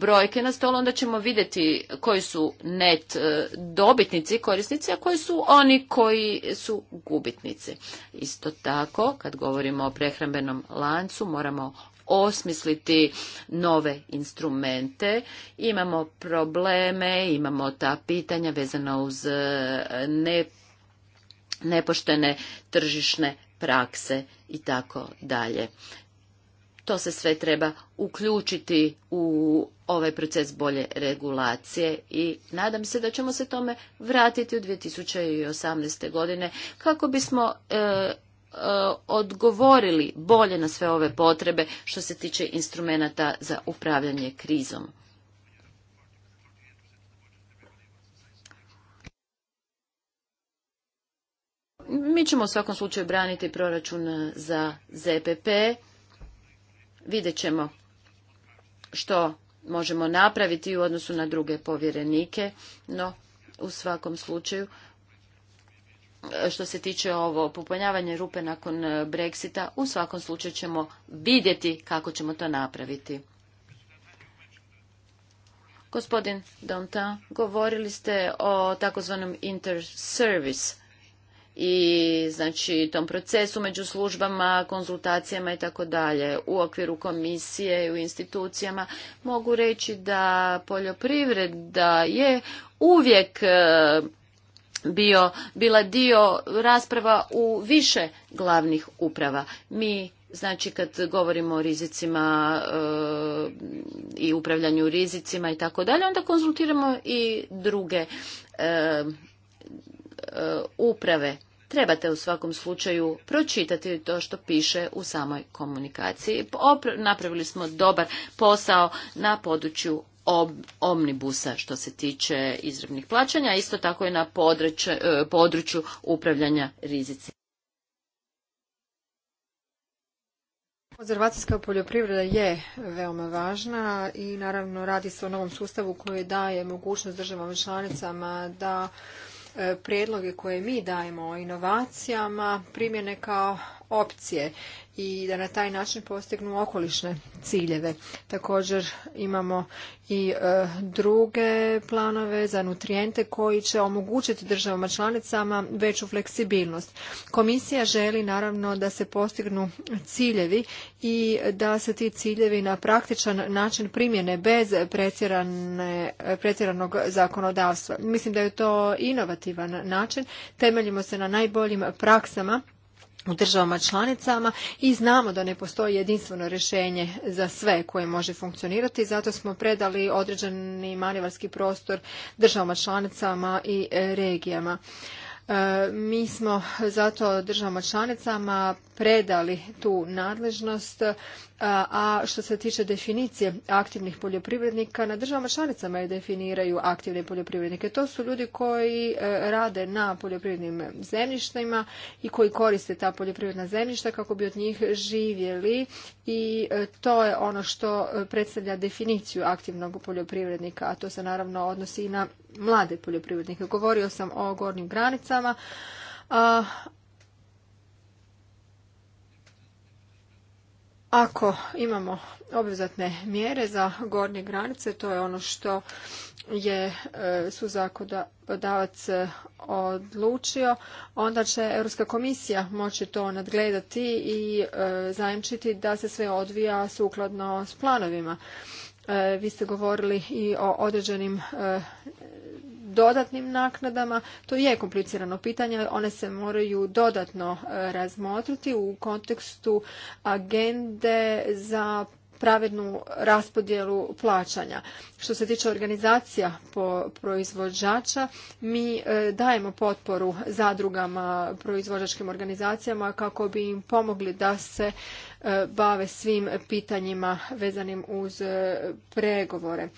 brojke na stolu, onda ćemo vidjeti koji su net e, dobitnici, korisnici, a koji su oni koji su gubitnici. Isto tako, kad govorimo o prehrambenom lancu, moramo osmisliti nove instrumente. Imamo probleme, imamo ta pitanja vezana uz nepoštene tržišne prakse i tako dalje. To se sve treba uključiti u ovaj proces bolje regulacije i nadam se da ćemo se tome vratiti u 2018. godine kako bismo e, e, odgovorili bolje na sve ove potrebe što se tiče instrumenata za upravljanje krizom. Mi ćemo u svakom slučaju braniti proračun za ZPP Vidjet ćemo što možemo napraviti u odnosu na druge povjerenike, no u svakom slučaju što se tiče ovo popunjavanje rupe nakon e, Brexita, u svakom slučaju ćemo vidjeti kako ćemo to napraviti. Gospodin Donta, govorili ste o takozvanom inter-service i znači tom procesu među službama, konzultacijama i tako dalje. U okviru komisije i u institucijama mogu reći da poljoprivreda je uvijek e, bio, bila dio rasprava u više glavnih uprava. Mi Znači kad govorimo o rizicima e, i upravljanju rizicima i tako dalje, onda konzultiramo i druge e, uprave trebate u svakom slučaju pročitati to što piše u samoj komunikaciji. Napravili smo dobar posao na području omnibusa što se tiče izravnih plaćanja, isto tako i na e, području upravljanja rizici. Konzervacijska poljoprivreda je e, veoma važna i naravno radi se o novom sustavu koji daje mogućnost državama članicama da prijedloge koje mi dajemo o inovacijama primjene kao opcije i da na taj način postignu okolišne ciljeve. Također imamo i e, druge planove za nutrijente koji će omogućiti državama članicama veću fleksibilnost. Komisija želi naravno da se postignu ciljevi i da se ti ciljevi na praktičan način primjene bez pretjeranog zakonodavstva. Mislim da je to inovativan način. Temeljimo se na najboljim praksama u državama članicama i znamo da ne postoji jedinstveno rješenje za sve koje može funkcionirati zato smo predali određeni manevarski prostor državama članicama i e, regijama e, mi smo zato državama članicama predali tu nadležnost a što se tiče definicije aktivnih poljoprivrednika, na državama članicama je definiraju aktivne poljoprivrednike. To su ljudi koji e, rade na poljoprivrednim zemljištima i koji koriste ta poljoprivredna zemljišta kako bi od njih živjeli i e, to je ono što e, predstavlja definiciju aktivnog poljoprivrednika, a to se naravno odnosi i na mlade poljoprivrednike. Govorio sam o gornjim granicama, Ako imamo obvezatne mjere za gornje granice, to je ono što je e, suzakodavac e, odlučio, onda će Europska komisija moći to nadgledati i e, zajemčiti da se sve odvija sukladno s planovima. Vi ste govorili i o određenim dodatnim naknadama. To je komplicirano pitanje, one se moraju dodatno e, razmotriti u kontekstu agende za pravednu raspodjelu plaćanja. Što se tiče organizacija po proizvođača, mi e, dajemo potporu zadrugama, proizvođačkim organizacijama kako bi im pomogli da se e, bave svim pitanjima vezanim uz pregovore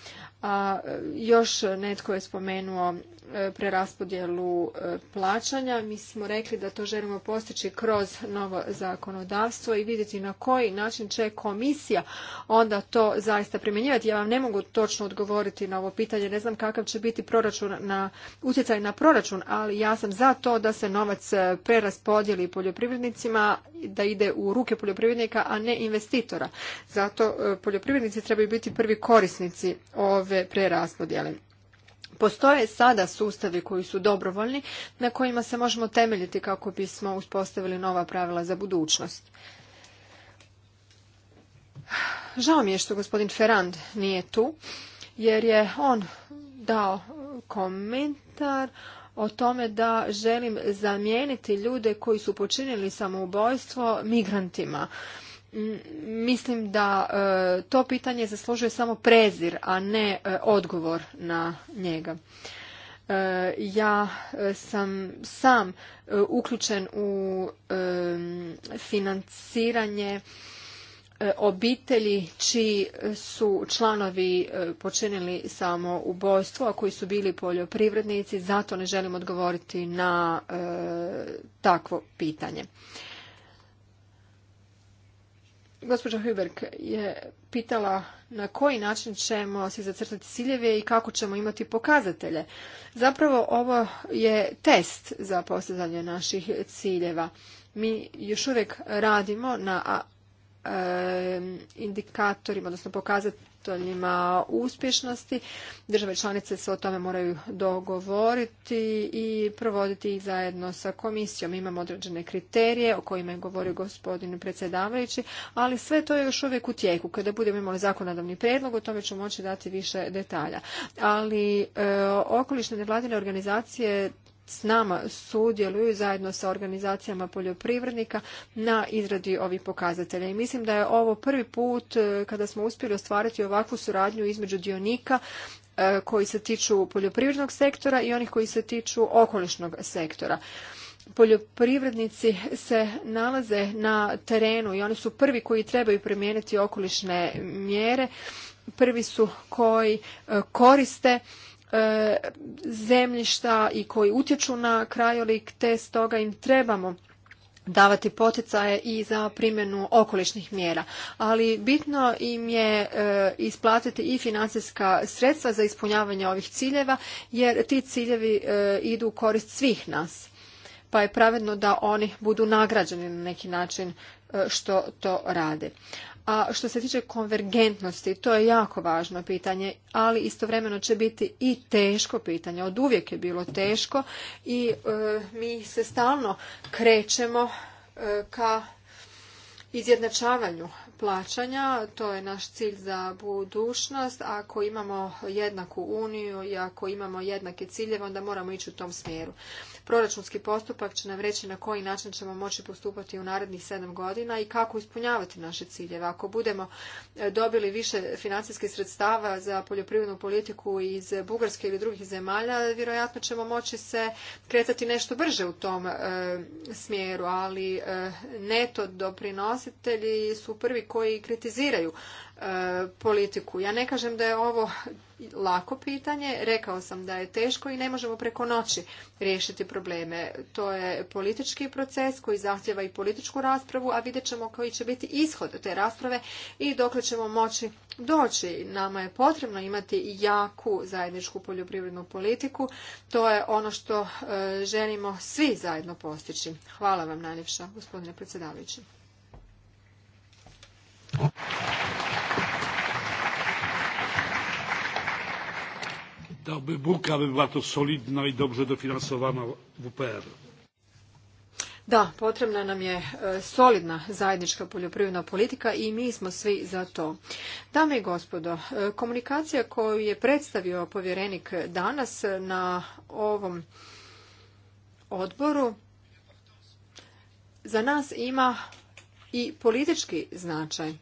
a e, još netko je spomenuo E, preraspodjelu e, plaćanja. Mi smo rekli da to želimo postići kroz novo zakonodavstvo i vidjeti na koji način će komisija onda to zaista primjenjivati. Ja vam ne mogu točno odgovoriti na ovo pitanje, ne znam kakav će biti proračun na, utjecaj na proračun, ali ja sam za to da se novac e, preraspodijeli poljoprivrednicima, da ide u ruke poljoprivrednika, a ne investitora. Zato poljoprivrednici trebaju biti prvi korisnici ove preraspodjele. Postoje sada sustavi koji su dobrovoljni na kojima se možemo temeljiti kako bismo uspostavili nova pravila za budućnost. Žao mi je što gospodin Ferrand nije tu, jer je on dao komentar o tome da želim zamijeniti ljude koji su počinili samoubojstvo migrantima mislim da e, to pitanje zaslužuje samo prezir, a ne e, odgovor na njega. E, ja sam sam uključen u financiranje obitelji čiji su članovi počinili samo ubojstvo, a koji su bili poljoprivrednici, zato ne želim odgovoriti na takvo pitanje. Gospođa Hüberg je pitala na koji način ćemo se zacrtati ciljeve i kako ćemo imati pokazatelje. Zapravo ovo je test za postizanje naših ciljeva. Mi još uvijek radimo na indikatorima, odnosno pokazateljima pokazateljima uspješnosti. Države članice se o tome moraju dogovoriti i provoditi ih zajedno sa komisijom. Imamo određene kriterije o kojima je govorio gospodin predsjedavajući, ali sve to je još uvijek u tijeku. Kada budemo imali zakonodavni prijedlog, o tome ću moći dati više detalja. Ali e, okolišne nevladine organizacije s nama sudjeluju zajedno sa organizacijama poljoprivrednika na izradi ovih pokazatelja. I mislim da je ovo prvi put e, kada smo uspjeli ostvariti ovakvu suradnju između dionika e, koji se tiču poljoprivrednog sektora i onih koji se tiču okolišnog sektora poljoprivrednici se nalaze na terenu i oni su prvi koji trebaju primijeniti okolišne mjere, prvi su koji e, koriste E, zemljišta i koji utječu na krajolik, te stoga im trebamo davati poticaje i za primjenu okolišnih mjera. Ali bitno im je e, isplatiti i financijska sredstva za ispunjavanje ovih ciljeva, jer ti ciljevi e, idu u korist svih nas. Pa je pravedno da oni budu nagrađeni na neki način što to rade. A što se tiče konvergentnosti, to je jako važno pitanje, ali istovremeno će biti i teško pitanje. Od uvijek je bilo teško i e, mi se stalno krećemo e, ka izjednačavanju plaćanja, to je naš cilj za budućnost. Ako imamo jednaku uniju i ako imamo jednake ciljeve, onda moramo ići u tom smjeru. Proračunski postupak će nam reći na koji način ćemo moći postupati u narednih sedam godina i kako ispunjavati naše ciljeve. Ako budemo e, dobili više financijskih sredstava za poljoprivrednu politiku iz Bugarske ili drugih zemalja, vjerojatno ćemo moći se kretati nešto brže u tom e, smjeru, ali e, neto doprinositelji su prvi koji kritiziraju e, politiku. Ja ne kažem da je ovo lako pitanje, rekao sam da je teško i ne možemo preko noći riješiti probleme. To je politički proces koji zahtjeva i političku raspravu, a vidjet ćemo koji će biti ishod te rasprave i dokle ćemo moći doći. Nama je potrebno imati jaku zajedničku poljoprivrednu politiku. To je ono što e, želimo svi zajedno postići. Hvala vam najljepša, gospodine predsjedavajući. Dałby Bóg, aby była to solidna i dobrze dofinansowana WPR. Da, potrebna nam je e, solidna zajednička poljoprivredna politika i mi smo svi za to. Dame i gospodo, e, komunikacija koju je predstavio povjerenik danas na ovom odboru za nas ima i politički značaj.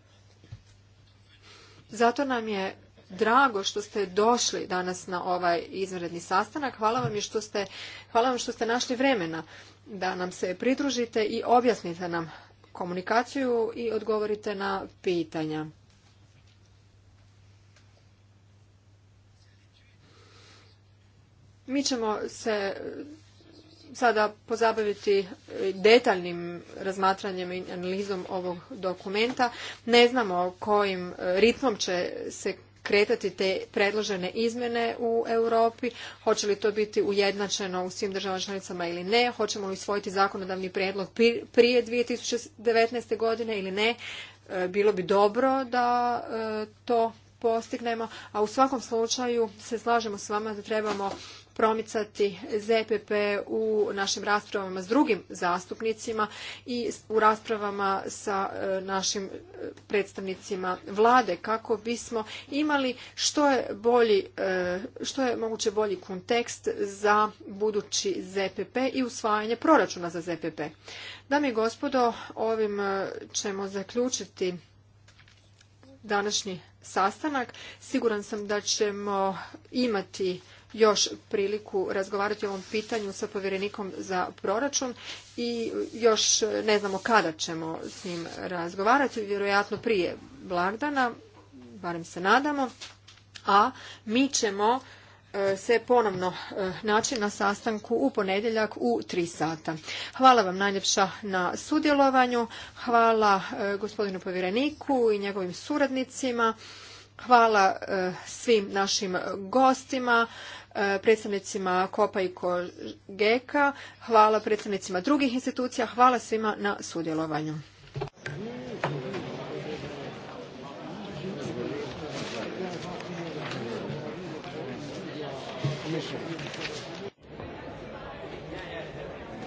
Zato nam je drago što ste došli danas na ovaj izvanredni sastanak. Hvala vam, što ste, hvala vam što ste našli vremena da nam se pridružite i objasnite nam komunikaciju i odgovorite na pitanja. Mi ćemo se sada pozabaviti e, detaljnim razmatranjem i analizom ovog dokumenta. Ne znamo kojim e, ritmom će se kretati te predložene izmjene u Europi, hoće li to biti ujednačeno u svim državama članicama ili ne, hoćemo li usvojiti zakonodavni prijedlog prije 2019. godine ili ne, e, bilo bi dobro da to postignemo, a u svakom slučaju se slažemo s vama da trebamo promicati ZPP u našim raspravama s drugim zastupnicima i u raspravama sa e, našim e, predstavnicima vlade kako bismo imali što je bolji, e, što je moguće bolji kontekst za budući ZPP i usvajanje proračuna za ZPP. Dame i gospodo, ovim ćemo zaključiti današnji sastanak. Siguran sam da ćemo imati još priliku razgovarati o ovom pitanju sa povjerenikom za proračun i još ne znamo kada ćemo s njim razgovarati, vjerojatno prije blagdana, barem se nadamo, a mi ćemo e, se ponovno e, naći na sastanku u ponedjeljak u 3 sata. Hvala vam najljepša na sudjelovanju, hvala e, gospodinu povjereniku i njegovim suradnicima. Hvala eh, svim našim gostima, eh, predstavnicima Kopa i Kogeka, hvala predstavnicima drugih institucija, hvala svima na sudjelovanju.